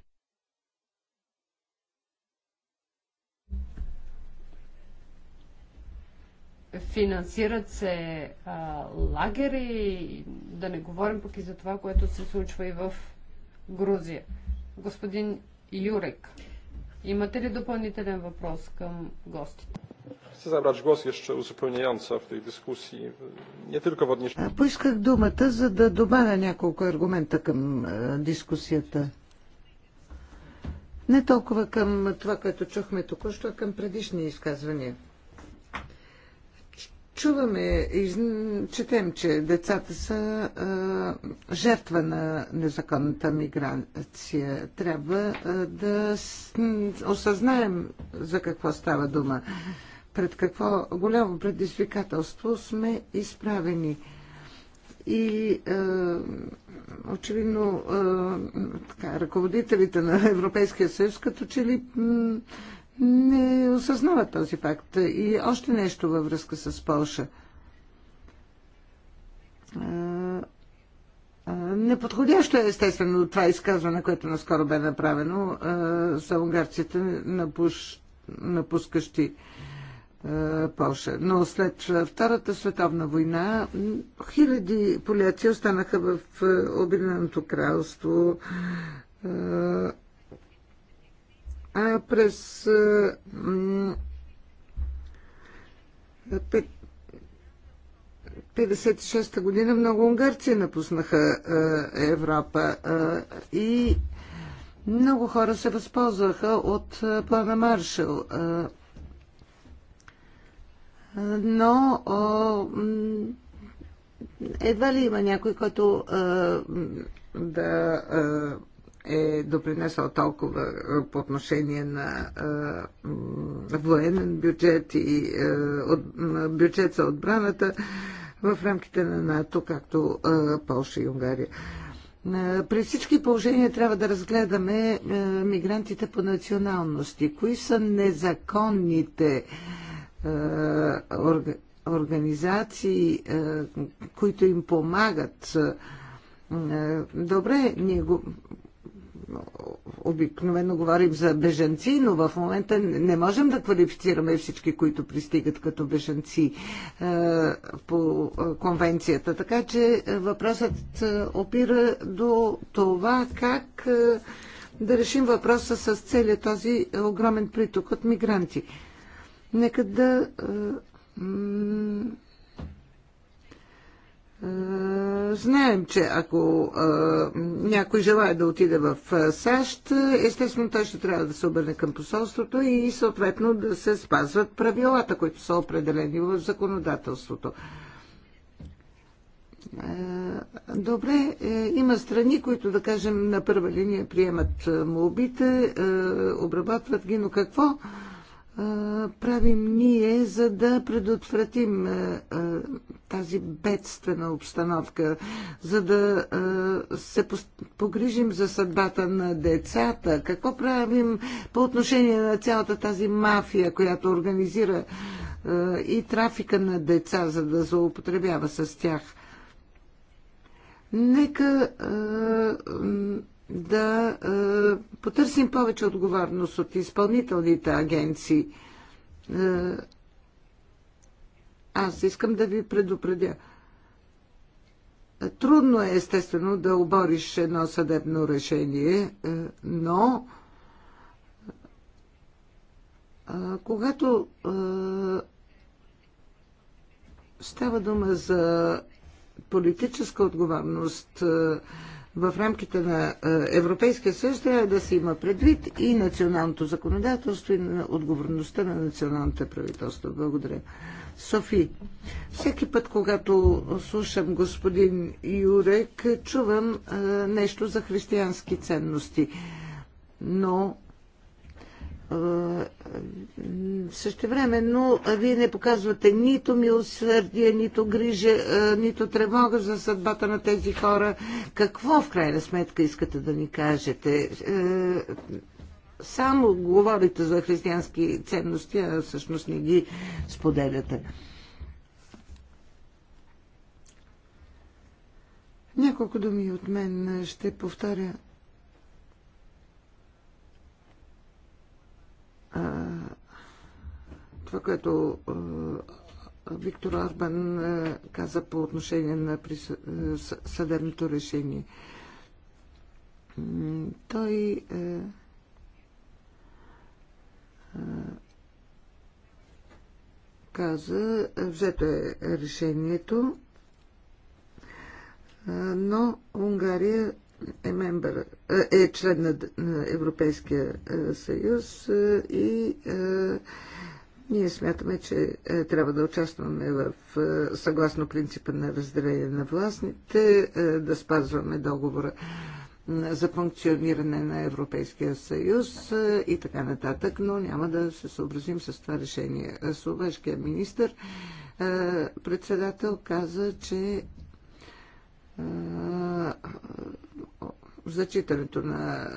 финансират се а, лагери, да не говорим пък и за това, което се случва и в Грузия. Господин Юрек. Имате ли допълнителен въпрос към гостите? Chcę забрач гост jeszcze uzupełniająco в tej дискусии. Не tylko w odniesieniu... Е, поисках думата, за да добавя няколко аргумента към е, дискусията. Не толкова към това, което чухме току-що, а към предишни изказвания. Чуваме и четем, че децата са а, жертва на незаконната миграция. Трябва а, да осъзнаем за какво става дума, пред какво голямо предизвикателство сме изправени. И а, очевидно а, така, ръководителите на Европейския съюз като че ли не осъзнават този факт. И още нещо във връзка с Польша. Неподходящо е естествено това изказване, което наскоро бе направено за унгарците напуш... напускащи Польша. Но след Втората световна война хиляди поляци останаха в Обединеното кралство а през а, 56-та година много унгарци напуснаха Европа и много хора се възползваха от плана Маршал. Но едва ли има някой, който да е допринесъл толкова е, по отношение на е, военен бюджет и е, бюджет за отбраната в рамките на НАТО, както Полша и Унгария. При всички положения трябва да разгледаме мигрантите по националности. Кои са незаконните организации, които им помагат Добре, ние го обикновено говорим за бежанци, но в момента не можем да квалифицираме всички, които пристигат като бежанци е, по конвенцията. Така че въпросът е, опира до това как е, да решим въпроса с целият този огромен приток от мигранти. Нека да е, знаем, че ако а, е, някой желая да отиде в е, САЩ, естествено той ще трябва да се обърне към посолството и съответно да се спазват правилата, които са определени в законодателството. Добре, има страни, които да кажем на първа линия приемат молбите, обработват ги, но какво? правим ние, за да предотвратим тази бедствена обстановка, за да се погрижим за съдбата на децата? Какво правим по отношение на цялата тази мафия, която организира и трафика на деца, за да злоупотребява с тях? Нека да е, потърсим повече отговорност от изпълнителните агенции. Е, аз искам да ви предупредя. Трудно е, естествено, да обориш едно съдебно решение, е, но е, когато е, става дума за политическа отговорност, е, в рамките на е, Европейския съюз трябва да се има предвид и националното законодателство и на отговорността на националните правителства. Благодаря. Софи, всеки път, когато слушам господин Юрек, чувам е, нещо за християнски ценности. Но е, е, същевременно вие не показвате нито милосърдие, нито грижа, е, нито тревога за съдбата на тези хора. Какво в крайна сметка искате да ни кажете? Само говорите за християнски ценности, а всъщност не ги споделяте. Няколко думи от мен ще повторя това, което Виктор а, каза по отношение на съдебното решение. Той каза, взето е решението, но Унгария е, мембър, е член на, Европейския е, съюз е, и е, ние смятаме, че трябва да участваме в, съгласно принципа на разделение на властните, да спазваме договора за функциониране на Европейския съюз и така нататък, но няма да се съобразим с това решение. Словешкия министр председател каза, че зачитането на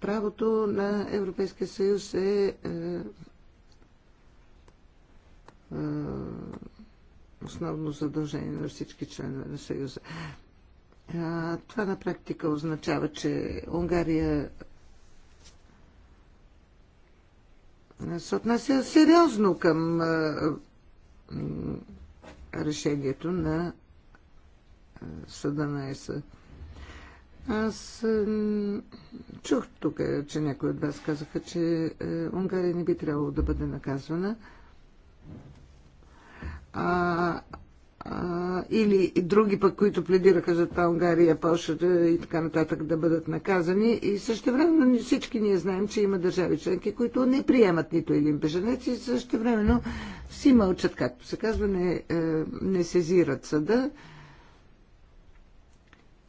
правото на Европейския съюз е, е, е основно задължение на всички членове на Съюза. Това на практика означава, че Унгария се отнася сериозно към решението на съда на ЕСА. Аз чух тук, че някои от вас казаха, че е, Унгария не би трябвало да бъде наказвана. А, а, или други пък, които пледираха за това Унгария, Польша и така нататък да бъдат наказани. И също времено всички ние знаем, че има държави членки, които не приемат нито един беженец и също времено си мълчат, както се казва, не, е, не сезират съда.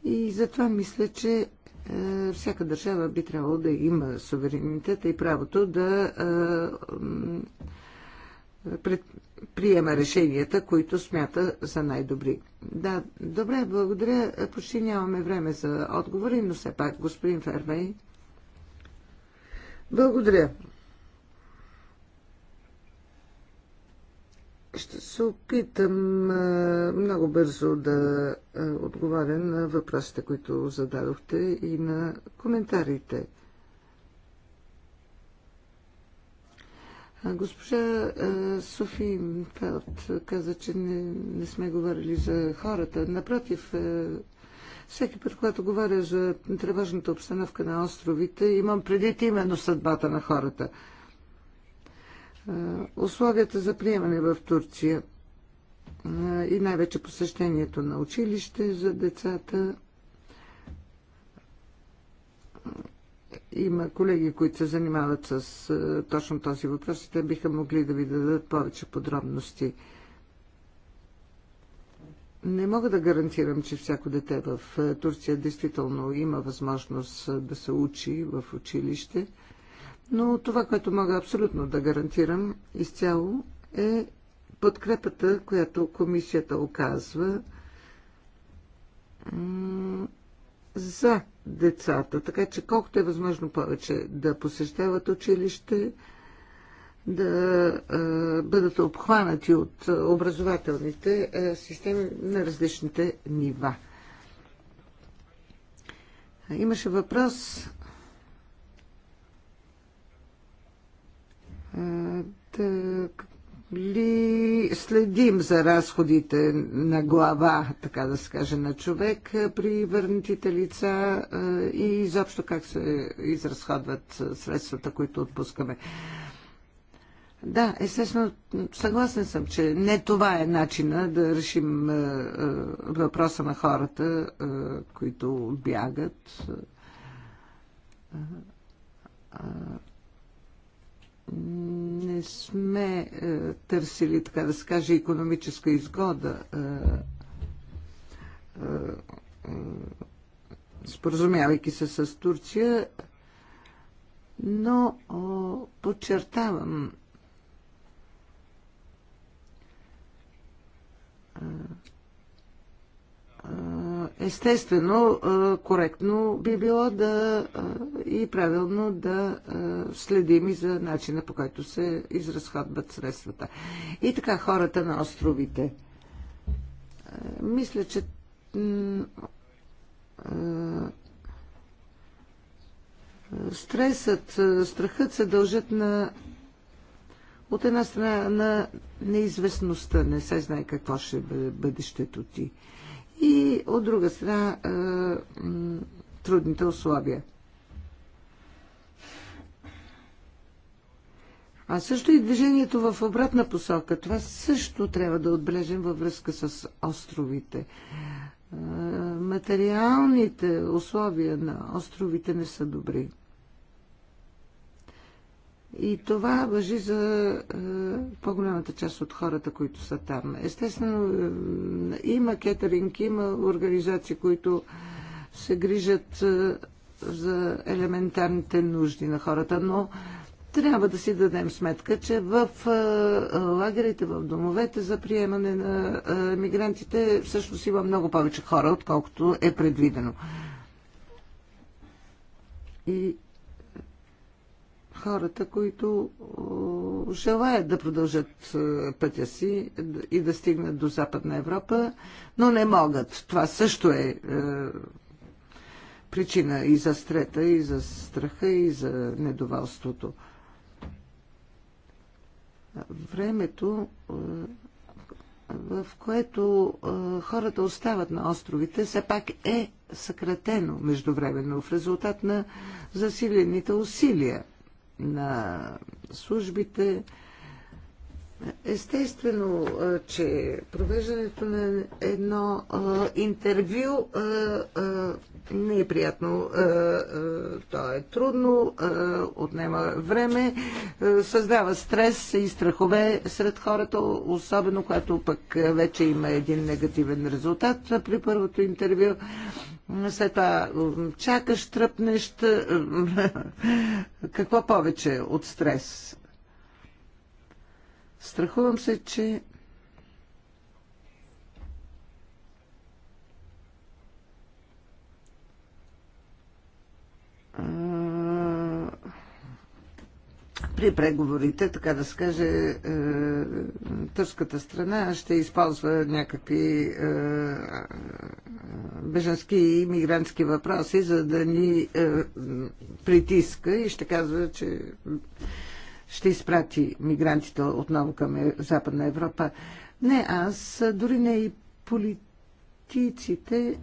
И затова мисля, че е, всяка държава би трябвало да има суверенитета и правото да е, приема решенията, които смята за най-добри. Да, добре, благодаря. Почти нямаме време за отговори, но все пак, господин Фервей. Благодаря. Ще се опитам много бързо да отговаря на въпросите, които зададохте и на коментарите. Госпожа Софи Фелт каза, че не, не сме говорили за хората. Напротив, всеки път, когато говоря за тревожната обстановка на островите, имам предвид именно съдбата на хората – условията за приемане в Турция и най-вече посещението на училище за децата. Има колеги, които се занимават с точно този въпрос и те биха могли да ви дадат повече подробности. Не мога да гарантирам, че всяко дете в Турция действително има възможност да се учи в училище. Но това, което мога абсолютно да гарантирам изцяло е подкрепата, която комисията оказва за децата. Така че колкото е възможно повече да посещават училище, да е, бъдат обхванати от образователните е, системи на различните нива. Имаше въпрос ли следим за разходите на глава, така да се каже, на човек при върнатите лица и изобщо как се изразходват средствата, които отпускаме? Да, естествено, съгласен съм, че не това е начина да решим е, въпроса на хората, е, които бягат не сме е, търсили, така да се каже, економическа изгода. Е, е, е, споразумявайки се с Турция, но о, подчертавам, е, е, естествено, е, коректно би било да е, и правилно да следим и за начина по който се изразходват средствата. И така, хората на островите. Мисля, че стресът, страхът се дължат на от една страна на неизвестността, не се знае какво ще бъде бъдещето ти и от друга страна е, трудните условия. А също и движението в обратна посока. Това също трябва да отбележим във връзка с островите. Е, материалните условия на островите не са добри. И това въжи за е, по-голямата част от хората, които са там. Естествено, е, има кетеринг, има организации, които се грижат е, за елементарните нужди на хората, но трябва да си дадем сметка, че в е, лагерите, в домовете за приемане на е, мигрантите всъщност има много повече хора, отколкото е предвидено. И хората, които желаят да продължат е, пътя си и да стигнат до Западна Европа, но не могат. Това също е, е причина и за стрета, и за страха, и за недоволството. Времето, е, в което хората остават на островите, все пак е съкратено междувременно в резултат на засилените усилия на службите. Естествено, че провеждането на едно интервю не е приятно. То е трудно, отнема време, създава стрес и страхове сред хората, особено когато пък вече има един негативен резултат при първото интервю след това чакаш, тръпнеш, какво повече от стрес. Страхувам се, че при преговорите, така да се каже, е, турската страна ще използва някакви е, е, беженски и мигрантски въпроси, за да ни притиска и ще казва, че ще изпрати мигрантите отново към Западна Европа. Не аз, дори не и политиците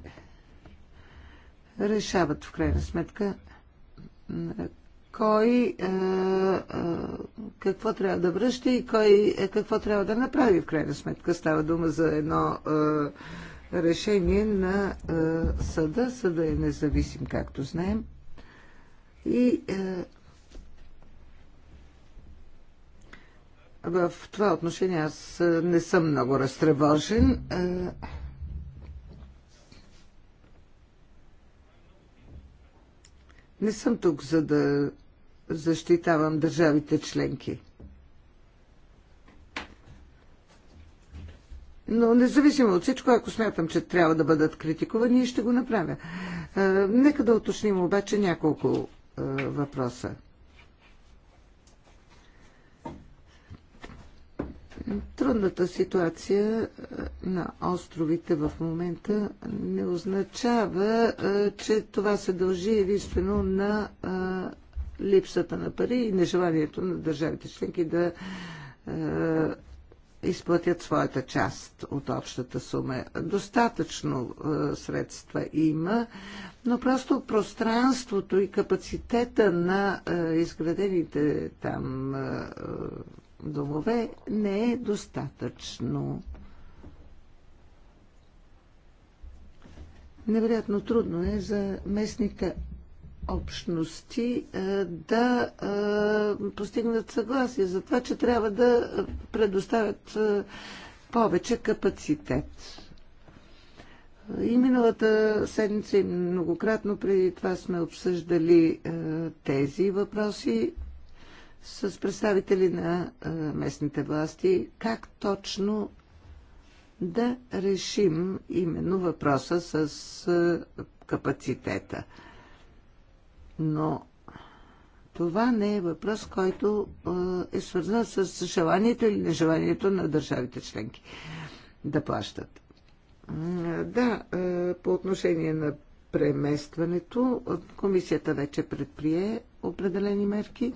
решават в крайна сметка кой е, е, какво трябва да връща и кой е, какво трябва да направи. В крайна сметка става дума за едно е, решение на съда. Съда е независим, както знаем. И в това отношение аз не съм много разтревожен. Не съм тук, за да защитавам държавите членки. Но независимо от всичко, ако смятам, че трябва да бъдат критикувани, ще го направя. Е, нека да уточним обаче няколко е, въпроса. Трудната ситуация е, на островите в момента не означава, е, че това се дължи единствено на е, липсата на пари и нежеланието на държавите членки да е, изплатят своята част от общата сума. Достатъчно е, средства има, но просто пространството и капацитета на е, изградените там е, домове не е достатъчно. Невероятно трудно е за местните общности е, да е, постигнат съгласие за това, че трябва да предоставят е, повече капацитет. И миналата седмица и многократно преди това сме обсъждали тези въпроси с представители на местните власти, как точно да решим именно въпроса с капацитета. Но това не е въпрос, който е свързан с желанието или нежеланието на държавите членки да плащат. Да, по отношение на преместването, комисията вече предприе определени мерки.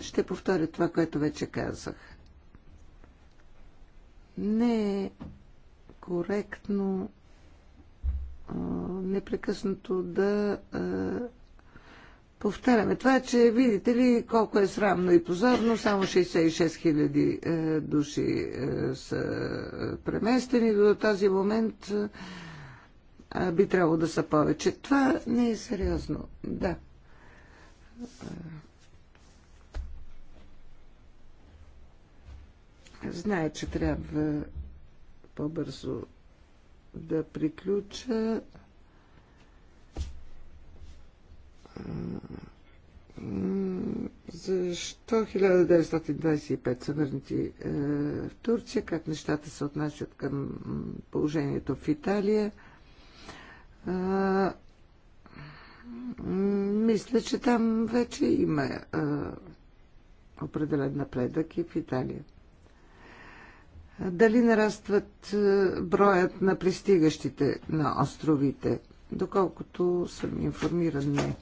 Ще повторя това, което вече казах. Не е коректно непрекъснато да повтаряме това, е, че видите ли колко е срамно и позорно, само 66 хиляди души са преместени до този момент. Би трябвало да са повече. Това не е сериозно. Да. Знае, че трябва по-бързо да приключа. Защо 1925 са върнати е, в Турция? Как нещата се отнасят към положението в Италия? Е, мисля, че там вече има е, определен напредък и в Италия. Дали нарастват е, броят на пристигащите на островите? Доколкото съм информиран, не.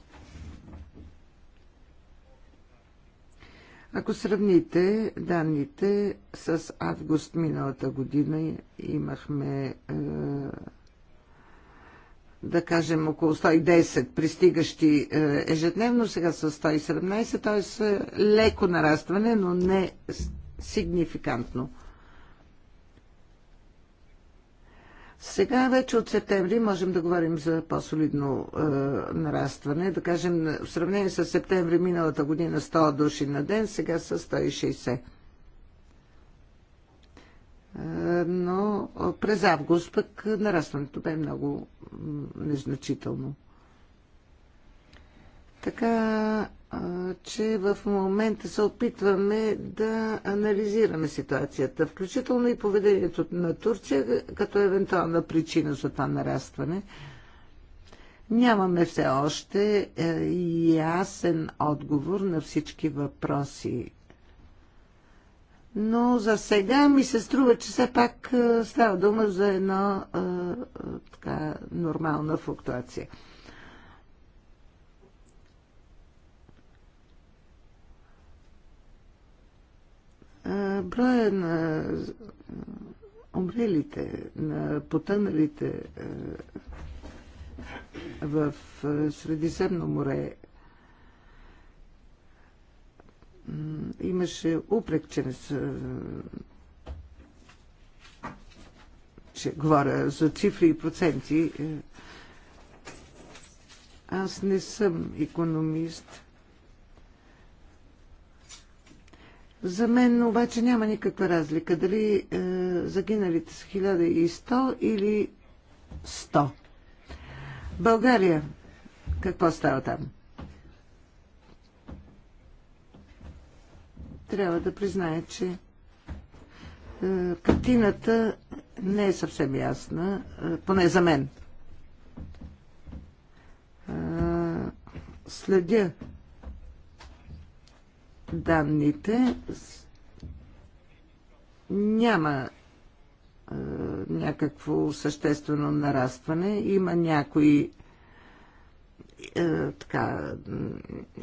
Ако сравните данните с август миналата година, имахме, е, да кажем, около 110 пристигащи е, ежедневно, сега са 117, т.е. леко нарастване, но не сигнификантно. Сега вече от септември можем да говорим за по-солидно е, нарастване. Да кажем, в сравнение с септември миналата година 100 души на ден, сега са 160. Е, но през август пък нарастването бе много незначително. Така че в момента се опитваме да анализираме ситуацията, включително и поведението на Турция като евентуална причина за това нарастване. Нямаме все още е, ясен отговор на всички въпроси. Но за сега ми се струва, че все пак е, става дума за една е, така, нормална флуктуация. броя на умрелите, на потъналите в Средиземно море имаше упрек, че не са че говоря за цифри и проценти. Е, аз не съм економист. За мен обаче няма никаква разлика дали е, загиналите са 1100 или 100. България, какво става там? Трябва да призная, че е, картината не е съвсем ясна, е, поне за мен. Е, следя данните няма е, някакво съществено нарастване. Има някои е, така,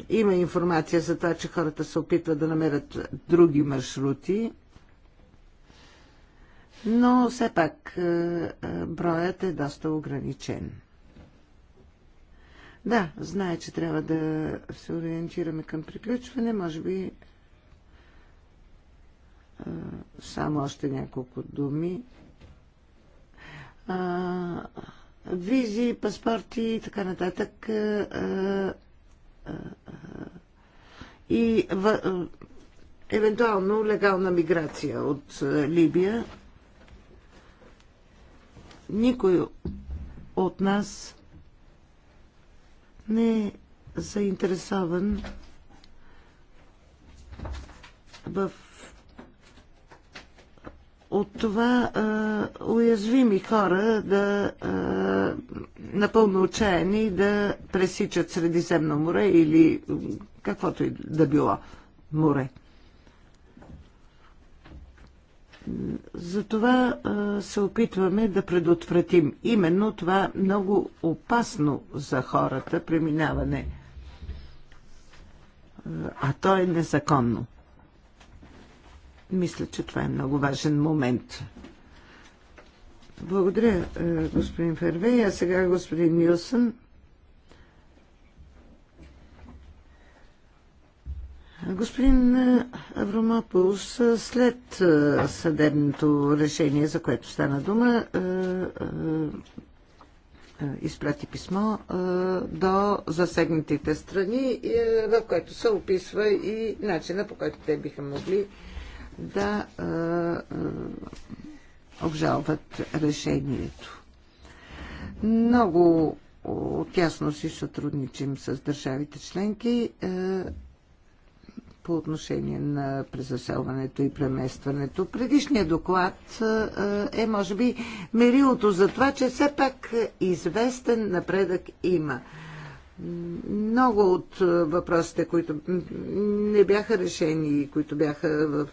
има информация за това, че хората се опитват да намерят други маршрути, но все пак е, броят е доста ограничен. Да, знае, че трябва да се ориентираме към приключване. Може би само още няколко думи. визи, паспорти и така нататък. и евентуално легална миграция от Либия. Никой от нас не е заинтересован в от това а, уязвими хора да а, напълно отчаяни да пресичат Средиземно море или каквото и да било море. Затова се опитваме да предотвратим именно това много опасно за хората преминаване. А то е незаконно. Мисля, че това е много важен момент. Благодаря, е, господин Фервей. А сега господин Нилсън. Господин Авромопулс, след съдебното решение, за което стана дума, изпрати писмо до засегнатите страни, в което се описва и начина по който те биха могли да обжалват решението. Много тясно си сътрудничим с държавите членки по отношение на презаселването и преместването. Предишният доклад е, може би, мерилото за това, че все пак известен напредък има. Много от въпросите, които не бяха решени и които бяха в,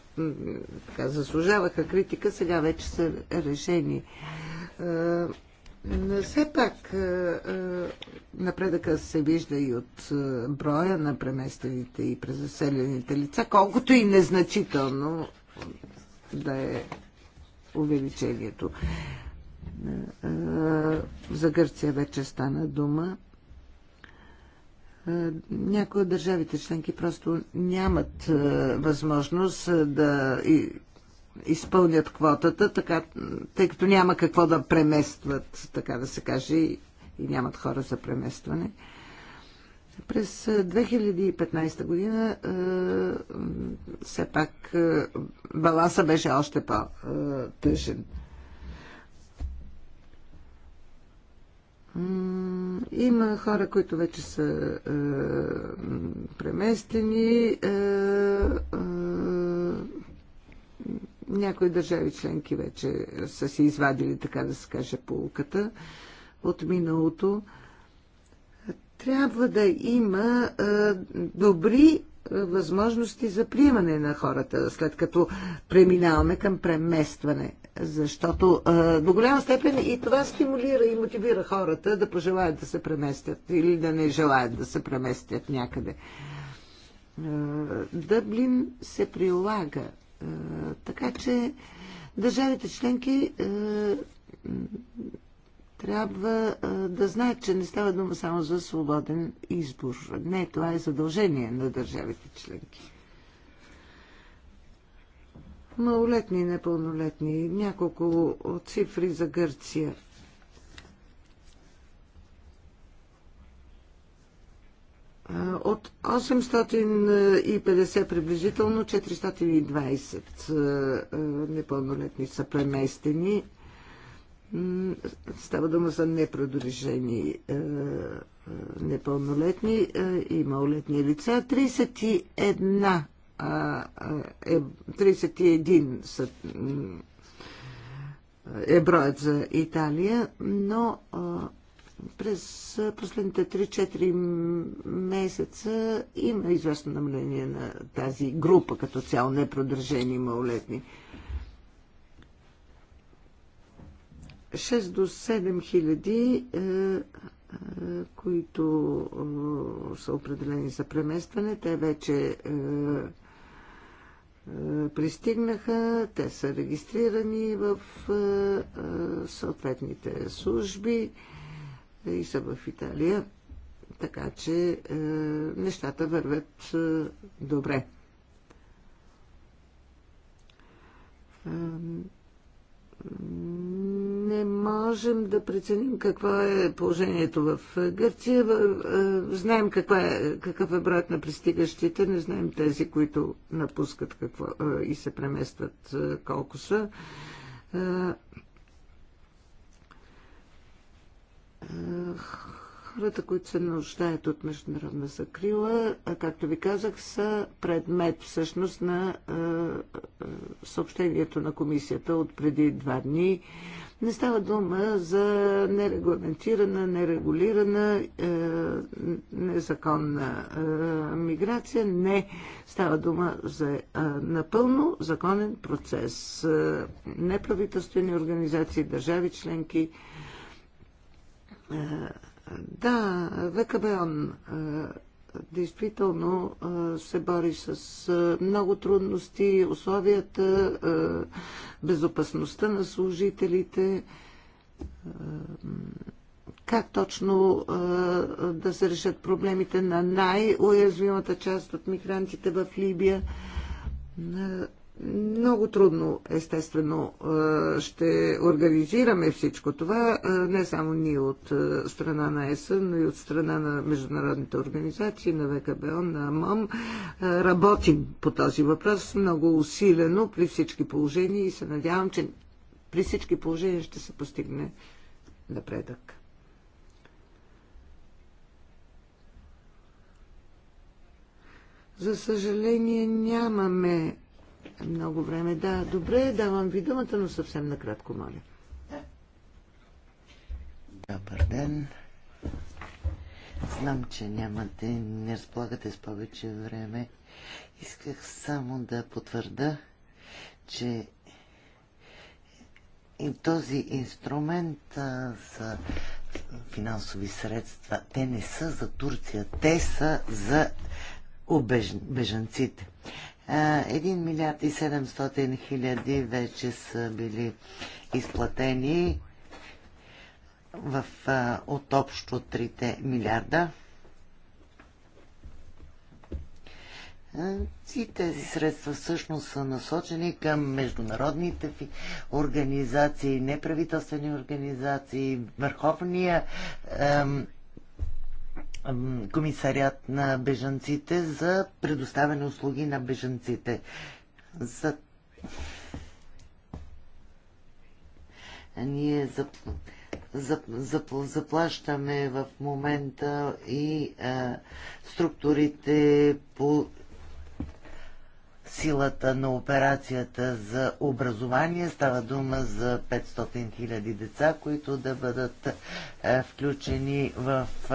така, заслужаваха критика, сега вече са решени все пак е, е, напредъка се вижда и от е, броя на преместените и презаселените лица, колкото и незначително да е увеличението. За Гърция вече стана дума. Някои от държавите членки просто нямат възможност да изпълнят квотата, така, тъй като няма какво да преместват, така да се каже, и, и нямат хора за преместване. През 2015 е, година е, все пак е, беше още по-тъжен. Има хора, които вече са е, преместени. Е, е, някои държави членки вече са си извадили, така да се каже, полуката от миналото. Трябва да има добри възможности за приемане на хората, след като преминаваме към преместване. Защото а, до голяма степен и това стимулира и мотивира хората да пожелаят да се преместят или да не желаят да се преместят някъде. Дъблин се прилага е, така че държавите членки е, трябва е, да знаят, че не става дума само за свободен избор. Не, това е задължение на държавите членки. Малолетни и непълнолетни. Няколко цифри за Гърция. От 850 приблизително 420 непълнолетни са преместени. Става дума за непредружени непълнолетни и малолетни лица. 31, 31 са е броят за Италия, но през последните 3-4 месеца има известно намаление на тази група като цяло непродържени малолетни. 6 до 7 хиляди, е, е, които е, са определени за преместване, те вече пристигнаха, те са регистрирани в съответните служби и са в Италия, така че е, нещата вървят е, добре. Е, не можем да преценим какво е положението в Гърция. Е, знаем каква е, какъв е броят на пристигащите, не знаем тези, които напускат какво, е, и се преместват, е, колко са. хората, които се нуждаят от международна закрила, както ви казах, са предмет всъщност на съобщението на комисията от преди два дни. Не става дума за нерегламентирана, нерегулирана, незаконна миграция. Не. Става дума за напълно законен процес. неправителствени организации, държави членки, е, да, ВКБОН е, действително е, се бори с много трудности, условията, безопасността на служителите, как точно да се решат проблемите на най-уязвимата част от мигрантите в Либия. Много трудно, естествено, ще организираме всичко това, не само ние от страна на ЕСА, но и от страна на международните организации, на ВКБО, на МОМ. Работим по този въпрос много усилено при всички положения и се надявам, че при всички положения ще се постигне напредък. За съжаление нямаме много време. Да, добре, давам ви думата, но съвсем накратко, моля. Добър ден. Знам, че нямате, не разполагате с повече време. Исках само да потвърда, че и този инструмент а, за финансови средства, те не са за Турция, те са за обеж... бежанците. 1 милиард и 700 хиляди вече са били изплатени в, от общо 3 милиарда. И тези средства всъщност са насочени към международните организации, неправителствени организации, Върховния комисарят на бежанците за предоставяне услуги на бежанците. За... Ние за... За... За... заплащаме в момента и а, структурите по силата на операцията за образование. Става дума за 500 000 деца, които да бъдат е, включени в е,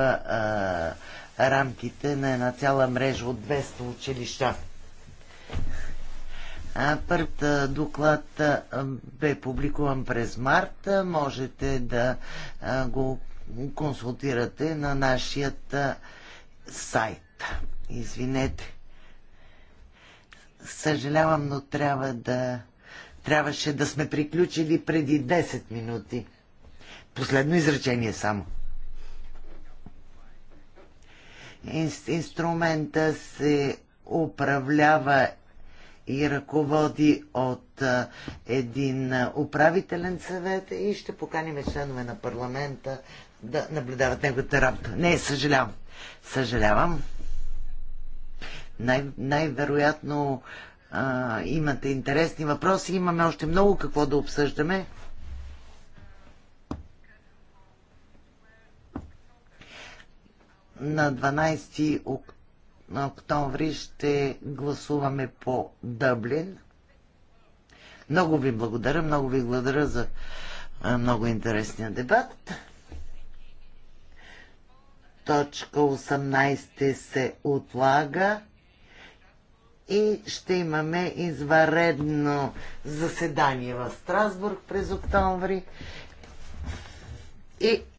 е, рамките на една цяла мрежа от 200 училища. Първият доклад бе публикуван през март. Можете да го консултирате на нашия сайт. Извинете. Съжалявам, но трябва да... Трябваше да сме приключили преди 10 минути. Последно изречение само. Инструмента се управлява и ръководи от един управителен съвет и ще поканим членове на парламента да наблюдават неговата работа. Не, съжалявам. Съжалявам. Най- най-вероятно а, имате интересни въпроси. Имаме още много какво да обсъждаме. На 12 октомври октомври ще гласуваме по Дъблин. Много ви благодаря, много ви благодаря за много интересния дебат. Точка 18 се отлага и ще имаме изваредно заседание в Страсбург през октомври. И